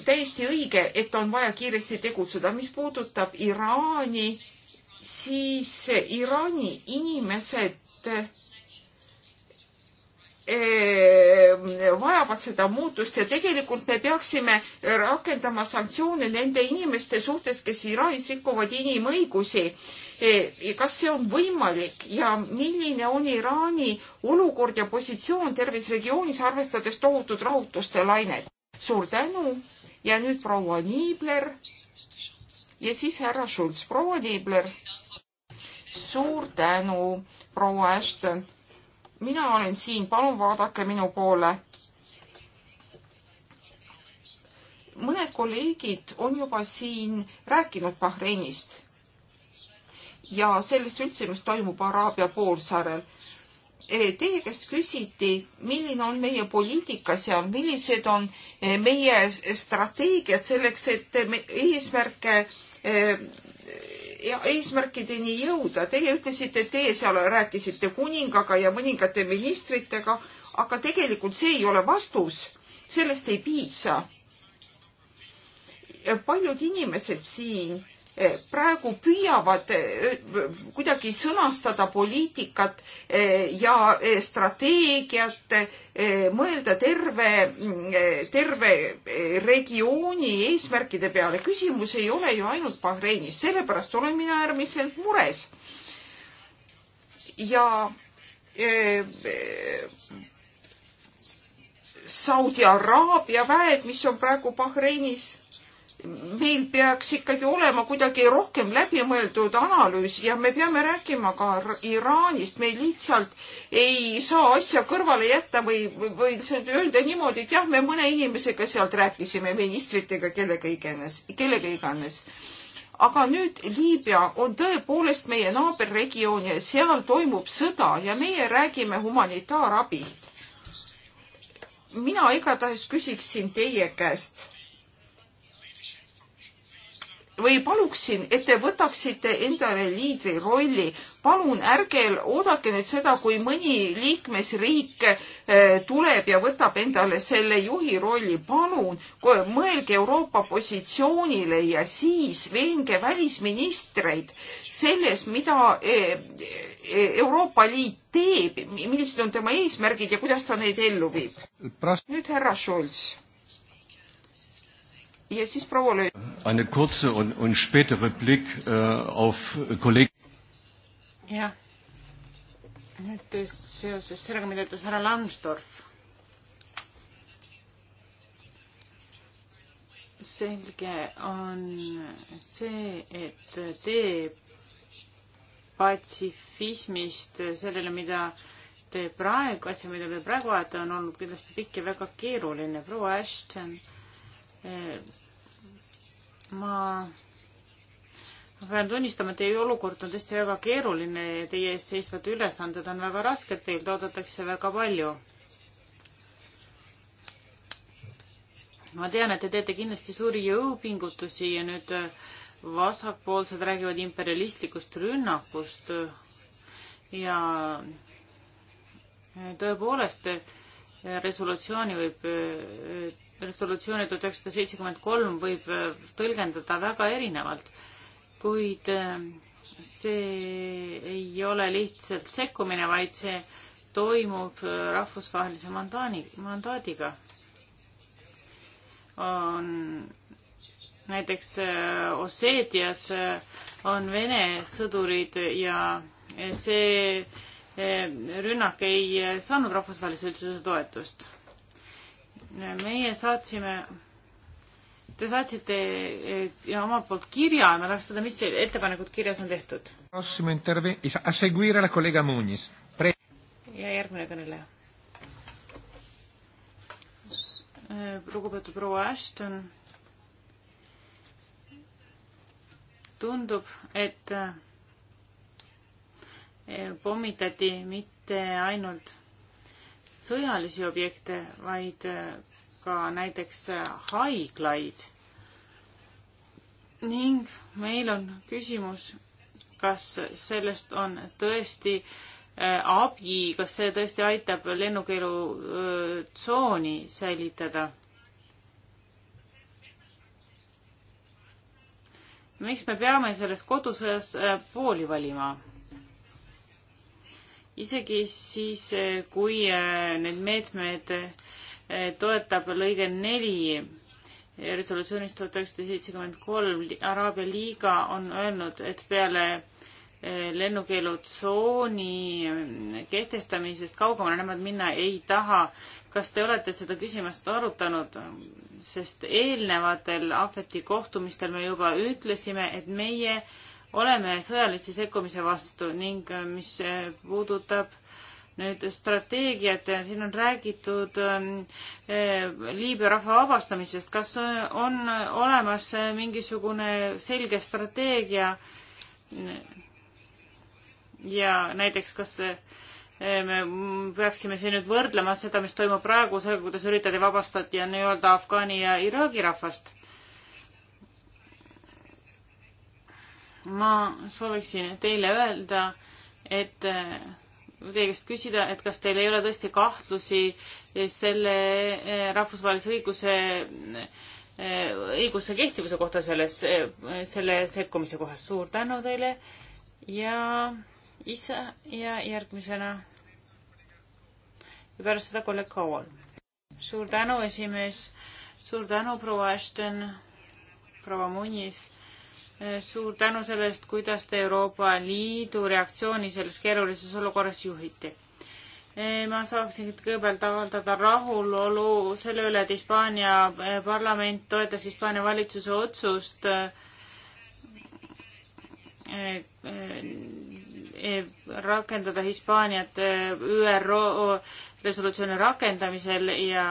täiesti õige, et on vaja kiiresti tegutseda. mis puudutab Iraani, siis Iraani inimesed Eh, vajavad seda muutust ja tegelikult me peaksime rakendama sanktsioone nende inimeste suhtes, kes Iraanis rikuvad inimõigusi. Eh, kas see on võimalik ja milline on Iraani olukord ja positsioon terves regioonis, arvestades tohutut rahutuste lainet? suur tänu ja nüüd proua Niibler ja siis härra Schulz. proua Niibler, suur tänu, proua Ashton mina olen siin, palun vaadake minu poole. mõned kolleegid on juba siin rääkinud Bahreinist ja sellest üldse, mis toimub Araabia poolsaarel. Eh, teie käest küsiti, milline on meie poliitika seal, millised on eh, meie strateegiad selleks, et eesmärke eh, eesmärkideni jõuda. Teie ütlesite, et teie seal rääkisite kuningaga ja mõningate ministritega, aga tegelikult see ei ole vastus, sellest ei piisa. paljud inimesed siin praegu püüavad eh, kuidagi sõnastada poliitikat eh, ja eh, strateegiat, mõelda terve, mm, terve regiooni eesmärkide peale. küsimus ei ole ju ainult Bahreinis, sellepärast olen mina äärmiselt mures. ja Saudi Araabia väed, mis on praegu Bahreinis meil peaks ikkagi olema kuidagi rohkem läbimõeldud analüüs ja me peame rääkima ka Iraanist, me lihtsalt ei saa asja kõrvale jätta või, või lihtsalt öelda niimoodi, et jah, me mõne inimesega sealt rääkisime, ministritega, kellega iganes, kellega iganes. aga nüüd Liibüa on tõepoolest meie naaberregioon ja seal toimub sõda ja meie räägime humanitaarabist. mina igatahes küsiksin teie käest või paluksin, et te võtaksite endale liidri rolli. palun ärge oodake nüüd seda, kui mõni liikmesriik eh, tuleb ja võtab endale selle juhi rolli. palun mõelge Euroopa positsioonile ja siis veenge välisministreid selles, mida eh, eh, Euroopa Liit teeb, millised on tema eesmärgid ja kuidas ta neid ellu viib. nüüd härra Scholz ja siis proua Löö-. Eine kurze und, und spätere Blick äh, auf kolleeg-. jah, nüüd seoses sellega, mida ütles härra Lambsdorff. selge on see, et tee patsifismist sellele, mida te praegu, asja, mida te praegu ajate, on olnud kindlasti pikk ja väga keeruline. proua Ashton äh, ma ma pean tunnistama, et teie olukord on tõesti väga keeruline ja teie ees seisvad ülesanded on väga rasked, teilt oodatakse väga palju. ma tean, et te teete kindlasti suuri jõupingutusi ja nüüd äh, vasakpoolsed räägivad imperialistlikust rünnakust ja tõepoolest, et resolutsiooni võib, resolutsiooni tuhat üheksasada seitsekümmend kolm võib äh, tõlgendada väga erinevalt, kuid äh, see ei ole lihtsalt sekkumine, vaid see toimub äh, rahvusvahelise mandaani, mandaadiga. on näiteks Osseetias on Vene sõdurid ja see Eh, rünnak ei eh, saanud rahvusvahelise üldsuse toetust. Eh, meie saatsime, te saatsite ja omalt poolt kirja, ma tahaks teada, mis ettepanekud kirjas on tehtud? ja järgmine kõneleja. lugupeetud proua Ashton tundub, et Eh, pommitati mitte ainult sõjalisi objekte, vaid eh, ka näiteks eh, haiglaid. ning meil on küsimus, kas sellest on tõesti abi, kas see tõesti aitab lennukeelutsooni säilitada? miks me peame selles kodusõjas pooli valima? isegi siis, kui äh, need meetmed äh, toetab lõige neli resolutsioonist tuhat üheksasada seitsekümmend kolm, Araabia liiga on öelnud, et peale äh, lennukeelutsooni kehtestamisest kaugemale nemad minna ei taha. kas te olete seda küsimust arutanud? sest eelnevatel ahveti kohtumistel me juba ütlesime, et meie äh, oleme sõjalise sekkumise vastu ning äh, mis äh, puudutab nüüd strateegiat, äh, siin on räägitud ähm, Liibüa rahva vabastamisest, kas on olemas mingisugune selge strateegia ja näiteks kas me peaksime siin nüüd võrdlema seda, mis toimub praegu, sellega, kuidas üritati vabastada nii-öelda Afgaani ja Iraagi rahvast ma sooviksin teile öelda, et äh, teie käest küsida, et kas teil ei ole tõesti kahtlusi selle äh, rahvusvahelise õiguse, äh, õiguse kehtivuse kohta selles, selle sekkumise kohas. suur tänu teile ja ise ja järgmisena ja pärast seda kolleeg Kaul. suur tänu, esimees. suur tänu, proua Ashton, proua Munis Eh, suur tänu selle eest, kuidas te Euroopa Liidu reaktsiooni selles keerulises olukorras juhite. Eh, ma saaksin nüüd kõigepealt avaldada rahulolu selle üle, et Hispaania eh, parlament toetas Hispaania valitsuse otsust rakendada Hispaaniat ÜRO resolutsiooni rakendamisel ja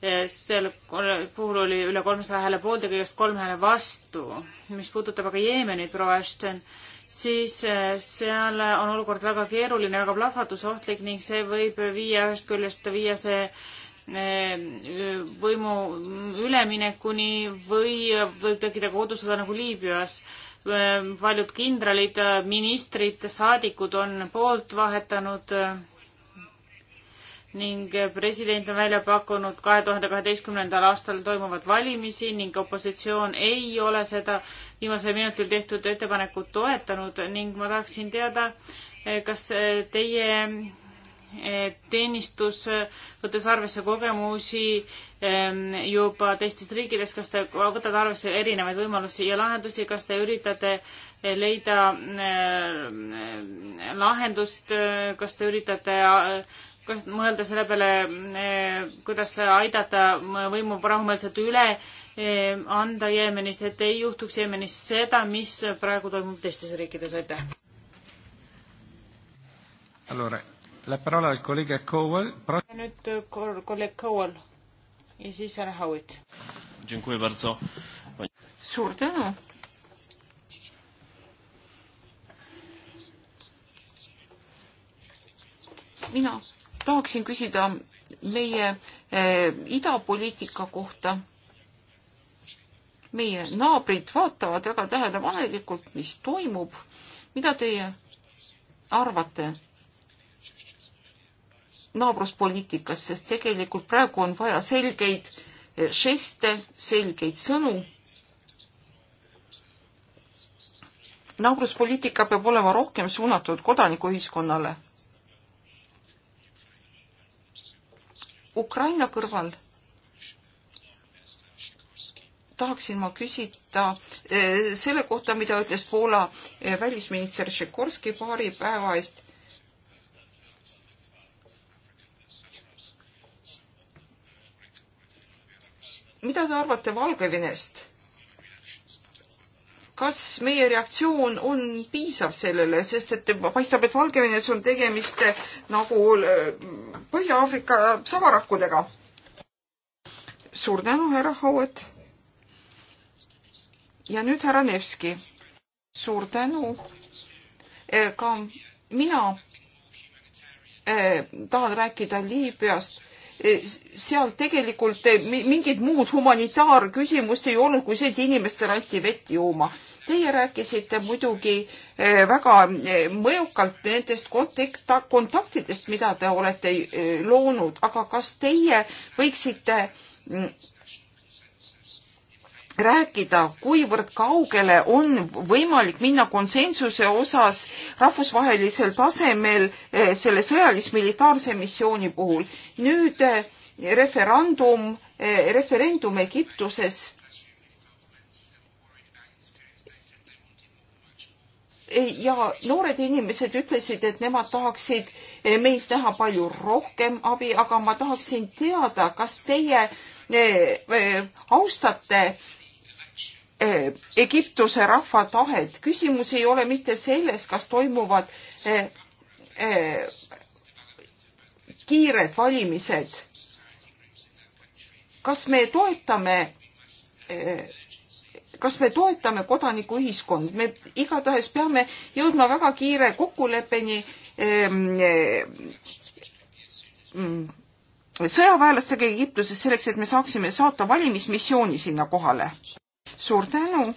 Eh, seal puhul oli üle kolmesaja hääle poolt ja kõigest kolm hääle vastu. mis puudutab aga Jeemenit, proua Ashton, siis eh, seal on olukord väga keeruline, väga plahvatusohtlik ning see võib viia ühest küljest, viia see eh, võimu üleminekuni või võib tekkida ka kodusõda nagu Liibüas. paljud kindralid, ministrid, saadikud on poolt vahetanud ning president on välja pakkunud kahe tuhande kaheteistkümnendal aastal toimuvad valimisi ning opositsioon ei ole seda viimasel minutil tehtud ettepanekut toetanud ning ma tahaksin teada, eh, kas eh, teie eh, teenistus, võttes arvesse kogemusi ehm, juba teistes riikides, kas te võtate arvesse erinevaid võimalusi ja lahendusi, kas te üritate leida lahendust, kas te üritate kas mõelda selle peale, eh, kuidas aidata võimu rahumeelselt üle eh, anda Jeemenis, et ei juhtuks Jeemenis seda, mis praegu toimub teistes riikides, aitäh. nüüd eh, kolleeg Cowell ja siis härra Howitt. suur tänu mina tahaksin küsida meie äh, idapoliitika kohta. meie naabrid vaatavad väga tähelepanelikult, mis toimub. mida teie arvate naabruspoliitikast, sest tegelikult praegu on vaja selgeid eh, žeste, selgeid sõnu. naabruspoliitika peab olema rohkem suunatud kodanikuühiskonnale Ukraina kõrval tahaksin ma küsida eh, selle kohta, mida ütles Poola eh, välisminister Sikorski paari päeva eest. mida te arvate Valgevenest? kas meie reaktsioon on piisav sellele, sest et paistab, et Valgevenes on tegemist eh, nagu eh, Põhja-Aafrika sabarakkudega. suur tänu, härra Howard. ja nüüd härra Nevski. suur tänu. Eh, ka mina tahan rääkida Liibüast seal tegelikult eh, mingit muud humanitaarküsimust ei olnud, kui see, et inimestele anti vett jooma. Teie rääkisite muidugi eh, väga eh, mõjukalt nendest kontakt, kontaktidest, mida te olete loonud, aga kas teie võiksite mm, rääkida, kuivõrd kaugele on võimalik minna konsensuse osas rahvusvahelisel tasemel eh, selle sõjalis-militaarse missiooni puhul. nüüd eh, referendum, eh, referendum Egiptuses. ja noored inimesed ütlesid, et nemad tahaksid meilt näha palju rohkem abi, aga ma tahaksin teada, kas teie austate Eh, Egiptuse rahva tahet. küsimus ei ole mitte selles, kas toimuvad eh, eh, kiired valimised. kas me toetame, kas me toetame kodanikuühiskond, me igatahes peame jõudma väga kiire kokkuleppeni sõjaväelastega Egiptuses selleks, et me saaksime saata valimismissiooni sinna kohale suur tänu.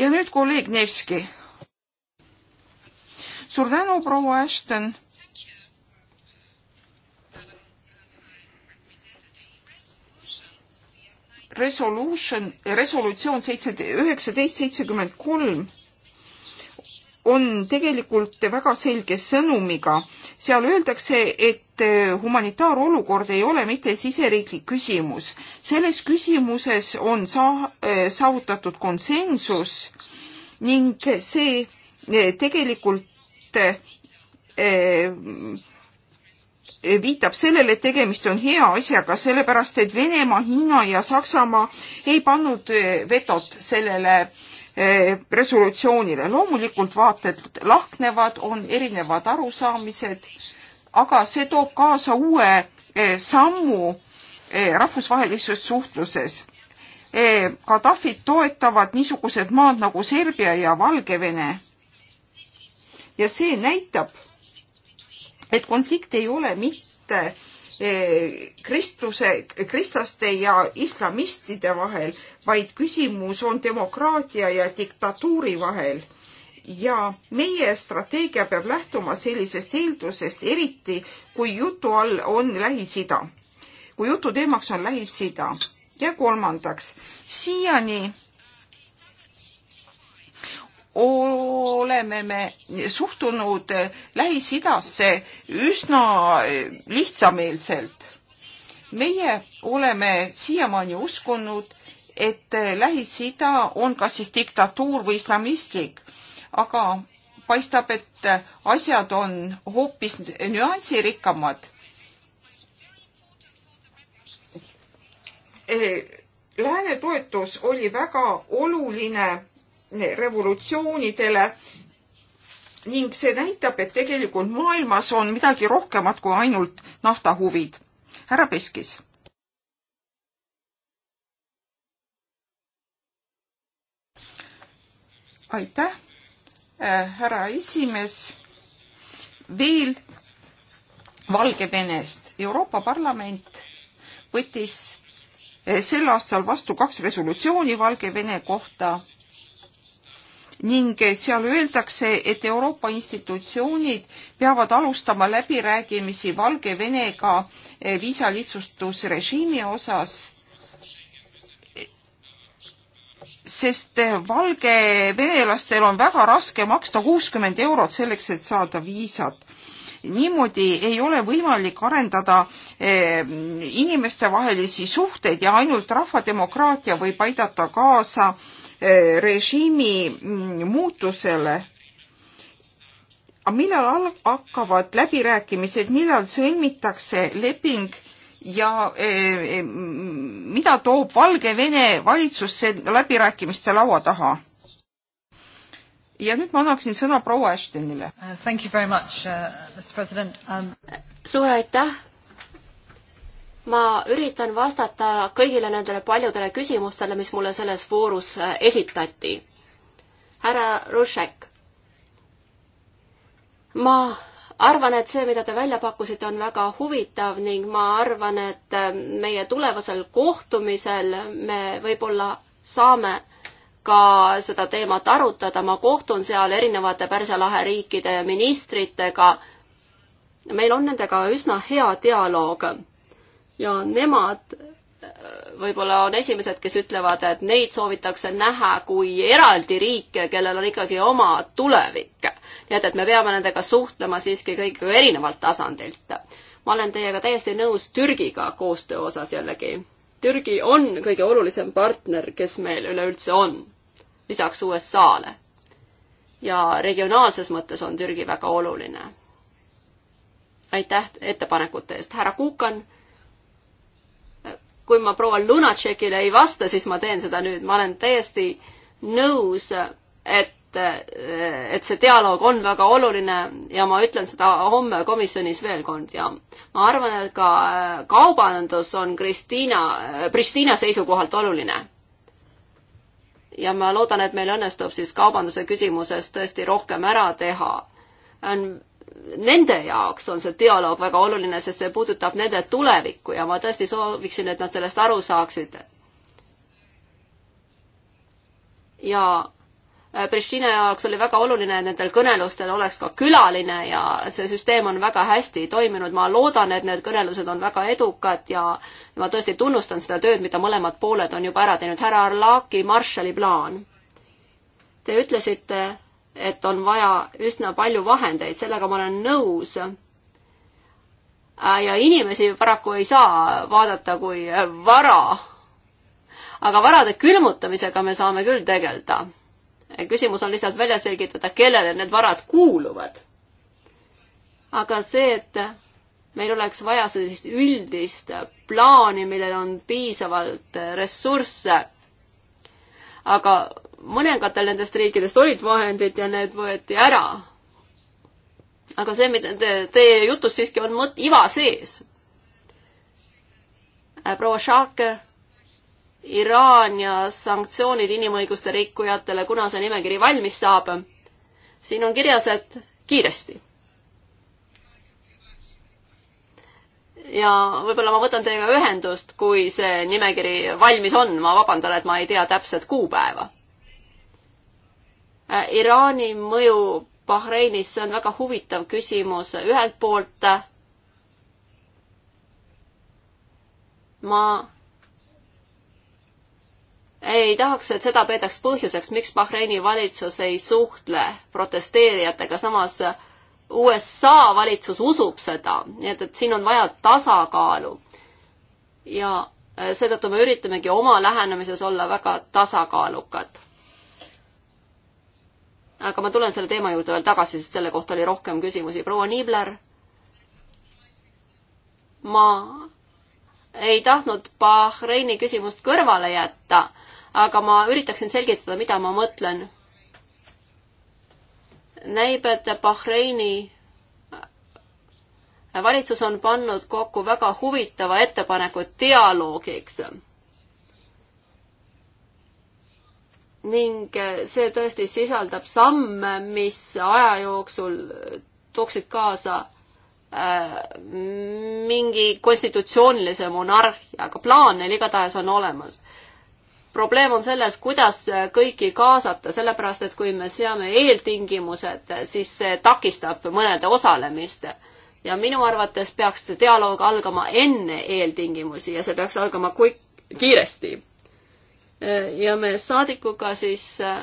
ja nüüd kolleeg Nevski. suur tänu, proua Ashton resolution, resolutsioon seitse, üheksateist seitsekümmend kolm on tegelikult väga selge sõnumiga. seal öeldakse, et äh, humanitaarolukord ei ole mitte siseriiklik küsimus. selles küsimuses on saa-, äh, saavutatud konsensus ning see äh, tegelikult viitab sellele, et tegemist on hea asjaga, sellepärast et Venemaa, Hiina ja Saksamaa ei pannud vetot sellele äh, Eh, resolutsioonile. loomulikult vaated lahknevad, on erinevad arusaamised, aga see toob kaasa uue eh, sammu eh, rahvusvahelises suhtluses. Gaddafit toetavad niisugused maad nagu Serbia ja Valgevene. ja see näitab, et konflikt ei ole mitte Eh, kristluse, kristlaste ja islamistide vahel, vaid küsimus on demokraatia ja diktatuuri vahel ja meie strateegia peab lähtuma sellisest eeldusest, eriti kui jutu all on Lähis-Ida. kui jutu teemaks on Lähis-Ida ja kolmandaks, siiani oleme me suhtunud Lähis-Idasse üsna lihtsameelselt. meie oleme siiamaani uskunud, et Lähis-Ida on kas siis diktatuur või islamistlik, aga paistab, et asjad on hoopis nüansirikkamad. Lääne toetus oli väga oluline revolutsioonidele ning see näitab, et tegelikult maailmas on midagi rohkemat kui ainult naftahuvid. härra Peskis. aitäh, äh, härra esimees. veel Valgevenest. Euroopa Parlament võttis äh, sel aastal vastu kaks resolutsiooni Valgevene kohta ning seal öeldakse, et Euroopa institutsioonid peavad alustama läbirääkimisi Valgevenega eh, viisalihtsustusrežiimi osas, sest eh, valgevenelastel on väga raske maksta kuuskümmend eurot selleks, et saada viisat niimoodi ei ole võimalik arendada eh, inimestevahelisi suhteid ja ainult rahvademokraatia võib aidata kaasa äh, Eh, režiimi mm, muutusele. millal hakkavad läbirääkimised, millal sõlmitakse leping ja eh, eh, mida toob Valgevene valitsus läbirääkimiste laua taha? ja nüüd ma annaksin sõna proua Ashtonile. Uh, um, suur aitäh, ma üritan vastata kõigile nendele paljudele küsimustele, mis mulle selles voorus äh, esitati. härra Rušek, ma arvan, et see, mida te välja pakkusite, on väga huvitav ning ma arvan, et äh, meie tulevasel kohtumisel me võib-olla saame ka seda teemat arutada, ma kohtun seal erinevate Pärsia lahe riikide ministritega. meil on nendega üsna hea dialoog ja nemad äh, võib-olla on esimesed, kes ütlevad, et neid soovitakse näha kui eraldi riike, kellel on ikkagi oma tulevik. nii et, et me peame nendega suhtlema siiski kõik erinevalt tasandilt. ma olen teiega täiesti nõus Türgiga koostöö osas jällegi. Türgi on kõige olulisem partner, kes meil üleüldse on, lisaks USA-le. ja regionaalses mõttes on Türgi väga oluline. aitäh ettepanekute eest, härra Kukan kui ma proua Lunatšekile ei vasta, siis ma teen seda nüüd, ma olen täiesti nõus, et et see dialoog on väga oluline ja ma ütlen seda homme komisjonis veel kord ja ma arvan, et ka kaubandus on Kristiina, Kristiina seisukohalt oluline. ja ma loodan, et meil õnnestub siis kaubanduse küsimuses tõesti rohkem ära teha. on nende jaoks on see dialoog väga oluline, sest see puudutab nende tulevikku ja ma tõesti sooviksin, et nad sellest aru saaksid. ja äh, Pristina jaoks oli väga oluline, et nendel kõnelustel oleks ka külaline ja see süsteem on väga hästi toiminud. ma loodan, et need kõnelused on väga edukad ja ma tõesti tunnustan seda tööd, mida mõlemad pooled on juba ära teinud. härra Arlaki Marshalli plaan. Te ütlesite, et on vaja üsna palju vahendeid, sellega ma olen nõus. Äh, ja inimesi paraku ei saa vaadata kui vara. aga varade külmutamisega me saame küll tegeleda. küsimus on lihtsalt välja selgitada, kellele need varad kuuluvad. aga see, et meil oleks vaja sellist üldist plaani, millel on piisavalt ressursse. aga mõningatel nendest riikidest olid vahendid ja need võeti ära. aga see, mida te, teie jutus siiski on mõt-, iva sees. Äh, proua Šake, Iraan ja sanktsioonid inimõiguste rikkujatele, kuna see nimekiri valmis saab? siin on kirjas, et kiiresti ja võib-olla ma võtan teiega ühendust, kui see nimekiri valmis on, ma vabandan, et ma ei tea täpset kuupäeva. Äh, Iraani mõju Bahreinis, see on väga huvitav küsimus, ühelt poolt äh, ma ei tahaks, et seda peetaks põhjuseks, miks Bahreini valitsus ei suhtle protesteerijatega, samas äh, USA valitsus usub seda, nii et, et siin on vaja tasakaalu. ja seetõttu me üritamegi oma lähenemises olla väga tasakaalukad aga ma tulen selle teema juurde veel tagasi, sest selle kohta oli rohkem küsimusi. proua Niibler, ma ei tahtnud Bahreini küsimust kõrvale jätta, aga ma üritaksin selgitada, mida ma mõtlen. näib, et Bahreini valitsus on pannud kokku väga huvitava ettepaneku dialoogiks ning see tõesti sisaldab samme, mis aja jooksul tooksid kaasa äh, mingi konstitutsioonilise monarhia, aga plaan neil igatahes on olemas. probleem on selles, kuidas kõiki kaasata, sellepärast et kui me seame eeltingimused, siis see takistab mõnede osalemist ja minu arvates peaks dialoog algama enne eeltingimusi ja see peaks algama kui kiiresti ja me saadikuga siis äh,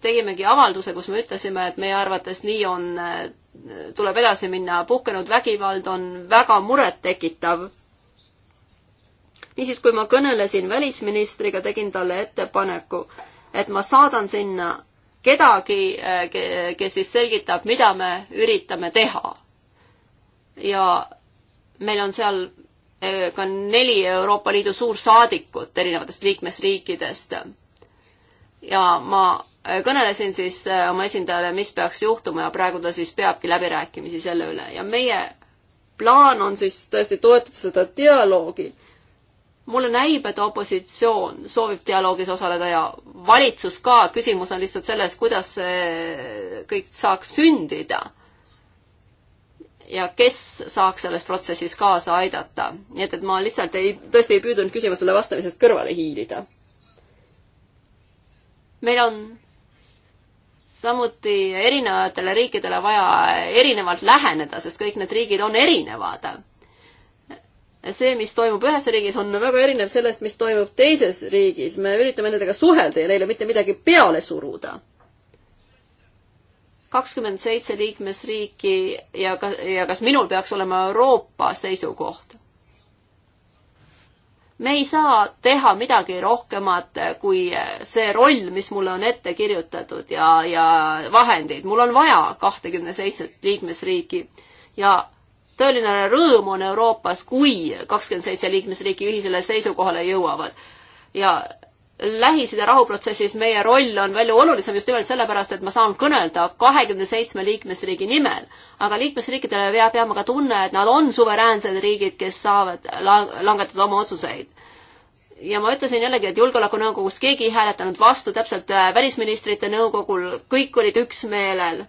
tegimegi avalduse, kus me ütlesime, et meie arvates nii on, äh, tuleb edasi minna, puhkenud vägivald on väga murettekitav. niisiis, kui ma kõnelesin välisministriga, tegin talle ettepaneku, et ma saadan sinna kedagi, äh, kes siis selgitab, mida me üritame teha. ja meil on seal Äh, ka neli Euroopa Liidu suursaadikut erinevatest liikmesriikidest. ja ma äh, kõnelesin siis äh, oma esindajale, mis peaks juhtuma ja praegu ta siis peabki läbirääkimisi selle üle ja meie plaan on siis tõesti toetada seda dialoogi. mulle näib, et opositsioon soovib dialoogis osaleda ja valitsus ka, küsimus on lihtsalt selles, kuidas see kõik saaks sündida ja kes saaks selles protsessis kaasa aidata. nii et, et ma lihtsalt ei, tõesti ei püüdnud küsimusele vastamisest kõrvale hiilida. meil on samuti erinevatele riikidele vaja erinevalt läheneda, sest kõik need riigid on erinevad. see, mis toimub ühes riigis, on väga erinev sellest, mis toimub teises riigis. me üritame nendega suhelda ja neile mitte midagi peale suruda kakskümmend seitse liikmesriiki ja ka, ja kas minul peaks olema Euroopa seisukoht? me ei saa teha midagi rohkemat kui see roll, mis mulle on ette kirjutatud ja, ja vahendeid. mul on vaja kahtekümne seitset liikmesriiki ja tõeline rõõm on Euroopas, kui kakskümmend seitse liikmesriiki ühisele seisukohale jõuavad. ja Lähis-Ida rahuprotsessis meie roll on palju olulisem just nimelt sellepärast, et ma saan kõnelda kahekümne seitsme liikmesriigi nimel. aga liikmesriikidele peab jääma ka tunne, et nad on suveräänsed riigid, kes saavad la-, langetada oma otsuseid. ja ma ütlesin jällegi, et Julgeolekunõukogust keegi ei hääletanud vastu, täpselt äh, Välisministrite Nõukogul kõik olid üksmeelel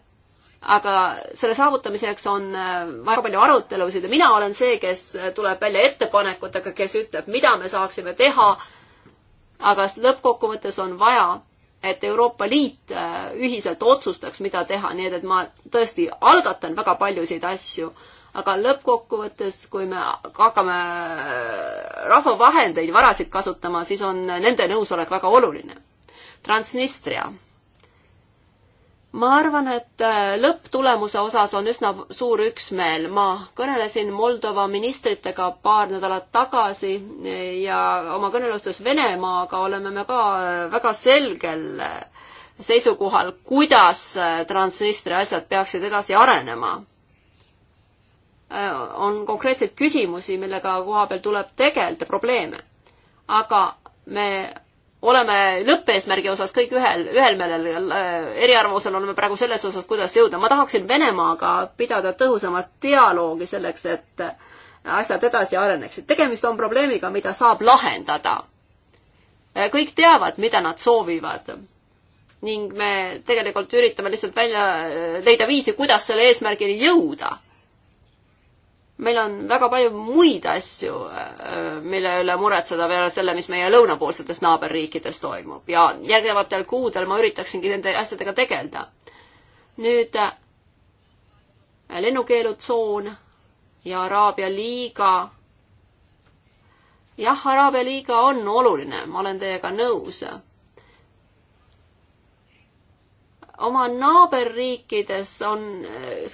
aga selle saavutamiseks on äh, väga palju arutelusid ja mina olen see, kes äh, tuleb välja ettepanekutega, kes ütleb, mida me saaksime teha aga lõppkokkuvõttes on vaja, et Euroopa Liit äh, ühiselt otsustaks, mida teha, nii et, et ma tõesti algatan väga paljusid asju, aga lõppkokkuvõttes, kui me hakkame äh, rahva vahendeid, varasid kasutama, siis on nende nõusolek väga oluline. Transnistria ma arvan, et äh, lõpptulemuse osas on üsna suur üksmeel. ma kõnelesin Moldova ministritega paar nädalat tagasi äh, ja oma kõnelustes Venemaaga oleme me ka äh, väga selgel seisukohal, kuidas Transnistria asjad peaksid edasi arenema. on konkreetseid küsimusi, millega koha peal tuleb tegeleda, probleeme. aga me oleme lõppeesmärgi osas kõik ühel, ühel meelel, eriarvamusel oleme praegu selles osas, kuidas jõuda. ma tahaksin Venemaaga pidada tõhusamat dialoogi selleks, et asjad edasi areneksid. tegemist on probleemiga, mida saab lahendada. kõik teavad, mida nad soovivad. ning me tegelikult üritame lihtsalt välja leida viisi, kuidas selle eesmärgini jõuda meil on väga palju muid asju, mille üle muretseda peale selle, mis meie lõunapoolsetes naaberriikides toimub ja järgnevatel kuudel ma üritaksingi nende asjadega tegeleda. nüüd äh, lennukeelutsoon ja Araabia liiga. jah, Araabia liiga on oluline, ma olen teiega nõus oma naaberriikides on,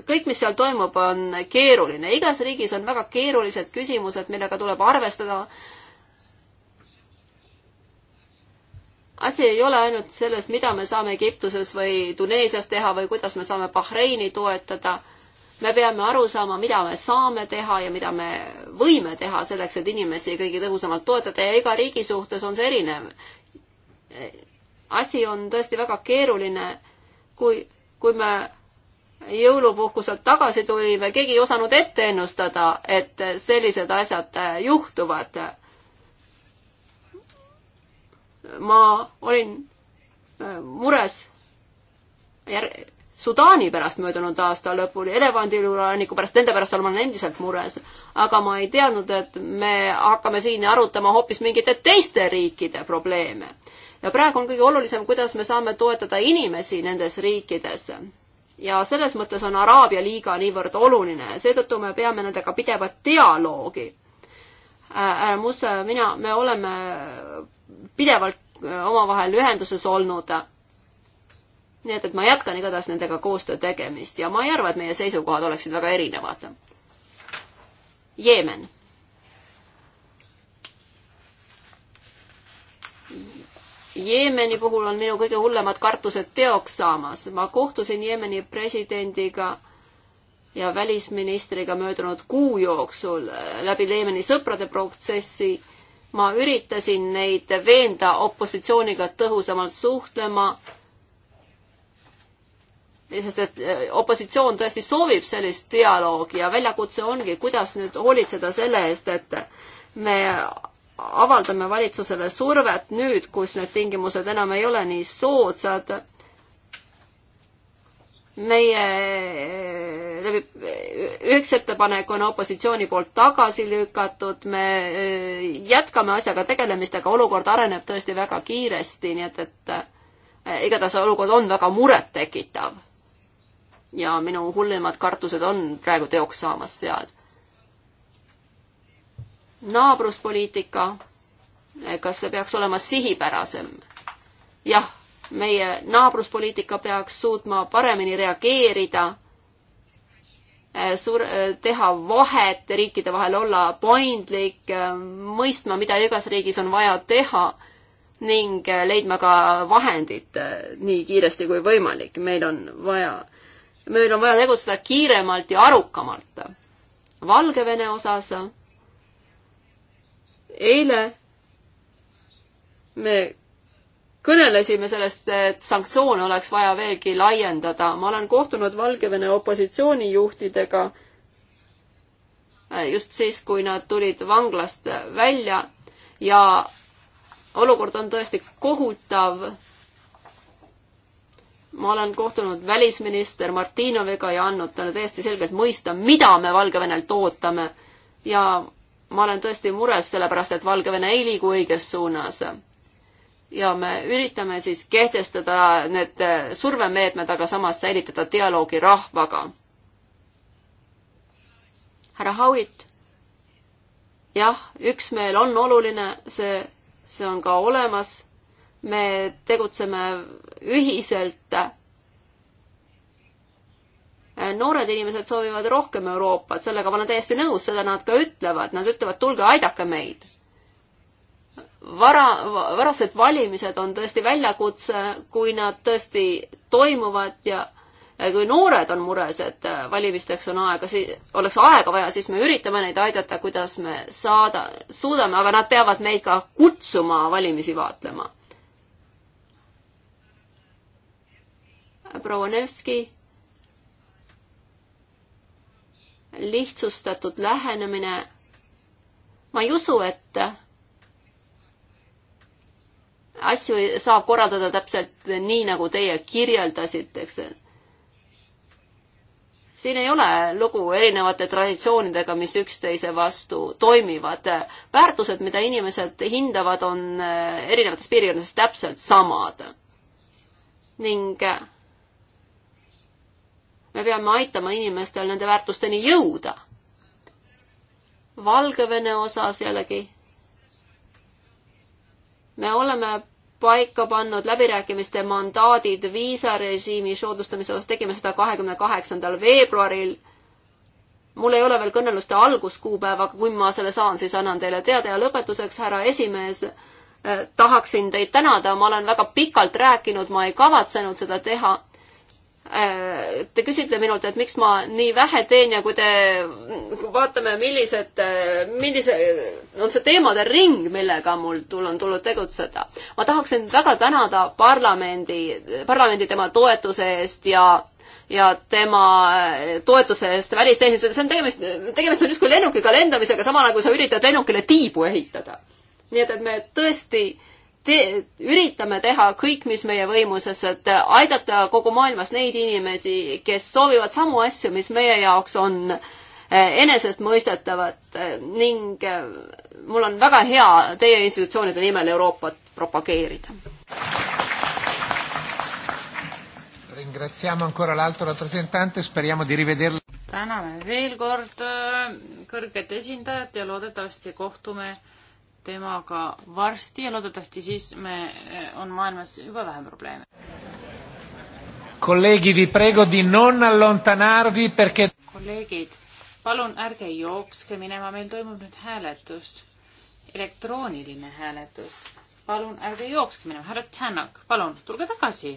kõik, mis seal toimub, on keeruline. igas riigis on väga keerulised küsimused, millega tuleb arvestada. asi ei ole ainult selles, mida me saame Egiptuses või Tuneesias teha või kuidas me saame Bahreini toetada. me peame aru saama, mida me saame teha ja mida me võime teha selleks, et inimesi kõige tõhusamalt toetada ja iga riigi suhtes on see erinev. asi on tõesti väga keeruline kui, kui me jõulupuhkuselt tagasi tulime, keegi ei osanud ette ennustada, et sellised asjad juhtuvad. ma olin äh, mures jär-, Sudaani pärast möödunud aasta lõpul ja elevandiluuranniku pärast, nende pärast olen ma endiselt mures. aga ma ei teadnud, et me hakkame siin arutama hoopis mingite teiste riikide probleeme ja praegu on kõige olulisem, kuidas me saame toetada inimesi nendes riikides. ja selles mõttes on Araabia liiga niivõrd oluline, seetõttu me peame nendega pidevat dialoogi. härra Musse, mina, me oleme pidevalt omavahel ühenduses olnud nii et, et ma jätkan igatahes nendega koostöö tegemist ja ma ei arva, et meie seisukohad oleksid väga erinevad. Jeemen Jeemeni puhul on minu kõige hullemad kartused teoks saamas. ma kohtusin Jeemeni presidendiga ja välisministriga möödunud kuu jooksul läbi Jeemeni sõprade protsessi. ma üritasin neid veenda opositsiooniga tõhusamalt suhtlema. sest et eh, opositsioon tõesti soovib sellist dialoogi ja väljakutse ongi, kuidas nüüd hoolitseda selle eest, et me avaldame valitsusele survet nüüd, kus need tingimused enam ei ole nii soodsad. meie läbi, üks ettepanek on opositsiooni poolt tagasi lükatud, me eh, jätkame asjaga tegelemist, aga olukord areneb tõesti väga kiiresti, nii et, et eh, igatahes olukord on väga murettekitav. ja minu hullemad kartused on praegu teoks saamas seal naabruspoliitika, kas see peaks olema sihipärasem? jah, meie naabruspoliitika peaks suutma paremini reageerida, eh, suur-, eh, teha vahet riikide vahel, olla paindlik, eh, mõistma, mida igas riigis on vaja teha ning leidma ka vahendid nii kiiresti kui võimalik. meil on vaja, meil on vaja tegutseda kiiremalt ja arukamalt. Valgevene osas eile me kõnelesime sellest, et sanktsioone oleks vaja veelgi laiendada. ma olen kohtunud Valgevene opositsioonijuhtidega äh, just siis, kui nad tulid vanglast välja ja olukord on tõesti kohutav. ma olen kohtunud välisminister Martinoviga ja andnud talle täiesti selgelt mõista, mida me Valgevenelt ootame ja ma olen tõesti mures, sellepärast et Valgevene ei liigu õiges suunas. ja me üritame siis kehtestada need survemeetmed, aga samas säilitada dialoogi rahvaga. härra Howitt? jah, üksmeel on oluline, see, see on ka olemas. me tegutseme ühiselt Eh, noored inimesed soovivad rohkem Euroopat, sellega ma olen täiesti nõus, seda nad ka ütlevad, nad ütlevad, tulge aidake meid. vara, varased valimised on tõesti väljakutse, kui nad tõesti toimuvad ja kui noored on mures, et eh, valimisteks on aega, oleks aega vaja, siis me üritame neid aidata, kuidas me saada, suudame, aga nad peavad meid ka kutsuma valimisi vaatlema. proua Nevski lihtsustatud lähenemine. ma ei usu, et asju saab korraldada täpselt nii, nagu teie kirjeldasite, eks. siin ei ole lugu erinevate traditsioonidega, mis üksteise vastu toimivad. väärtused, mida inimesed hindavad, on erinevates piirkondades täpselt samad. ning me peame aitama inimestel nende väärtusteni jõuda. Valgevene osas jällegi. me oleme paika pannud läbirääkimiste mandaadid viisarežiimi soodustamise osas, tegime seda kahekümne kaheksandal veebruaril. mul ei ole veel kõneluste alguskuupäeva, aga kui ma selle saan, siis annan teile teada ja lõpetuseks, härra esimees eh,, tahaksin teid tänada, ma olen väga pikalt rääkinud, ma ei kavatsenud seda teha Äh, te küsite minult, et miks ma nii vähe teen ja kui te, vaatame, millised, äh, millise, on see teemade ring, millega mul tul-, on tulnud tegutseda. ma tahaksin väga tänada parlamendi, parlamendi tema toetuse eest ja ja tema äh, toetuse eest välisteenistusele, see on tegemist, tegemist on justkui lennukiga lendamisega, sama nagu sa üritad lennukile tiibu ehitada. nii et, et me tõesti äh, te, üritame teha kõik, mis meie võimuses, et aidata kogu maailmas neid inimesi, kes soovivad samu asju, mis meie jaoks on eh, enesestmõistetavad eh, ning eh, mul on väga hea teie institutsioonide nimel Euroopat propageerida. täname veel kord kõrget esindajat ja loodetavasti kohtume temaga varsti ja loodetavasti siis me, eh, on maailmas juba vähem probleeme. kolleegid, vi prego di non allontanarvi perché kolleegid, palun ärge jookske minema, meil toimub nüüd hääletus, elektrooniline hääletus. palun ärge jookske minema, härra Tänak, palun tulge tagasi.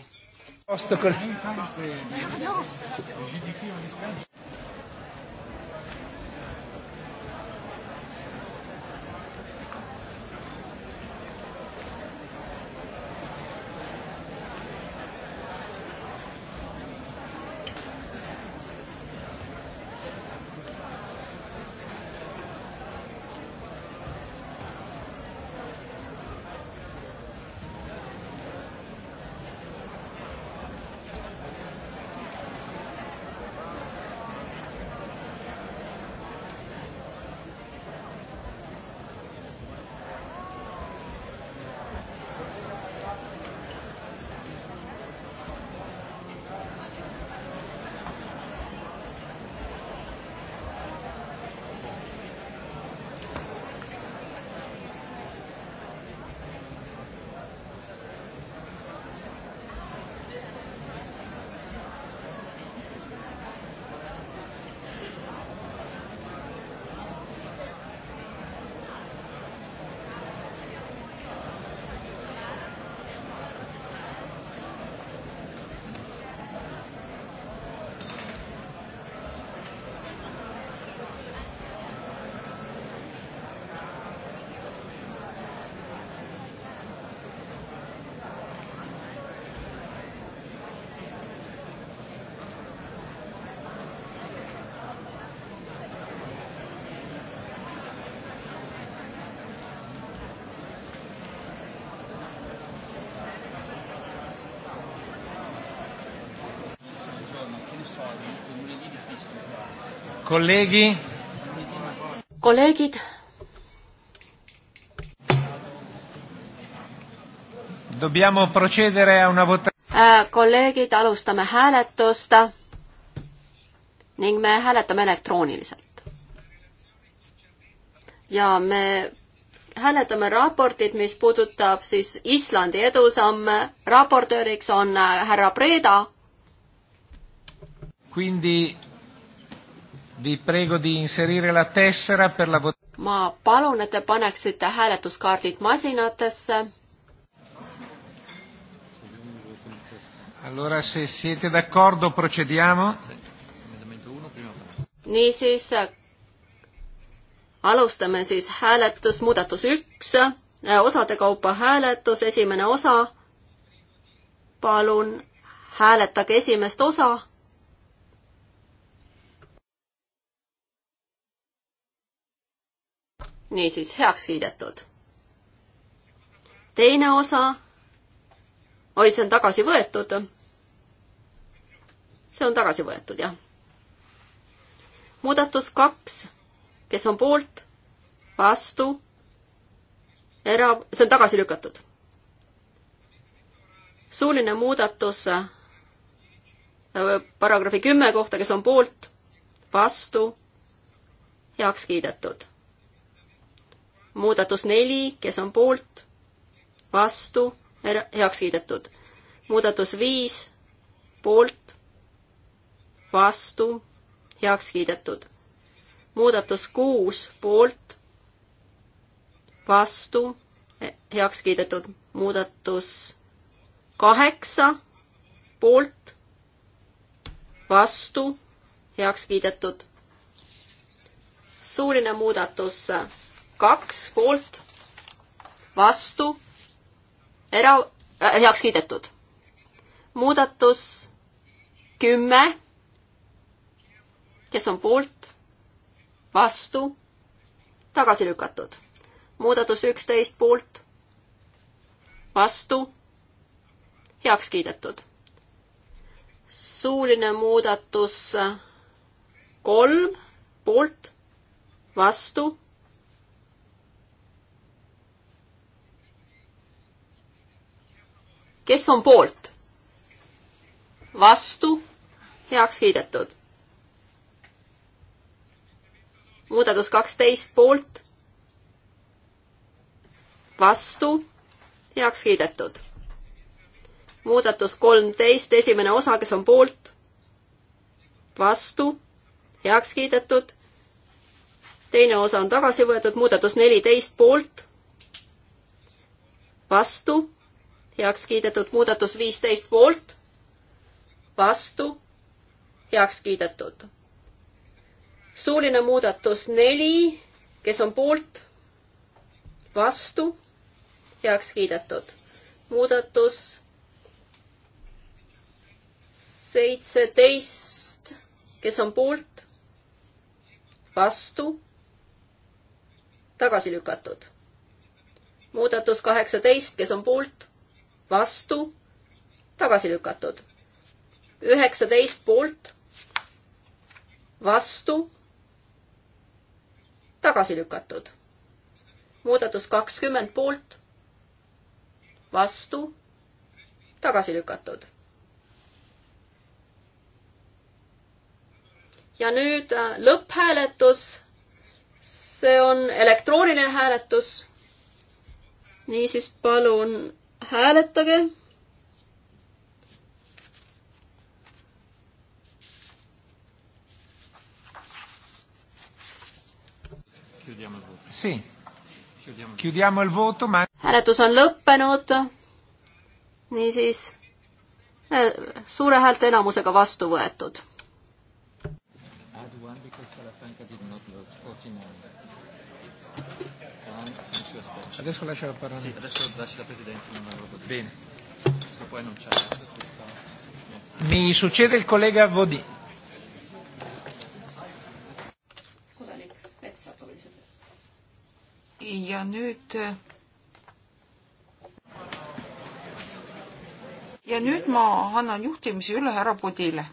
colleghi. Kolleegid. Dobbiamo procedere a una votazione. Äh, kolleegid, alustame hääletust ning me hääletame elektrooniliselt. ja me hääletame raportit, mis puudutab siis Islandi edusamme. raportööriks on äh, härra Breda. Quindi Vi prego di inserire la tessera per la vot-. ma palun, et te paneksite hääletuskaardid masinatesse. Allora se siete d'accordo procediamo. niisiis, alustame siis hääletus, muudatus üks, osade kaupa hääletus, esimene osa. palun hääletage esimest osa niisiis, heaks kiidetud. teine osa, oi, see on tagasi võetud. see on tagasi võetud, jah. muudatus kaks, kes on poolt, vastu, era-, see on tagasi lükatud. suuline muudatus äh, paragrahvi kümme kohta, kes on poolt, vastu, heaks kiidetud muudatus neli, kes on poolt, vastu, heaks kiidetud. muudatus viis, poolt, vastu, heaks kiidetud. muudatus kuus, poolt, vastu, heaks kiidetud. muudatus kaheksa, poolt, vastu, heaks kiidetud. suuline muudatus kaks poolt, vastu, era- äh,, heaks kiidetud. muudatus kümme, kes on poolt, vastu, tagasi lükatud. muudatus üksteist poolt, vastu, heaks kiidetud. suuline muudatus kolm poolt, vastu kes on poolt? vastu, heaks kiidetud. muudatus kaksteist poolt, vastu, heaks kiidetud. muudatus kolmteist, esimene osa, kes on poolt, vastu, heaks kiidetud. teine osa on tagasi võetud, muudatus neliteist poolt, vastu heaks kiidetud, muudatus viisteist poolt, vastu, heaks kiidetud. suuline muudatus neli, kes on poolt, vastu, heaks kiidetud. muudatus seitseteist, kes on poolt, vastu, tagasi lükatud. muudatus kaheksateist, kes on poolt vastu, tagasi lükatud. üheksateist poolt, vastu, tagasi lükatud. muudatus kakskümmend poolt, vastu, tagasi lükatud. ja nüüd äh, lõpphääletus. see on elektrooniline hääletus. niisiis palun hääletage. hääletus on lõppenud. niisiis äh, suure häälte enamusega vastu võetud. Add one because Salafranca did not vote 49 non, non ci aspetta. Adesso lascia la parola. Sì, adesso lascia la Presidente. Bene. Se poi non c'è. Mi succede il collega Vodì. ja nüüd ja nüüd ma annan juhtimise üle härra Pudile.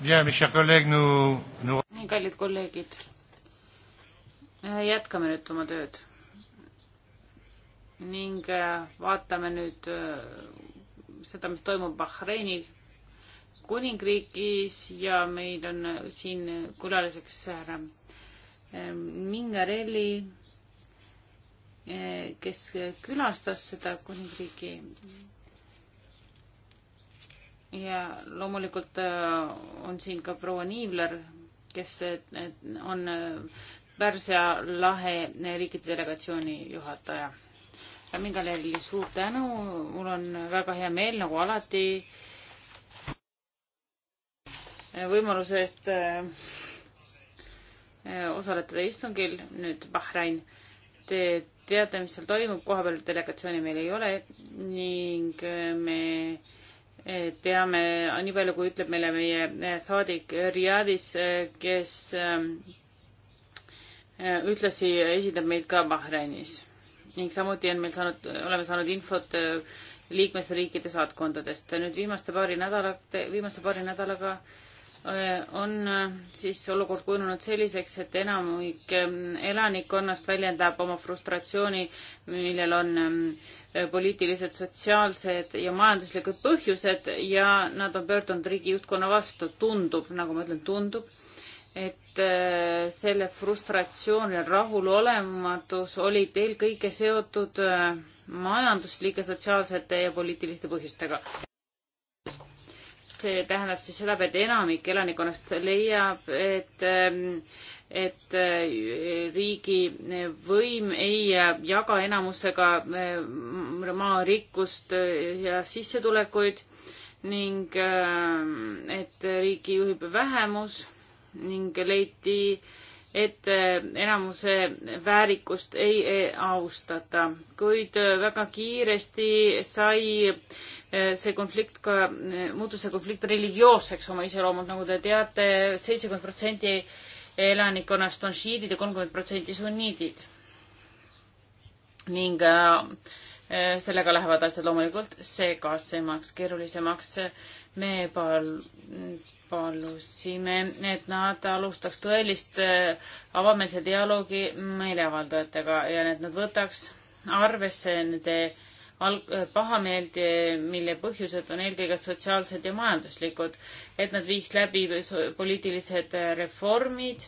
nii, kallid kolleegid, äh, jätkame nüüd oma tööd ning äh, vaatame nüüd äh, seda, mis toimub Bahreini kuningriigis ja meil on siin külaliseks härra ähm, Mingarelli, kes külastas seda kuningriiki. ja loomulikult on siin ka proua Niivler, kes on Pärsia lahe riikide delegatsiooni juhataja. Ramingaleli suur tänu, mul on väga hea meel, nagu alati, võimaluse eest äh, osaleda teie istungil, nüüd Bahrain. Te teate, mis seal toimub, kohapeal delegatsiooni meil ei ole ning äh, me äh, Eh, teame, eh, nii palju kui ütleb meile meie eh, saadik Riadis, kes ühtlasi esindab meid ka Bahreinis ning samuti on meil saanud, oleme saanud infot liikmesriikide saatkondadest. nüüd viimaste paari nädalate, viimase paari nädalaga Äh, on äh, siis olukord kujunenud selliseks, et enamik ähm, elanikkonnast väljendab oma frustratsiooni, millel on ähm, poliitilised, sotsiaalsed ja majanduslikud põhjused ja nad on pöördunud riigi juhtkonna vastu. tundub, nagu ma ütlen, tundub, et äh, selle frustratsioon ja rahulolematus olid eelkõige seotud majanduslike, sotsiaalsete ja poliitiliste põhjustega see tähendab siis seda, et enamik elanikkonnast leiab, et ähm, et äh, riigi võim ei äh, jaga enamusega äh, maarikkust ja sissetulekuid ning et riiki juhib vähemus ning leiti äh, et eh, enamuse väärikust ei eh, austata, kuid eh, väga kiiresti sai see konflikt ka, muutus see konflikt religioosseks oma iseloomult, nagu te teate, seitsekümmend protsenti elanikkonnast on šiidid ja kolmkümmend protsenti sunniidid. ning sellega lähevad asjad loomulikult segasemaks, keerulisemaks. me pal-, palusime, et nad alustaks tõelist äh, avameelse dialoogi meeleavaldajatega ja et nad võtaks arvesse nende alg-, äh, pahameelt, äh, mille põhjused on eelkõige sotsiaalsed ja majanduslikud, et nad viiks läbi poliitilised reformid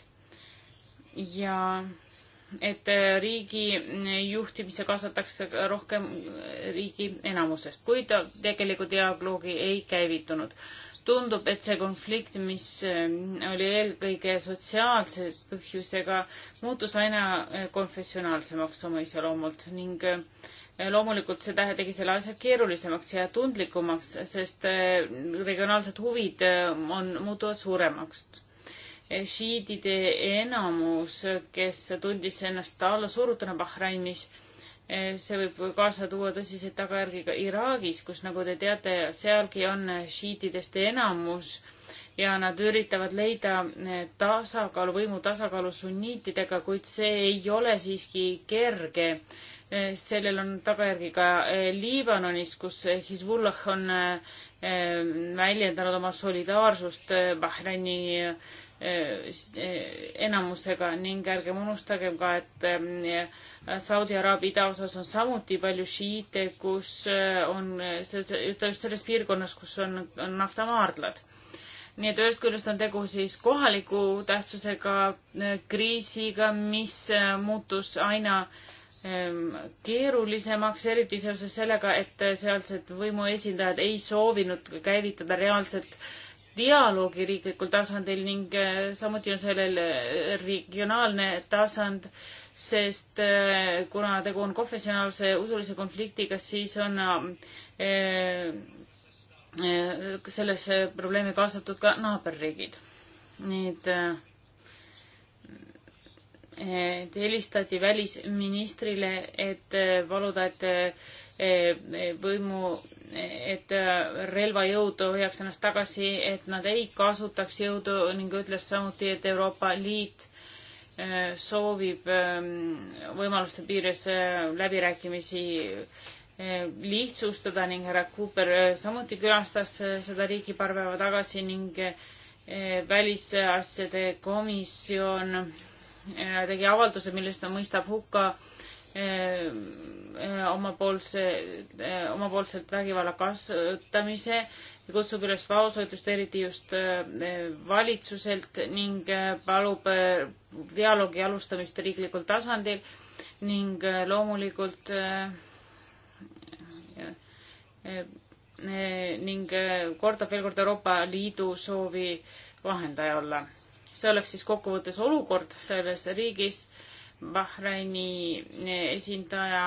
ja et riigi juhtimisse kaasatakse rohkem riigi enamusest, kuid tegelikult dialoogi ei käivitunud tundub, et see konflikt, mis äh, oli eelkõige sotsiaalse põhjusega, muutus aina äh, konfessionaalsemaks oma iseloomult ning äh, loomulikult see tegi selle asja keerulisemaks ja tundlikumaks, sest regionaalsed huvid on, muutuvad suuremaks. šiidide enamus, kes tundis ennast allasurutuna Bahrainis, Eh, see võib kaasa tuua tõsiseid tagajärgi ka Iraagis, kus, nagu te teate, sealgi on šiitidest enamus ja nad üritavad leida eh, tasakaalu, võimu tasakaalu sunniitidega, kuid see ei ole siiski kerge. Eh, sellel on tagajärgi ka Liibanonis, kus Hezbollah on väljendanud oma solidaarsust Bahreini enamusega ning ärgem unustagem ka, et ähm, Saudi Araabia idaosas on samuti palju šiite, kus äh, on, just selles piirkonnas, kus on, on naftamaardlad. nii et ühest küljest on tegu siis kohaliku tähtsusega äh, kriisiga, mis äh, muutus aina ähm, keerulisemaks, eriti seoses sellega, et sealsed võimuesindajad ei soovinud käivitada reaalset dialoogi riiklikul tasandil ning äh, samuti on sellel äh, regionaalne tasand, sest äh, kuna tegu on konfessionaalse usulise konfliktiga, siis on sellesse probleemi kaasatud ka naaberriigid. nüüd helistati välisministrile, et paluda, et võimu et äh, relvajõud hoiaks ennast tagasi, et nad ei kasutaks jõudu ning ütles samuti, et Euroopa Liit äh, soovib ähm, võimaluste piires äh, läbirääkimisi lihtsustada ning härra Cooper samuti külastas seda riiki paar päeva tagasi ning välisasjade komisjon tegi avalduse, milles ta mõistab hukka äh, Äh, äh, omapoolse, äh, omapoolselt vägivalla kasutamise ja kutsub üles vaoshoidlust, eriti just valitsuselt ning palub dialoogi alustamist riiklikul tasandil ning loomulikult ning kordab veel kord Euroopa Liidu soovi vahendaja olla. see oleks siis kokkuvõttes olukord selles riigis Bahraini esindaja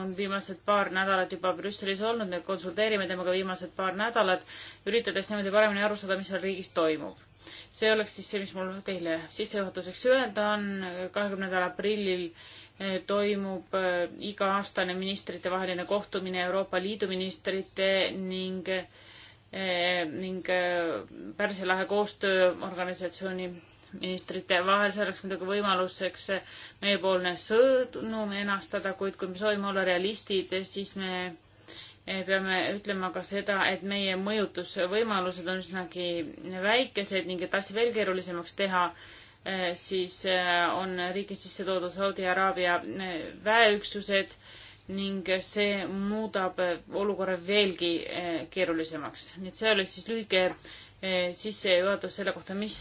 on viimased paar nädalat juba Brüsselis olnud, me konsulteerime temaga viimased paar nädalat, üritades niimoodi paremini aru saada, mis seal riigis toimub. see oleks siis see, mis mul teile sissejuhatuseks öelda on. kahekümnendal aprillil eh, toimub eh, iga-aastane ministritevaheline kohtumine Euroopa Liidu ministrite ning eh, ning Pärsia lahe koostööorganisatsiooni ministrite vahel, see oleks muidugi võimaluseks meiepoolne sõnum enastada, kuid kui me soovime olla realistid, siis me eh, peame ütlema ka seda, et meie mõjutusvõimalused on üsnagi väikesed ning et asja veel keerulisemaks teha, eh, siis eh, on riigi sisse toodud Saudi Araabia väeüksused ning see muudab olukorra veelgi keerulisemaks. nii et see oli siis lühike Eh, sissejuhatus selle kohta, mis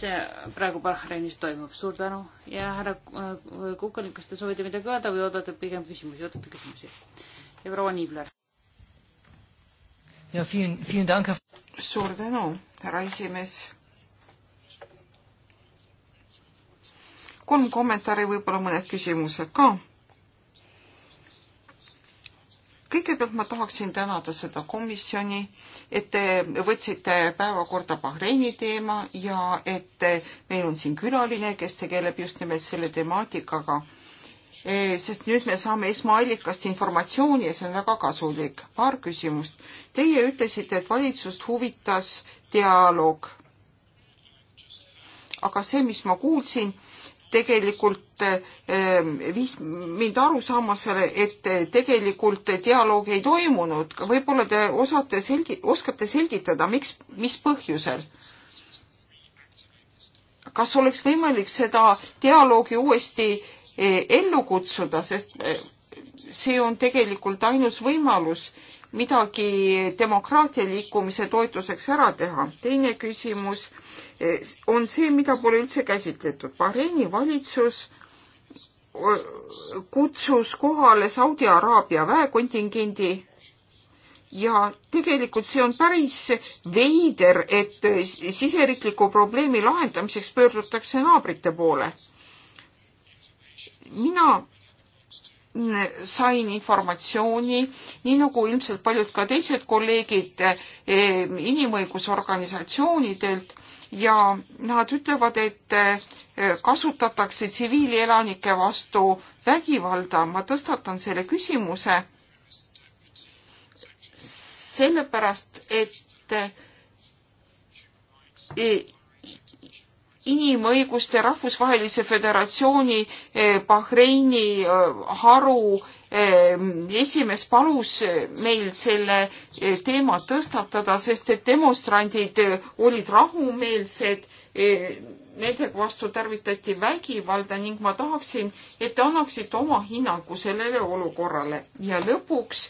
praegu Bahreinis toimub. suur tänu ja härra äh, Kukanik, kas te soovite midagi öelda või oodate pigem küsimusi, ootate küsimusi? ja proua Niibler. ja vielen, vielen Dank. suur tänu, härra esimees. kolm kommentaari, võib-olla mõned küsimused ka kõigepealt ma tahaksin tänada seda komisjoni, et te võtsite päevakorda Bahreini teema ja et meil on siin külaline, kes tegeleb just nimelt selle temaatikaga. Eh, sest nüüd me saame esmaallikast informatsiooni ja see on väga kasulik. paar küsimust. Teie ütlesite, et valitsust huvitas dialoog. aga see, mis ma kuulsin tegelikult ehm, viis mind aru saama selle, et tegelikult dialoog ei toimunud. võib-olla te osate selgi-, oskate selgitada, miks, mis põhjusel? kas oleks võimalik seda dialoogi uuesti e, ellu kutsuda, sest e, see on tegelikult ainus võimalus midagi demokraatia liikumise toetuseks ära teha. teine küsimus on see, mida pole üldse käsitletud. Bahreini valitsus kutsus kohale Saudi Araabia väekontingendi ja tegelikult see on päris veider, et siseriikliku probleemi lahendamiseks pöördutakse naabrite poole. mina sain informatsiooni, nii nagu ilmselt paljud ka teised kolleegid eh, inimõigusorganisatsioonidelt, ja nad ütlevad, et eh, kasutatakse tsiviilelanike vastu vägivalda. ma tõstatan selle küsimuse sellepärast, et eh, inimõiguste rahvusvahelise föderatsiooni eh, Bahreini haru Ehm, esimees palus eh, meil selle eh, teema tõstatada, sest et demonstrandid eh, olid rahumeelsed, nende vastu tarvitati vägivalda ning ma tahaksin, et te annaksite oma hinnangu sellele olukorrale ja lõpuks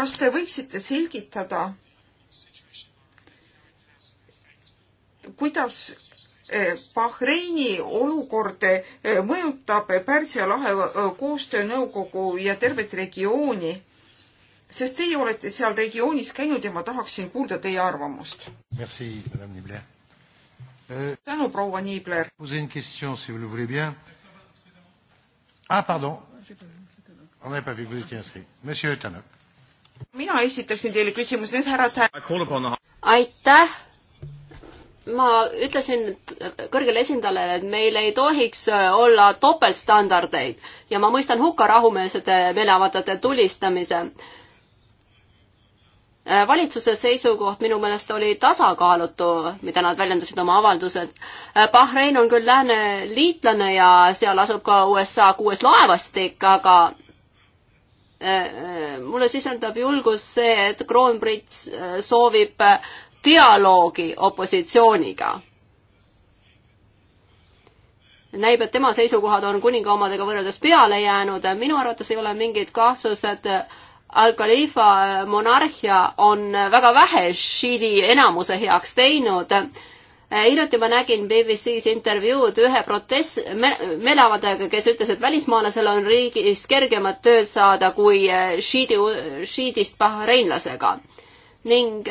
kas te võiksite selgitada, kuidas Bahreini olukord eh, mõjutab Pärsia lahe eh, koostöönõukogu ja tervet regiooni, sest teie olete seal regioonis käinud ja ma tahaksin kuulda teie arvamust. Euh, tänu, proua Niibler. Ah, pardon. On n'a pas vu que vous étiez inscrit. Monsieur Tanok. mina esitaksin teile küsimuse, nüüd härra Tanok. aitäh ma ütlesin kõrgele esindajale, et meil ei tohiks äh, olla topeltstandardeid ja ma mõistan hukka rahumeelsete meeleavaldajate tulistamise. Äh, valitsuse seisukoht minu meelest oli tasakaalutu, mida nad väljendasid oma avaldused. Äh, Bahrein on küll lääne liitlane ja seal asub ka USA kuues laevastik, aga mulle sisendab julgus see, et Kroonbrits soovib dialoogi opositsiooniga. näib, et tema seisukohad on kuninga omadega võrreldes peale jäänud, minu arvates ei ole mingit kahtlust, et Al-Khalifa monarhia on väga vähe šiidi enamuse heaks teinud hiljuti ma nägin BBC-s intervjuud ühe protest me,, meeleavaldajaga, kes ütles, et välismaalasel on riigis kergemat tööd saada kui šiidi, šiidist bahreinlasega. ning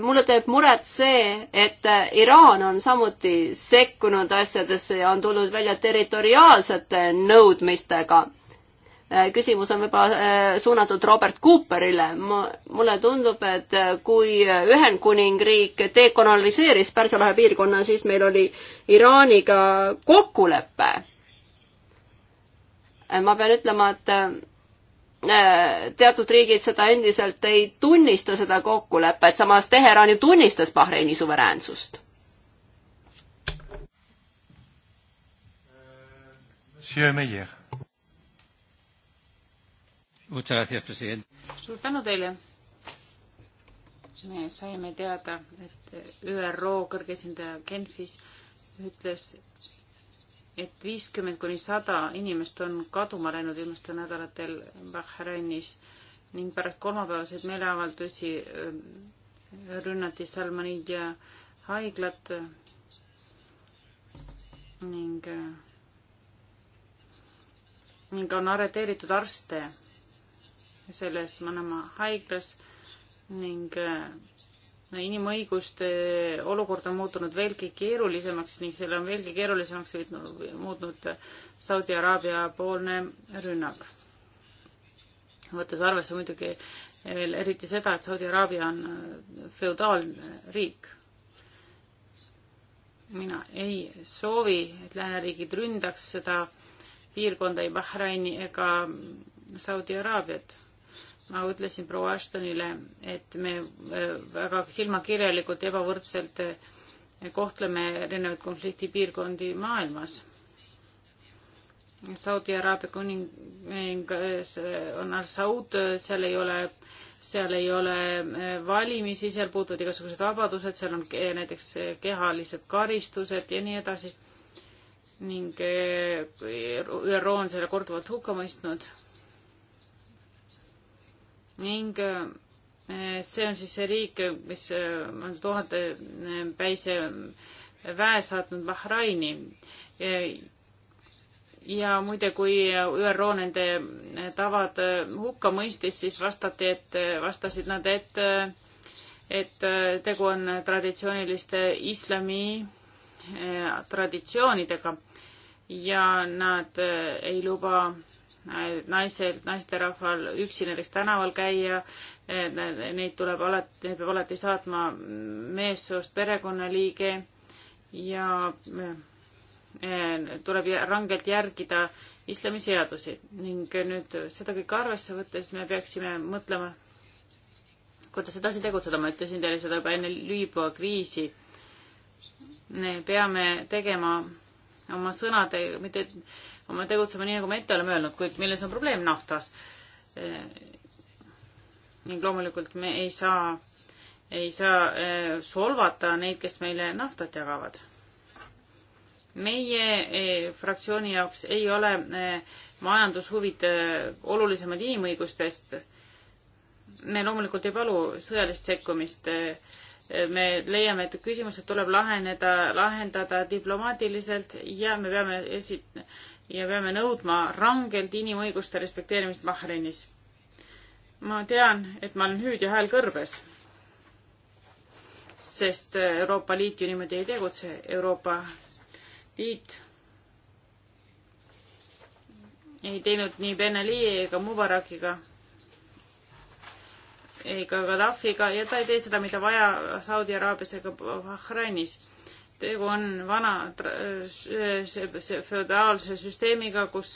mulle teeb muret see, et Iraan on samuti sekkunud asjadesse ja on tulnud välja territoriaalsete nõudmistega. küsimus on võib-olla äh, suunatud Robert Cooperile. mulle tundub, et kui Ühendkuningriik dekoloniseeris Pärsia lahe piirkonna, siis meil oli Iraaniga kokkulepe. Äh, ma pean ütlema, et Äh, teatud riigid seda endiselt ei tunnista, seda kokkulepet, samas Teheran ju tunnistas Bahreini suveräänsust. suur tänu teile. me saime teada, et ÜRO kõrge esindaja Genfis ütles, et viiskümmend kuni sada inimest on kaduma läinud viimastel nädalatel Bahrainis ning pärast kolmapäevaseid meeleavaldusi ähm, rünnati Salmanidja haiglat ning, äh, ning on arreteeritud arste selles Manama haiglas ning äh, inimõiguste olukord on muutunud veelgi keerulisemaks ning selle on veelgi keerulisemaks muutnud Saudi Araabia poolne rünnak. võttes arvesse muidugi veel eriti seda, et Saudi Araabia on äh, feudaalne riik. mina ei soovi, et lääneriigid ründaks seda piirkonda ei Bahraini ega Saudi Araabiat ma ütlesin proua Ashtonile, et me e, väga silmakirjalikult ebavõrdselt e, kohtleme erinevaid konfliktipiirkondi maailmas. Saudi Araabia kuningas e, on al-Saud, seal ei ole, seal ei ole valimisi, seal puuduvad igasugused vabadused, seal on näiteks kehalised karistused ja nii edasi. ning ÜRO on selle korduvalt hukka mõistnud ning äh, see on siis see riik, mis äh, on tuhande äh, päise väe saatnud Bahraini. ja muide, kui ÜRO nende tavad hukka mõistis, siis vastati, et, vastasid nad, et, et tegu on traditsiooniliste islami traditsioonidega ja nad ei luba naisel, naisterahval üksi näiteks tänaval käia, neid tuleb alati, neid peab alati saatma meessoost perekonnaliige ja eh, tuleb rangelt järgida islami seadusi ning nüüd seda kõike arvesse võttes me peaksime mõtlema, kuidas edasi tegutseda, ma ütlesin teile seda juba enne Liibüa kriisi. me peame tegema oma sõnade, mitte me tegutseme nii, nagu me ette oleme öelnud, kuid milles on probleem naftas? Eh, ning loomulikult me ei saa, ei saa eh, solvata neid, kes meile naftat jagavad. meie eh, fraktsiooni jaoks ei ole majandushuvid olulisemad inimõigustest. me loomulikult ei palu sõjalist sekkumist me leiame, et küsimused tuleb laheneda, lahendada diplomaatiliselt ja me peame esi-, ja peame nõudma rangelt inimõiguste respekteerimist Bahreinis. ma tean, et ma olen hüüdja hääl kõrbes, sest Euroopa Liit ju niimoodi ei tegutse, Euroopa Liit ei teinud nii Ben Ali ega Mubarakiga ega Gaddafiga ja ta ei tee seda, mida vaja Saudi Araabias ega Bahrainis tegu on vana feodaalse süsteemiga, kus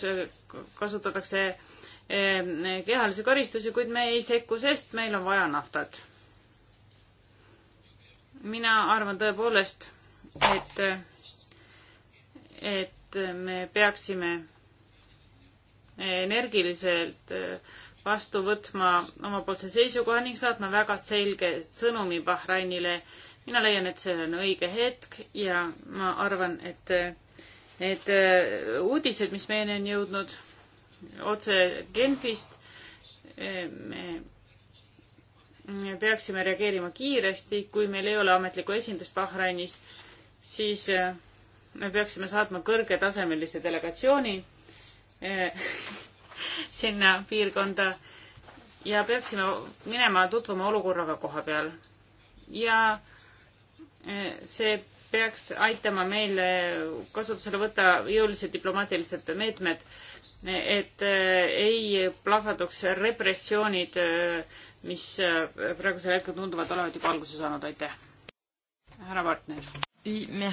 kasutatakse kehalisi karistusi, kuid me ei sekku, sest meil on vaja naftat. mina arvan tõepoolest, et, et me peaksime energiliselt vastu võtma omapoolse seisukoha ning saatma väga selge sõnumi Bahrainile äh, mina leian, et see on õige hetk ja ma arvan, et need äh, uudised, mis meieni on jõudnud otse Genfist, äh, me peaksime reageerima kiiresti, kui meil ei ole ametlikku esindust Bahrainis, siis äh, me peaksime saatma kõrgetasemelise delegatsiooni sinna piirkonda ja peaksime minema tutvuma olukorraga koha peal. ja see peaks aitama meil kasutusele võtta jõulised diplomaatilised meetmed, et eh, ei plahvatuks repressioonid, eh, mis eh, praegusel hetkel tunduvad olevat juba alguse saanud, aitäh. härra partner. Euh,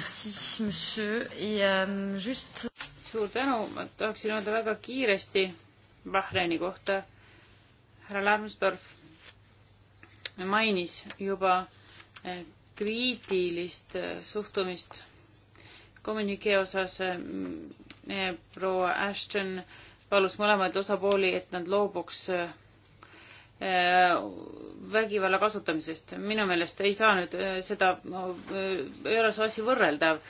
suur tänu, ma tahaksin öelda väga kiiresti Bahreini kohta. härra Larmsdorf mainis juba kriitilist äh, suhtumist kommünikee osas äh, äh, proua Ashton palus mõlemaid osapooli, et nad loobuks vägivalla kasutamisest. minu meelest ei saa nüüd seda, ei ole see asi võrreldav.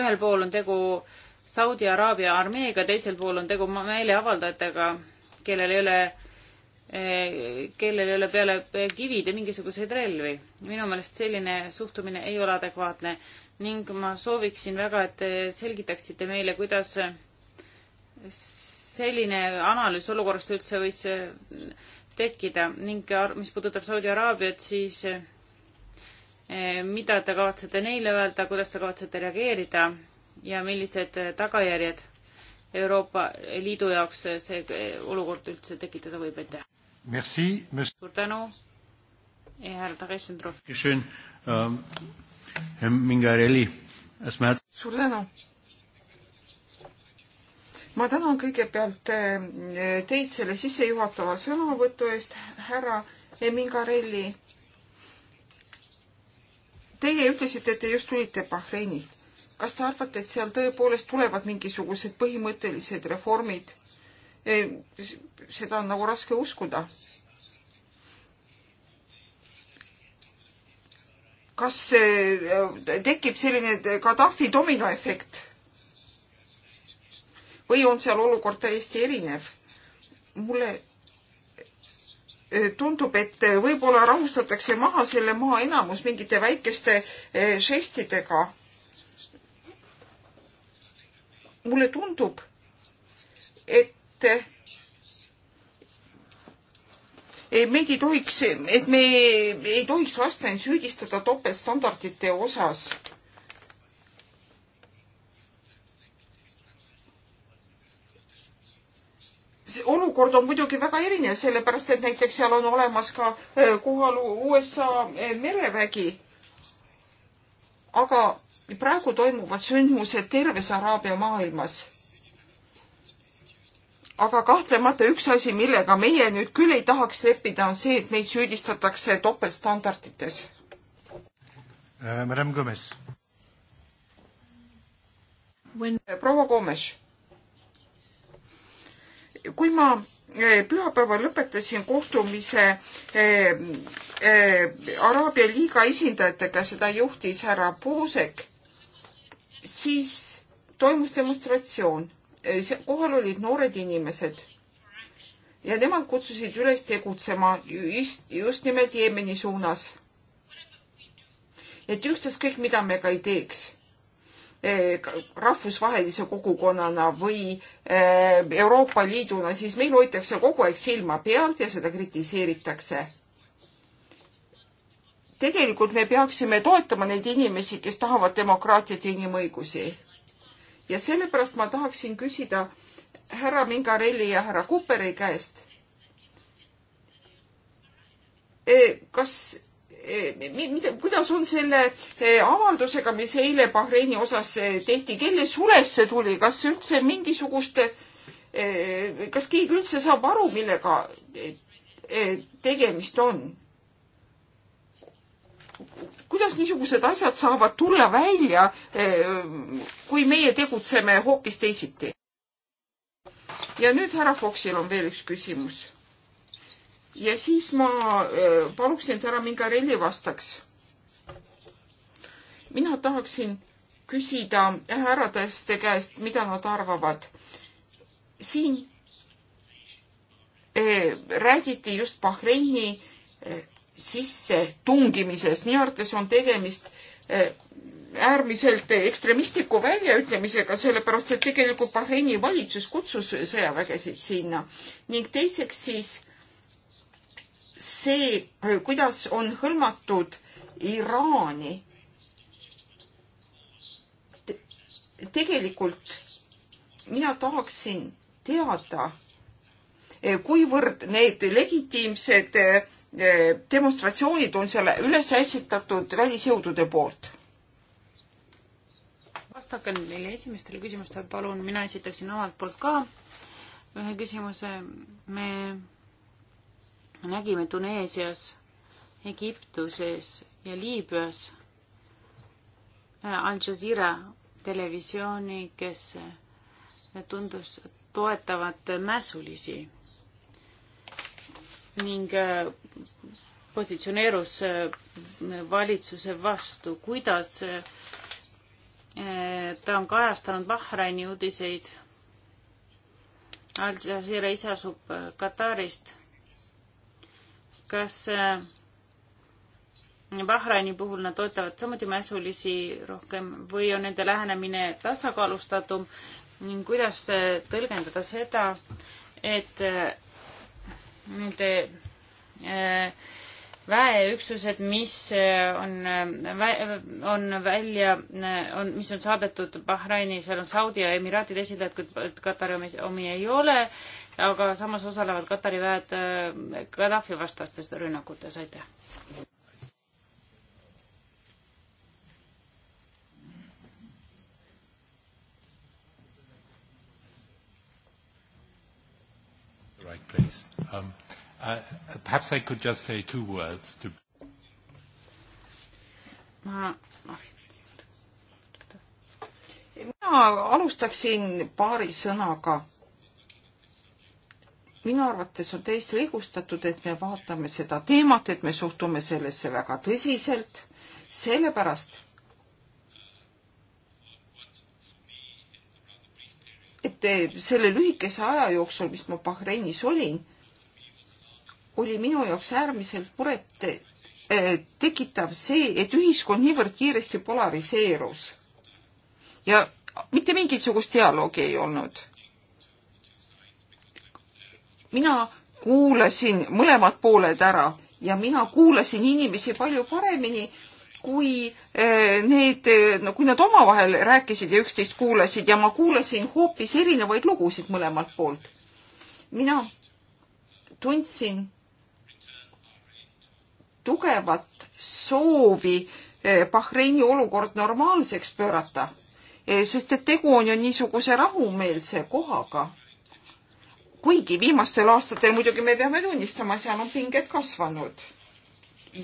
ühel pool on tegu Saudi Araabia armeega, teisel pool on tegu meeleavaldajatega, kellel ei ole Eh, kellel ei ole peale eh, kivide mingisuguseid relvi. minu meelest selline suhtumine ei ole adekvaatne ning ma sooviksin väga, et te selgitaksite meile, kuidas selline analüüs olukorrast üldse võis eh, tekkida ning mis puudutab Saudi Araabiat, siis mida te kavatsete neile öelda, kuidas te kavatsete reageerida ja millised tagajärjed Euroopa Liidu jaoks see olukord üldse tekitada võib, aitäh? suur tänu ja härra Tagesendrov. Ähm, suur tänu ma tänan kõigepealt äh, teid selle sissejuhatava sõnavõtu eest, härra Mingarelli. Teie ütlesite, et te just tulite Bahreinilt. kas te arvate, et seal tõepoolest tulevad mingisugused põhimõttelised reformid? seda on nagu raske uskuda. kas äh, tekib selline Gaddafi dominoefekt? või on seal olukord täiesti erinev? mulle äh, tundub, et äh, võib-olla rahustatakse maha selle maa enamus mingite väikeste žestidega. mulle tundub, et et meid ei tohiks, et me ei tohiks lasta end süüdistada topeltstandardite osas. see olukord on muidugi väga erinev, sellepärast et näiteks seal on olemas ka eh, kohal USA eh, merevägi. aga praegu toimuvad sündmused terves Araabia maailmas aga kahtlemata üks asi, millega meie nüüd küll ei tahaks leppida, on see, et meid süüdistatakse topeltstandardites äh,. Madame Gomes When.... Äh, proua Gomes. kui ma äh, pühapäeval lõpetasin kohtumise äh, äh, Araabia liiga esindajatega, seda juhtis härra Poosek, siis toimus demonstratsioon kohal olid noored inimesed ja nemad kutsusid üles tegutsema just, just nimelt Jeemeni suunas. et ükstaskõik, mida me ka ei teeks e, rahvusvahelise kogukonnana või e, Euroopa Liiduna, siis meil hoitakse kogu aeg silma peal ja seda kritiseeritakse. tegelikult me peaksime toetama neid inimesi, kes tahavad demokraatiat ja inimõigusi ja sellepärast ma tahaksin küsida härra Mingarelli ja härra Kuperi käest. E, kas, e, mida, kuidas on selle e, avaldusega, mis eile Bahreini osas tehti, kelle sulest see tuli, kas üldse mingisugust, kas keegi üldse saab aru, millega tegemist on? kuidas niisugused asjad saavad tulla välja, eh, kui meie tegutseme hoopis teisiti? ja nüüd härra Foxil on veel üks küsimus. ja siis ma eh, paluksin, et härra Mingarelli vastaks. mina tahaksin küsida härradeste käest, mida nad arvavad. siin eh, räägiti just Bahreini sisse tungimisest. minu arvates on tegemist eh, äärmiselt eh, ekstremistliku väljaütlemisega, sellepärast et tegelikult Bahreini valitsus kutsus sõjavägesid sinna ning teiseks siis see, kuidas on hõlmatud Iraani Te. tegelikult mina tahaksin teada, eh, kuivõrd need legitiimsed Eh, demonstratsioonid on selle üles ässitatud välisjõudude poolt. vastake neile esimestele küsimustele, palun, mina esitaksin omalt poolt ka ühe küsimuse. me nägime Tuneesias, Egiptuses ja Liibüas eh, Al Jazeera televisiooni, kes tundus toetavat mässulisi ning äh, positsioneerus äh, valitsuse vastu. kuidas äh, ta on kajastanud Bahraini uudiseid? Al Jazeera isa asub Katarist. kas Bahraini puhul nad toetavad samuti mässulisi rohkem või on nende lähenemine tasakaalustatum ning kuidas tõlgendada seda, et nende äh, väeüksused, mis äh, on, äh, on välja, on, mis on saadetud Bahraini, seal on Saudi ja Emiraatide esindajad, kuid Katari omi, omi ei ole, aga samas osalevad Katari väed Gaddafi vastastes rünnakutes, aitäh. Right place. Um, uh, perhaps I could just say two words to ma mina alustaksin paari sõnaga. minu arvates on täiesti õigustatud, et me vaatame seda teemat, et me suhtume sellesse väga tõsiselt, sellepärast et selle lühikese aja jooksul, mis ma Bahreinis olin oli minu jaoks äärmiselt muret eh, tekitav see, et ühiskond niivõrd kiiresti polariseerus ja mitte mingisugust dialoogi ei olnud. mina kuulasin mõlemad pooled ära ja mina kuulasin inimesi palju paremini, kui eh, need, no kui nad omavahel rääkisid ja üksteist kuulasid ja ma kuulasin hoopis erinevaid lugusid mõlemalt poolt. mina tundsin tugevat soovi eh, Bahreini olukord normaalseks pöörata, eh, sest et tegu on ju niisuguse rahumeelse kohaga. kuigi viimastel aastatel muidugi me peame tunnistama, seal on pinged kasvanud.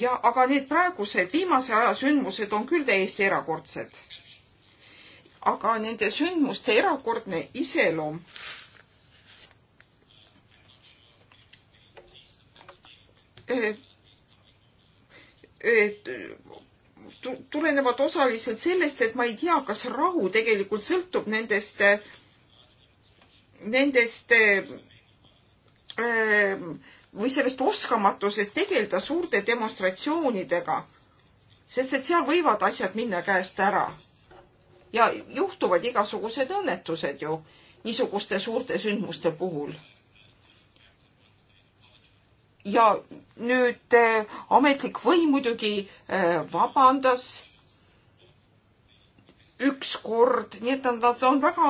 ja, aga need praegused viimase aja sündmused on küll täiesti erakordsed. aga nende sündmuste erakordne iseloom öö, eh, tulenevad osaliselt sellest, et ma ei tea, kas rahu tegelikult sõltub nendest, nendest ähm, või sellest oskamatusest tegeleda suurte demonstratsioonidega. sest et seal võivad asjad minna käest ära. ja juhtuvad igasugused õnnetused ju niisuguste suurte sündmuste puhul ja nüüd eh, ametlik võim muidugi eh, vabandas ükskord, nii et nad on väga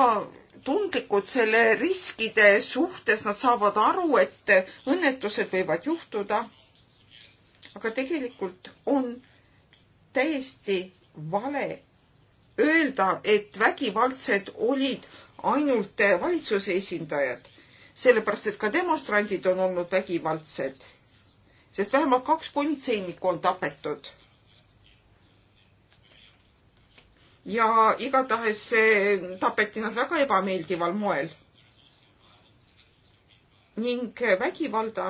tundlikud selle riskide suhtes, nad saavad aru, et eh, õnnetused võivad juhtuda. aga tegelikult on täiesti vale öelda, et vägivaldsed olid ainult valitsuse esindajad sellepärast et ka demonstrandid on olnud vägivaldsed, sest vähemalt kaks politseinikku on tapetud. ja igatahes tapeti nad väga ebameeldival moel. ning vägivalda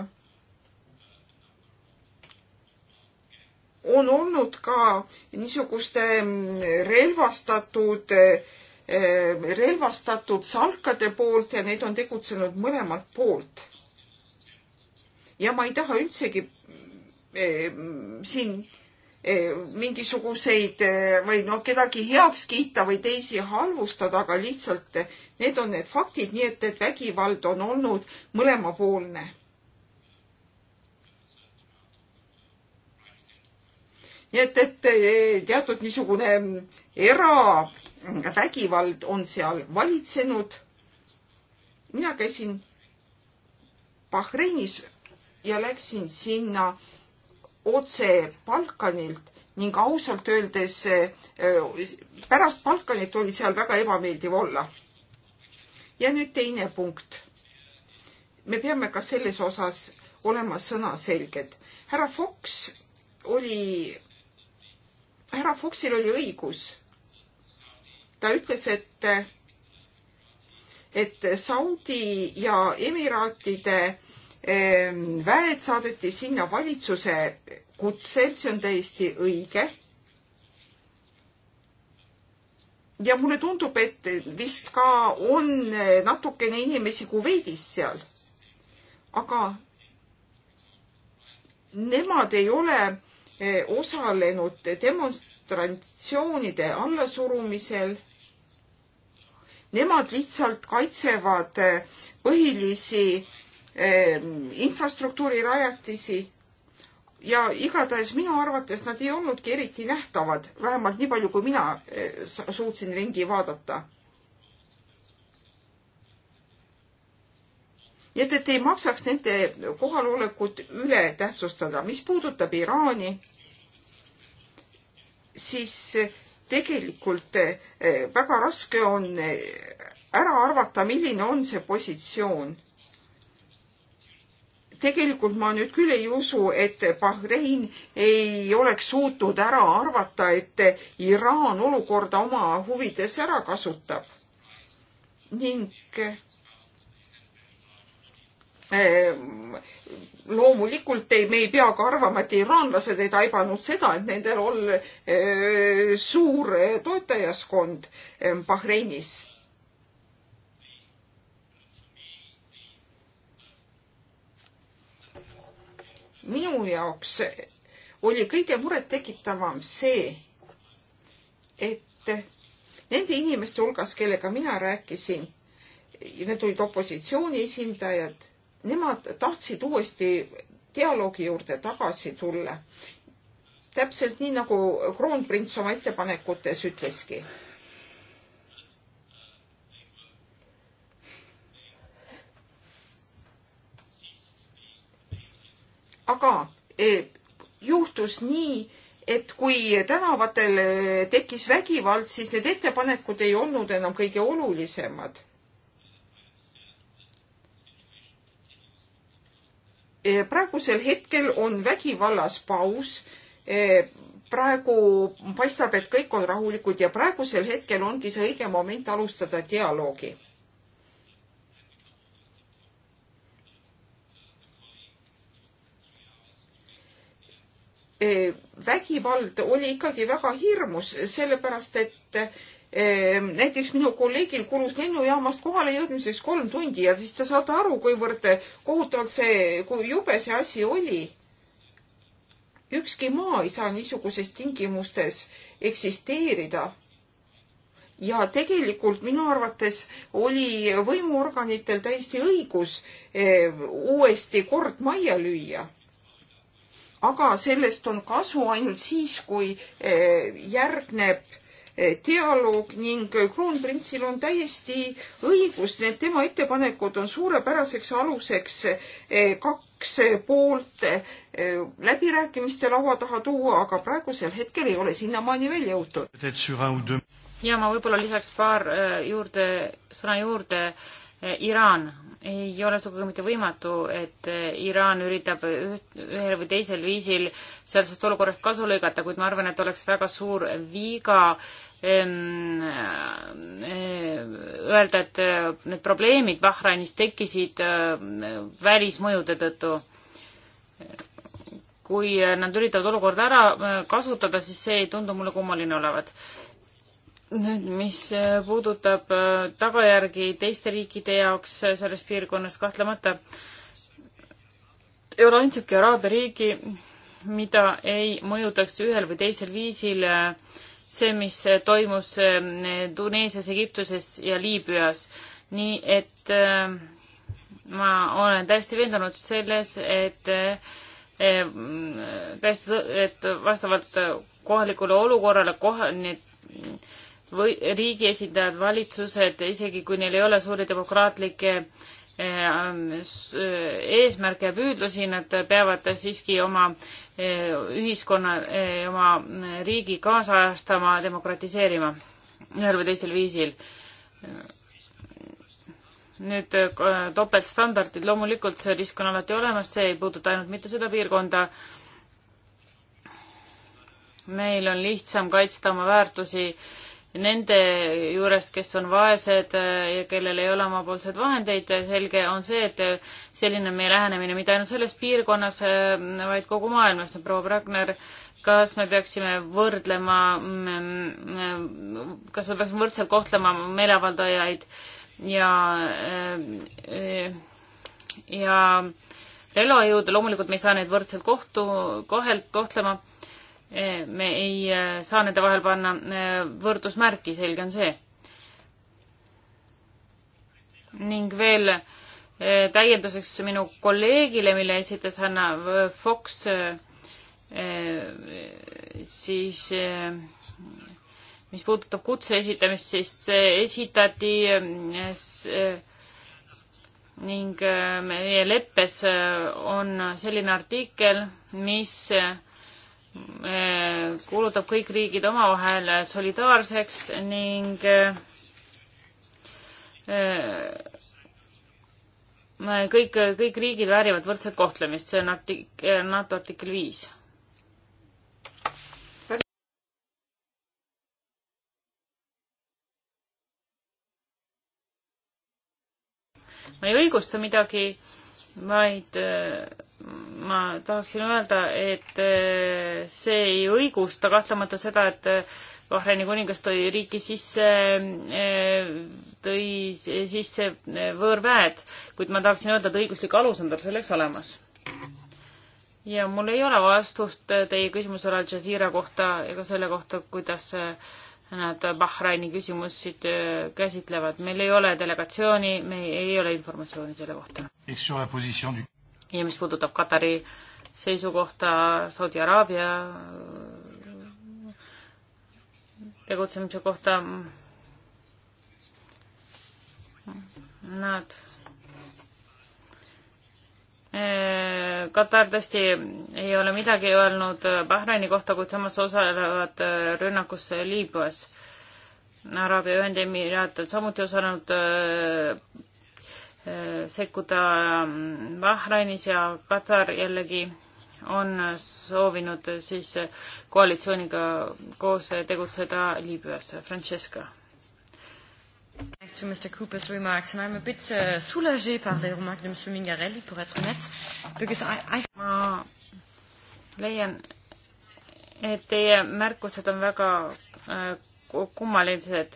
on olnud ka niisuguste relvastatud äh, Eh, relvastatud salkade poolt ja need on tegutsenud mõlemalt poolt. ja ma ei taha üldsegi eh, siin eh, mingisuguseid või noh, kedagi heaks kiita või teisi halvustada, aga lihtsalt need on need faktid, nii et, et vägivald on olnud mõlemapoolne. nii et, et teatud niisugune mm, era vägivald on seal valitsenud. mina käisin Bahreinis ja läksin sinna otse Balkanilt ning ausalt öeldes eh, pärast Balkanit oli seal väga ebameeldiv olla. ja nüüd teine punkt. me peame ka selles osas olema sõnaselged. härra Fox oli, härra Foxil oli õigus ta ütles, et, et Saudi ja Emiraatide ehm, väed saadeti sinna valitsuse kutsel, see on täiesti õige. ja mulle tundub, et vist ka on natukene inimesi Kuveidis seal. aga nemad ei ole eh, osalenud demonst-, traditsioonide allasurumisel. Nemad lihtsalt kaitsevad eh, põhilisi eh, infrastruktuuri rajatisi ja igatahes minu arvates nad ei olnudki eriti nähtavad, vähemalt nii palju, kui mina eh, suutsin ringi vaadata nii et, et ei maksaks nende kohalolekut üle tähtsustada. mis puudutab Iraani, siis eh, tegelikult eh, eh, väga raske on ära arvata, milline on see positsioon. tegelikult ma nüüd küll ei usu, et Bahrein ei oleks suutnud ära arvata, et Iraan olukorda oma huvides ära kasutab. ning Ehm, loomulikult ei, me ei pea ka arvama, et iraanlased ei taibanud seda, et nendel on eh, suur eh, toetajaskond ehm, Bahreinis. minu jaoks oli kõige murettekitavam see, et nende inimeste hulgas, kellega mina rääkisin, need olid opositsiooni esindajad nemad tahtsid uuesti dialoogi juurde tagasi tulla. täpselt nii, nagu Kroonprints oma ettepanekutes ütleski. aga e, juhtus nii, et kui tänavatel e, tekkis vägivald, siis need ettepanekud ei olnud enam kõige olulisemad Eh, praegusel hetkel on vägivallas paus. Eh, praegu paistab, et kõik on rahulikud ja praegusel hetkel ongi see õige moment alustada dialoogi. Eh, vägivald oli ikkagi väga hirmus, sellepärast et Ehm, näiteks minu kolleegil kulus lennujaamast kohale jõudmiseks kolm tundi ja siis te saate aru, kuivõrd kohutavalt see, kui jube see asi oli. ükski maa ei saa niisuguses tingimustes eksisteerida. ja tegelikult minu arvates oli võimuorganitel täiesti õigus ehm, uuesti kord majja lüüa aga sellest on kasu ainult siis, kui ehm, järgneb Eh, dialoog ning kroonprintsil on täiesti õigus, need tema ettepanekud on suurepäraseks aluseks eh, kaks poolt eh, läbirääkimiste laua taha tuua, aga praegusel hetkel ei ole sinnamaani veel jõutud. ja ma võib-olla lisaks paar juurde, sõna juurde. Iraan ei ole sugugi mitte võimatu, et Iraan üritab ühel või teisel viisil sealsest olukorrast kasu lõigata, kuid ma arvan, et oleks väga suur viga äh, öelda, et äh, need probleemid Bahrainis tekkisid äh, välismõjude tõttu. kui äh, nad üritavad olukorda ära kasutada, siis see ei tundu mulle kummaline olevat. nüüd, mis puudutab tagajärgi teiste riikide jaoks selles piirkonnas, kahtlemata ei ole ainsatki araabia riigi, mida ei mõjutaks ühel või teisel viisil äh, see, mis äh, toimus ähm, Tuneesias, Egiptuses ja Liibüas. nii et äh, ma olen täiesti veendunud selles, et äh, täiesti, et vastavalt kohalikule olukorrale koha-, need või riigi esindajad, valitsused, isegi kui neil ei ole suuri demokraatlikke äh, Äh, äh, eesmärke ja püüdlusi, nad peavad siiski oma äh, ühiskonna, oma riigi kaasajastama, demokratiseerima ühel või teisel viisil. nüüd topeltstandardid, loomulikult see risk on alati olemas, see ei puuduta ainult mitte seda piirkonda, meil on lihtsam kaitsta oma väärtusi äh, nende juurest, kes on vaesed äh, ja kellel ei ole omapoolseid vahendeid, selge on see, et äh, selline on meie lähenemine mitte ainult selles piirkonnas, äh, vaid kogu maailmas. proua Ragnar, kas me peaksime võrdlema, mm, mm, kas me peaksime võrdselt kohtlema meeleavaldajaid ja, ja relvajõude, loomulikult me ei saa neid võrdselt kohtu, kohelt, kohtlema me ei äh, saa nende vahel panna äh, võrdusmärki, selge on see. ning veel äh, täienduseks minu kolleegile, mille esitas Hanna Fox, siis mis puudutab kutse esitamist, siis see esitati ning meie leppes on selline artikkel, mis Eh, kuulutab kõik riigid omavahel solidaarseks ning eh, eh, kõik, kõik riigid väärivad võrdset kohtlemist, see on artik-, NATO artikkel viis. ma ei õigusta midagi, vaid ma tahaksin öelda, et äh, see ei õigusta kahtlemata seda, et äh, Bahreini kuningas tõi riiki sisse, äh, tõi sisse võõrväed, kuid ma tahaksin öelda, et õiguslik alus on tal selleks olemas. ja mul ei ole vastust teie küsimusele Al Jazeera kohta ega selle kohta, kuidas nad Bahraini küsimusid käsitlevad. meil ei ole delegatsiooni, me ei ole informatsiooni selle kohta ja mis puudutab Katari seisukohta Saudi Araabia äh, tegutsemise kohta, nad äh, Katar tõesti ei ole midagi öelnud Bahraini kohta, kuid samas osalevad äh, rünnakus Liibüas. Araabia Ühendemiraat on samuti osalenud sekkuda ähm, Bahrainis ja Katar jällegi on soovinud siis äh, koalitsiooniga koos tegutseda Liibüas. Francesca. Back to Mr. Cooper's remarks, and I'm a bit uh, soulagée par les remarques de M. Mingarelli, pour être honnête, because I, I... ma leian, et teie märkused on väga äh, kummalised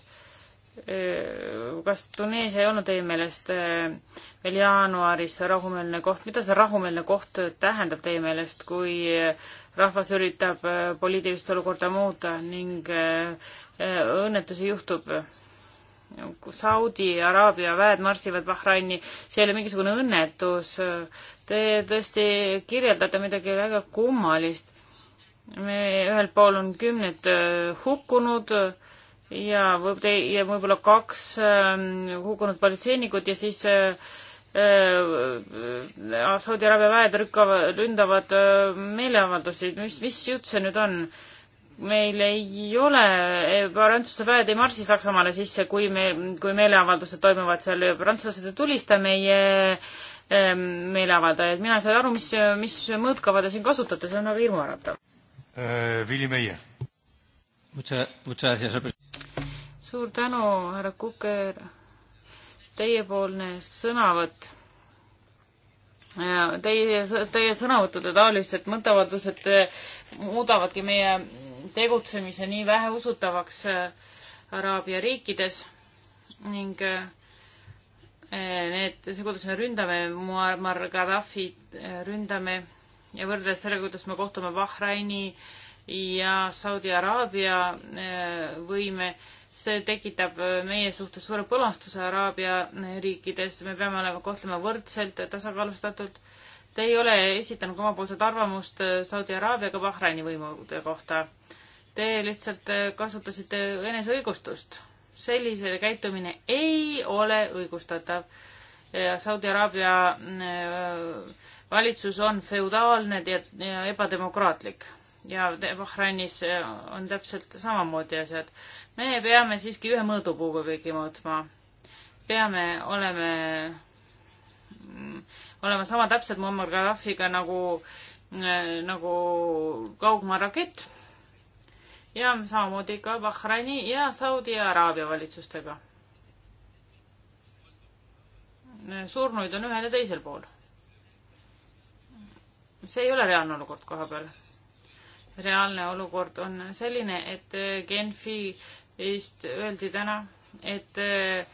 kas Tuneesia ei olnud teie meelest veel jaanuaris rahumeelne koht, mida see rahumeelne koht tähendab teie meelest, kui rahvas üritab poliitilist olukorda muuta ning õnnetusi juhtub? Saudi Araabia väed marssivad Bahraini, see ei ole mingisugune õnnetus. Te tõesti kirjeldate midagi väga kummalist. me, ühel pool on kümned hukkunud äh, ja võib te- ja võib-olla kaks äh, hukkunud politseinikut ja siis äh, äh, Saudi Araabia väed rükkavad, ründavad äh, meeleavaldusi, mis, mis jutt see nüüd on? meil ei ole, äh, Prantsuse väed ei marsi Saksamaale sisse, kui me, kui meeleavaldused toimuvad seal, prantslased ei tulista meie äh, meeleavaldajaid, mina ei saa aru, mis, mis mõõtkava te siin kasutate, see on väga hirmuäratav. Vili äh, Meie. Muchas, muchas gracias, suur tänu, härra Kuker, teiepoolne sõnavõtt. Teie, teie sõnavõttude taolised mõtteavaldused eh, muudavadki meie tegutsemise nii väheusutavaks eh, Araabia riikides ning eh, need, see, kuidas me ründame Muammar Gaddafit, ründame ja võrreldes sellega, kuidas me kohtume Bahraini ja Saudi Araabia võime, see tekitab äh, meie suhtes suure põlastuse Araabia äh, riikides, me peame olema, kohtlema võrdselt, äh, tasakaalustatult. Te ei ole esitanud omapoolset arvamust Saudi Araabia ega Bahraini võimude kohta. Te lihtsalt kasutasite eneseõigustust. sellise käitumine ei ole õigustatav. Saudi Araabia valitsus on feudaalne ja ebademokraatlik ja Bahrainis on täpselt samamoodi asjad me peame siiski ühe mõõdupuuga kõike mõõtma. peame, oleme, mm, olema sama täpsed Muammar Gaddafiga nagu, äh, nagu kaugmaa rakett ja samamoodi ka Bahraini ja Saudi Araabia valitsustega. surnuid on ühel ja teisel pool. see ei ole reaalne olukord koha peal reaalne olukord on selline, et Genfi vist öeldi täna, et äh,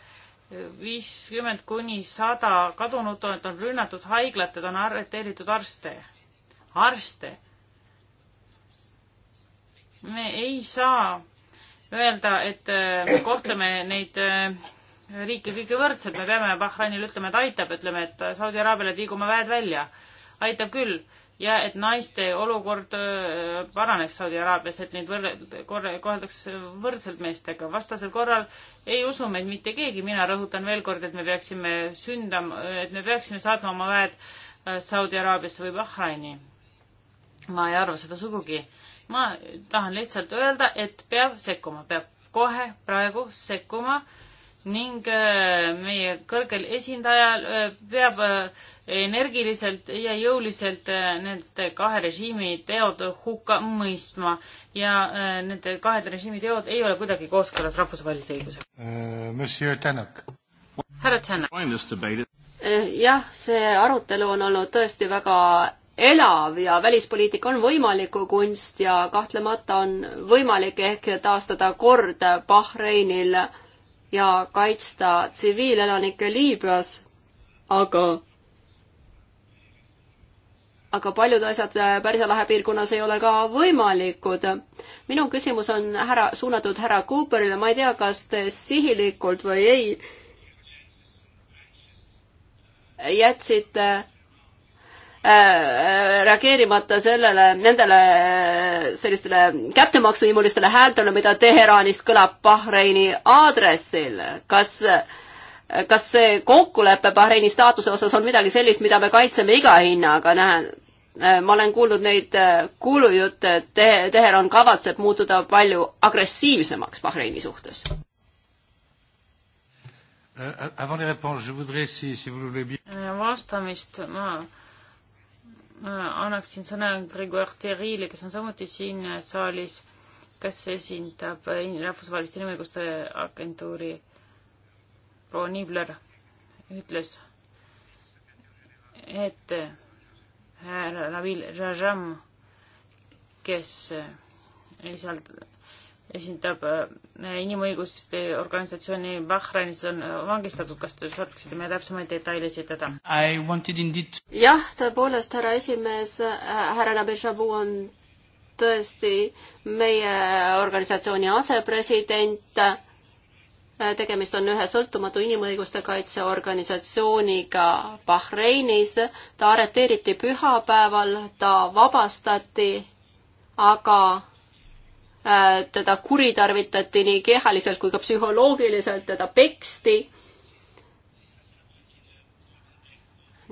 viiskümmend kuni sada kadunut on, on rünnatud haiglat, et on arreteeritud arste, arste. me ei saa öelda, et äh, me kohtleme neid äh, riike kõike võrdselt, me peame Bahrainile ütlema, et aitab, ütleme, et Saudi Araabiale, et liigume väed välja. aitab küll ja et naiste olukord äh, paraneks Saudi Araabias, et neid võrre-, korra-, koheldakse võrdselt meestega. vastasel korral ei usu meid mitte keegi, mina rõhutan veel kord, et me peaksime sündama, et me peaksime saatma oma väed äh, Saudi Araabiasse või Bahraini. ma ei arva seda sugugi. ma tahan lihtsalt öelda, et peab sekkuma, peab kohe praegu sekkuma äh, ning äh, meie kõrgel esindajal äh, peab äh, energiliselt ja jõuliselt nende kahe režiimi teod hukka mõistma ja nende kahe režiimi teod ei ole kuidagi kooskõlas rahvusvahelise õigusega. härra Tšannak. jah, see arutelu on olnud tõesti väga elav ja välispoliitika on võimaliku kunst ja kahtlemata on võimalik ehk taastada kord Bahreinil ja kaitsta tsiviilelanikke Liibüas, aga aga paljud asjad äh, Pärsia lahe piirkonnas ei ole ka võimalikud. minu küsimus on härra, suunatud härra Cooperile, ma ei tea, kas te sihilikult või ei jätsite Äh, äh, reageerimata sellele, nendele äh, sellistele kättemaksuhimulistele häältele, mida Teheranist kõlab Bahreini aadressil. kas, kas see kokkulepe Bahreini staatuse osas on midagi sellist, mida me kaitseme iga hinnaga, näen, ma olen kuulnud neid kuulujutte, et Te-, Teheran kavatseb muutuda palju agressiivsemaks Bahreini suhtes. Euh, vastamist ma Äh, annaksin sõna Gregor Terrile, kes on samuti siin äh, saalis, kes esindab äh, Rahvusvahelist Inimõiguste Agentuuri. proua Niibler ütles, et härra Nabil Rajam, kes lisalt esindab äh, inimõiguste organisatsiooni Bahrainis on äh, vangistatud, kas te saaksite meile täpsemaid detaile esitada? jah, tõepoolest, härra esimees, äh, härra Nabishabu on tõesti meie organisatsiooni asepresident. tegemist on ühe sõltumatu inimõiguste kaitseorganisatsiooniga Bahreinis. ta arreteeriti pühapäeval, ta vabastati, aga Äh, teda kuritarvitati nii kehaliselt kui ka psühholoogiliselt, teda peksti.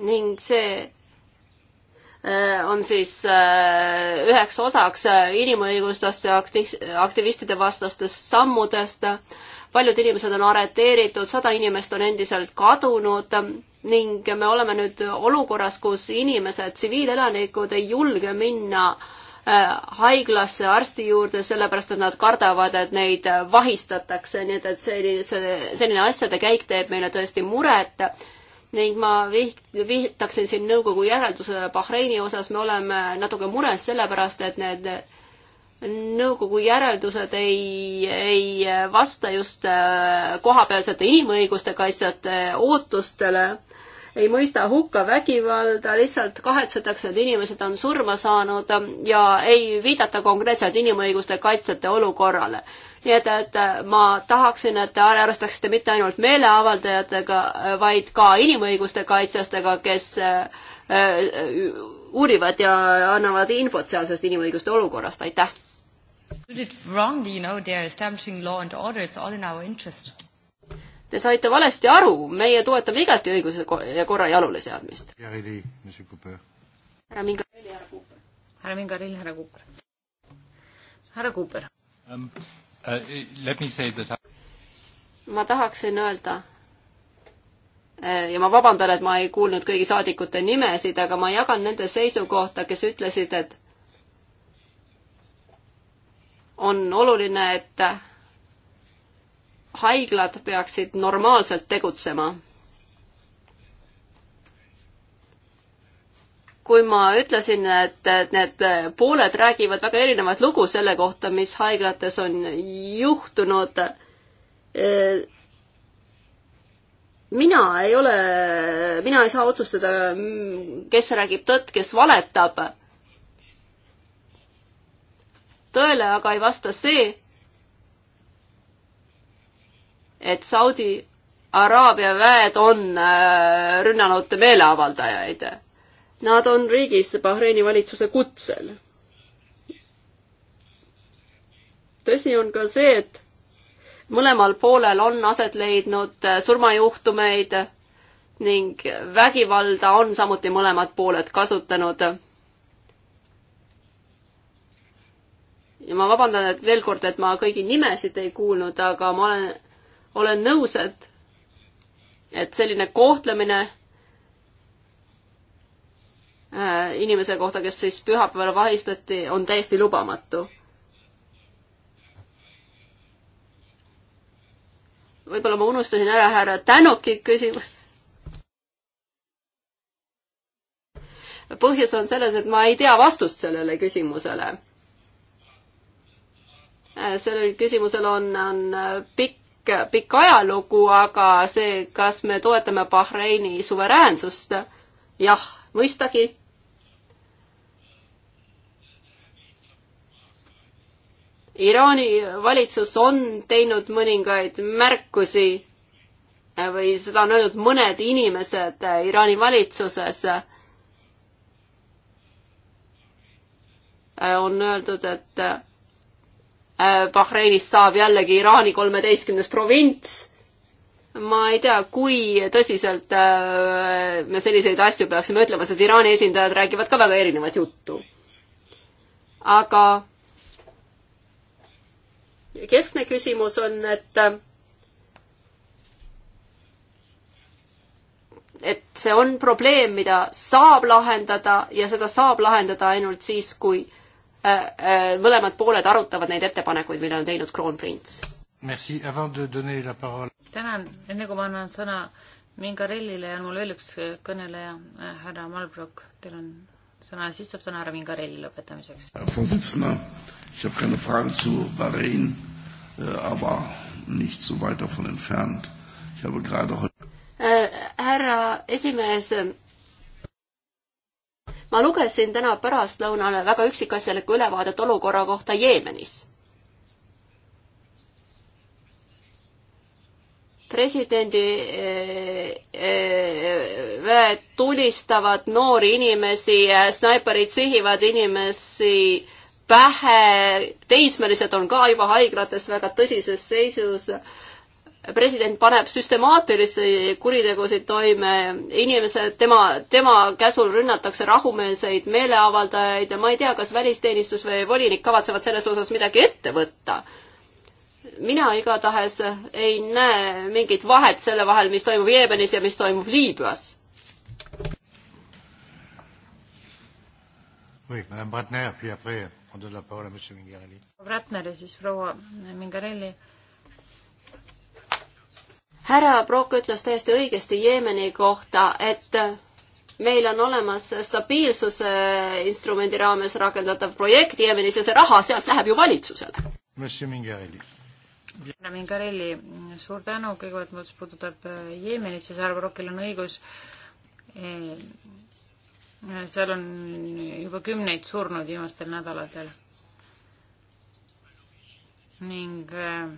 ning see äh, on siis äh, üheks osaks inimõiguslaste aktivistide vastastest sammudest. paljud inimesed on arreteeritud, sada inimest on endiselt kadunud ning me oleme nüüd olukorras, kus inimesed, tsiviilelanikud ei julge minna äh, Äh, haiglasse arsti juurde, sellepärast et nad kardavad, et neid äh, vahistatakse, nii et, et selline, selline asjade käik teeb meile tõesti muret ning ma viht-, vihtaksin siin nõukogu järeldusele Bahreini osas, me oleme natuke mures sellepärast, et need nõukogu järeldused ei, ei vasta just äh, kohapealsete inimõiguste kaitsjate ootustele ei mõista hukka vägivalda, lihtsalt kahetsetakse, et inimesed on surma saanud ja ei viidata konkreetselt inimõiguste kaitsjate olukorrale. nii et, et ma tahaksin, et te arvestaksite mitte ainult meeleavaldajatega, vaid ka inimõiguste kaitsjastega, kes äh, uurivad ja annavad infot sealsest inimõiguste olukorrast, aitäh! did it wrongly, you know, they are establishing law and order, it's all in our interest. Te saite valesti aru, meie toetame igati õiguse ja korra jalule seadmist. härra Mingarelli, härra Kuuper. härra Mingarelli, härra Kuuper. härra Kuuper um,. Uh, let me say this ma tahaksin öelda eh, ja ma vabandan, et ma ei kuulnud kõigi saadikute nimesid, aga ma jagan nende seisukohta, kes ütlesid, et on oluline, et haiglad peaksid normaalselt tegutsema. kui ma ütlesin, et, et need pooled räägivad väga erinevat lugu selle kohta, mis haiglates on juhtunud, mina ei ole, mina ei saa otsustada, kes räägib tõtt, kes valetab. tõele aga ei vasta see, et Saudi Araabia väed on äh, rünnanud meeleavaldajaid. Nad on riigis Bahreini valitsuse kutsel. tõsi on ka see, et mõlemal poolel on aset leidnud äh, surmajuhtumeid ning vägivalda on samuti mõlemad pooled kasutanud ja ma vabandan, et veel kord, et ma kõigi nimesid ei kuulnud, aga ma olen olen nõus, et, et selline kohtlemine äh, inimese kohta, kes siis pühapäeval vahistati, on täiesti lubamatu. võib-olla ma unustasin ära härra Tänoki küsimust. põhjus on selles, et ma ei tea vastust sellele küsimusele. Äh, sellel küsimusel on, on äh, pikk pikk, pikk ajalugu, aga see, kas me toetame Bahreini suveräänsust, jah, mõistagi Iraani valitsus on teinud mõningaid märkusi või seda on öelnud mõned inimesed Iraani valitsuses. on öeldud, et Äh, Bahreinist saab jällegi Iraani kolmeteistkümnes provints. ma ei tea, kui tõsiselt äh, me selliseid asju peaksime ütlema, sest Iraani esindajad räägivad ka väga erinevat juttu. aga keskne küsimus on, et et see on probleem, mida saab lahendada ja seda saab lahendada ainult siis, kui Äh, äh, mõlemad pooled arutavad neid ettepanekuid, mille on teinud Kroonprints. tänan, enne kui ma annan sõna Mingarellile, on mul veel üks kõneleja, äh, härra Malbrok, teil on sõna, siis saab sõna härra Mingarelli lõpetamiseks. Ich habe keine Frage zu Bahrain, aber nicht so weit davon entfernt. Ich habe gerade heute härra esimees, ma lugesin täna pärastlõunal väga üksikasjalikku ülevaadet olukorra kohta Jeemenis. presidendi eh, eh, väed tulistavad noori inimesi, eh, snaiperid sihivad inimesi pähe, teismelised on ka juba haiglates väga tõsises seisus president paneb süstemaatilisi kuritegusid toime, inimesed, tema, tema käsul rünnatakse rahumeelseid meeleavaldajaid ja ma ei tea, kas välisteenistus või volinik kavatsevad selles osas midagi ette võtta. mina igatahes ei näe mingit vahet selle vahel, mis toimub Jeemenis ja mis toimub Liibüas. Oui, Madame Bratner, puis après on donne la parole à Monsieur Mingarelli. Bratner ja siis proua Mingarelli härra Brock ütles täiesti õigesti Jeemeni kohta, et meil on olemas stabiilsuse instrumendi raames rakendatav projekt Jeemenis ja see raha sealt läheb ju valitsusele. härra Mingarelli, suur tänu, kõigepealt mis puudutab äh, Jeemenit, siis härra Brockil on õigus e seal on juba kümneid surnud viimastel nädalatel. ning äh,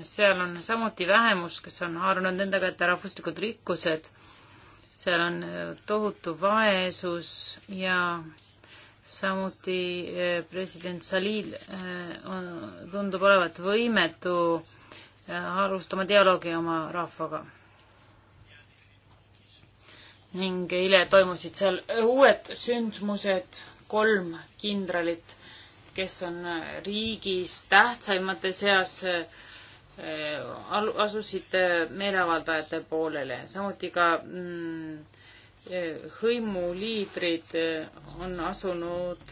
seal on samuti vähemus, kes on haarunud enda kätte rahvuslikud rikkused, seal on äh, tohutu vaesus ja samuti äh, president Salil äh, on, tundub olevat võimetu alustama dialoogi oma rahvaga. ning eile toimusid seal uued sündmused, kolm kindralit, kes on riigis tähtsaimate seas äh, Äh, asusid äh, meeleavaldajate poolele, samuti ka mm, äh, hõimuliidrid on asunud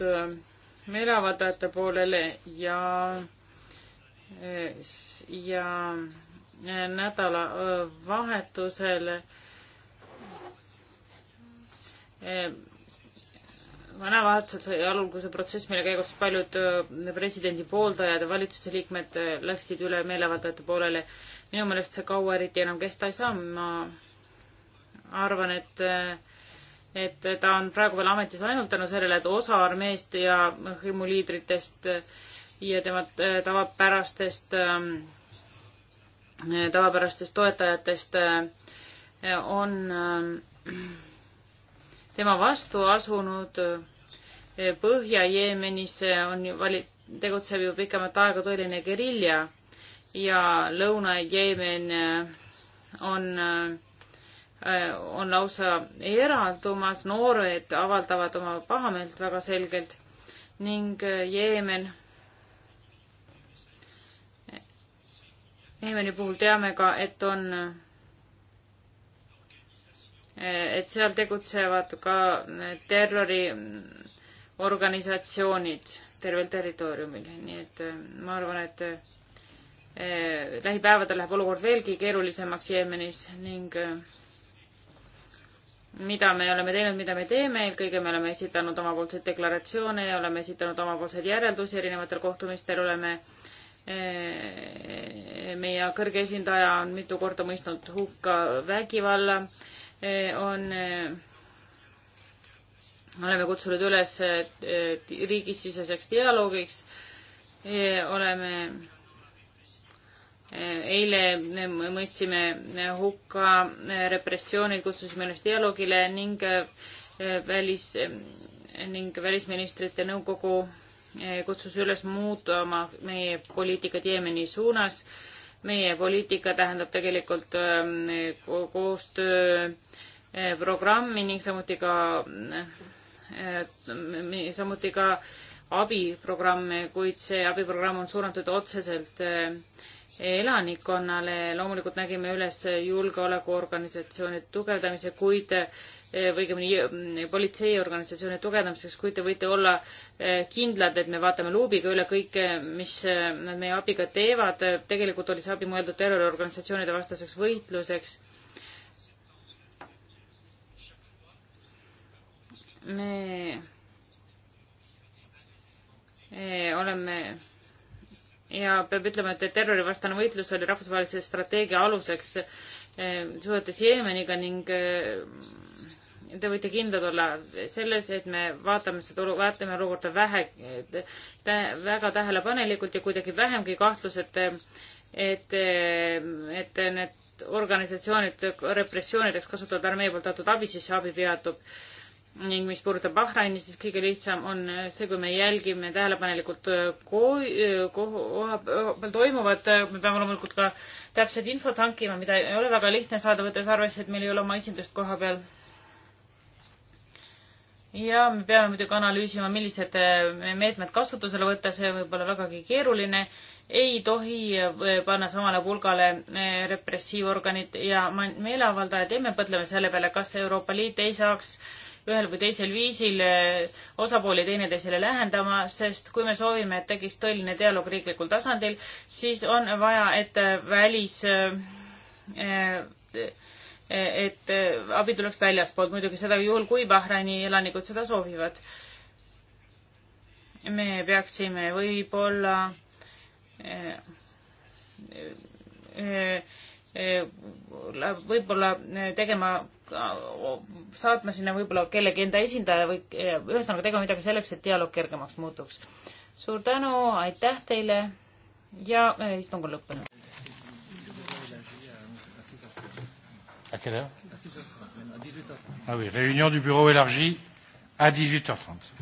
meeleavaldajate poolele ja, ja nädalavahetusel nädalavahetusel sai alguse protsess, mille käigus paljud äh, presidendi pooldajad ja valitsuse liikmed äh, läksid üle meeleavaldajate poolele. minu meelest see kaua eriti enam kesta ei saa, ma arvan, et äh, et ta on praegu veel ametis ainult tänu sellele, et osa armeest ja hõimuliidritest ja tema tavapärastest, ähm, tavapärastest toetajatest on ähm, tema vastu asunud Põhja-Jeemenis on ju vali-, tegutseb ju pikemat aega tõeline gerilja ja Lõuna-Jeemen äh, on, äh, on lausa eraldumas, noored avaldavad oma pahameelt väga selgelt ning äh, Jeemen Jeemeni puhul teame ka, et on, et seal tegutsevad ka terrori organisatsioonid tervel territooriumil, nii et äh, ma arvan, et äh, lähipäevadel läheb olukord veelgi keerulisemaks Jeemenis ning äh, mida me oleme teinud, mida me teeme, eelkõige me oleme esitanud omapoolseid deklaratsioone ja oleme esitanud omapoolseid järeldusi erinevatel kohtumistel, oleme meie kõrge esindaja on mitu korda mõistnud hukka vägivalla, on oleme kutsunud üles riigisiseseks dialoogiks. E, oleme, e, eile mõistsime hukka repressioonid, kutsusime üles dialoogile ning e, välis ning välisministrite nõukogu kutsus üles muutuma meie poliitikat Jeemeni suunas. meie poliitika tähendab tegelikult koostööprogrammi ning samuti ka samuti ka abiprogramme, kuid see abiprogramm on suunatud otseselt eh, elanikkonnale. loomulikult nägime üles julgeolekuorganisatsioonide tugevdamise, kuid eh, või õigemini mm, politseiorganisatsiooni tugevdamiseks, kuid te võite olla eh, kindlad, et me vaatame luubiga üle kõike, mis nad meie abiga teevad. tegelikult oli see abi mõeldud terroriorganisatsioonide vastaseks võitluseks me oleme ja peab ütlema, et terrorivastane võitlus oli rahvusvahelise strateegia aluseks eh, suhetes Jeemeniga ning eh, te võite kindlad olla selles, et me vaatame seda olu-, vaatame olukorda vähe, väga tähelepanelikult ja kuidagi vähemgi kahtlus, et, et, et need organisatsioonid repressioonideks kasutavad armee poolt antud abi, siis see abi peatub ning mis puudutab Bahraini, siis kõige lihtsam on see, kui me jälgime tähelepanelikult äh, äh, koha peal toimuvat, me peame loomulikult ka täpset infot hankima, mida ei ole väga lihtne saada, võttes arvesse, et meil ei ole oma esindust koha peal. ja me peame muidugi analüüsima, millised äh, meetmed kasutusele võtta, see võib olla vägagi keeruline. ei tohi panna samale pulgale repressiivorganid ja meeleavaldajad ja me mõtleme selle peale, kas Euroopa Liit ei saaks ühel või teisel viisil eh, osapooli teineteisele lähendama, sest kui me soovime, et tekiks tõeline dialoog riiklikul tasandil, siis on vaja, et eh, välis, eh, et abi tuleks väljaspoolt, muidugi seda juhul, kui Bahraini elanikud seda soovivad. me peaksime võib-olla võib-olla tegema Äh, saatma sinna võib-olla kellegi enda esindaja või äh, ühesõnaga tegema midagi selleks, et dialoog kergemaks muutuks. suur tänu, aitäh teile ja äh, istung on lõppenud. À quelle heure Ah oui, réunion du bureau élargi à 18h30.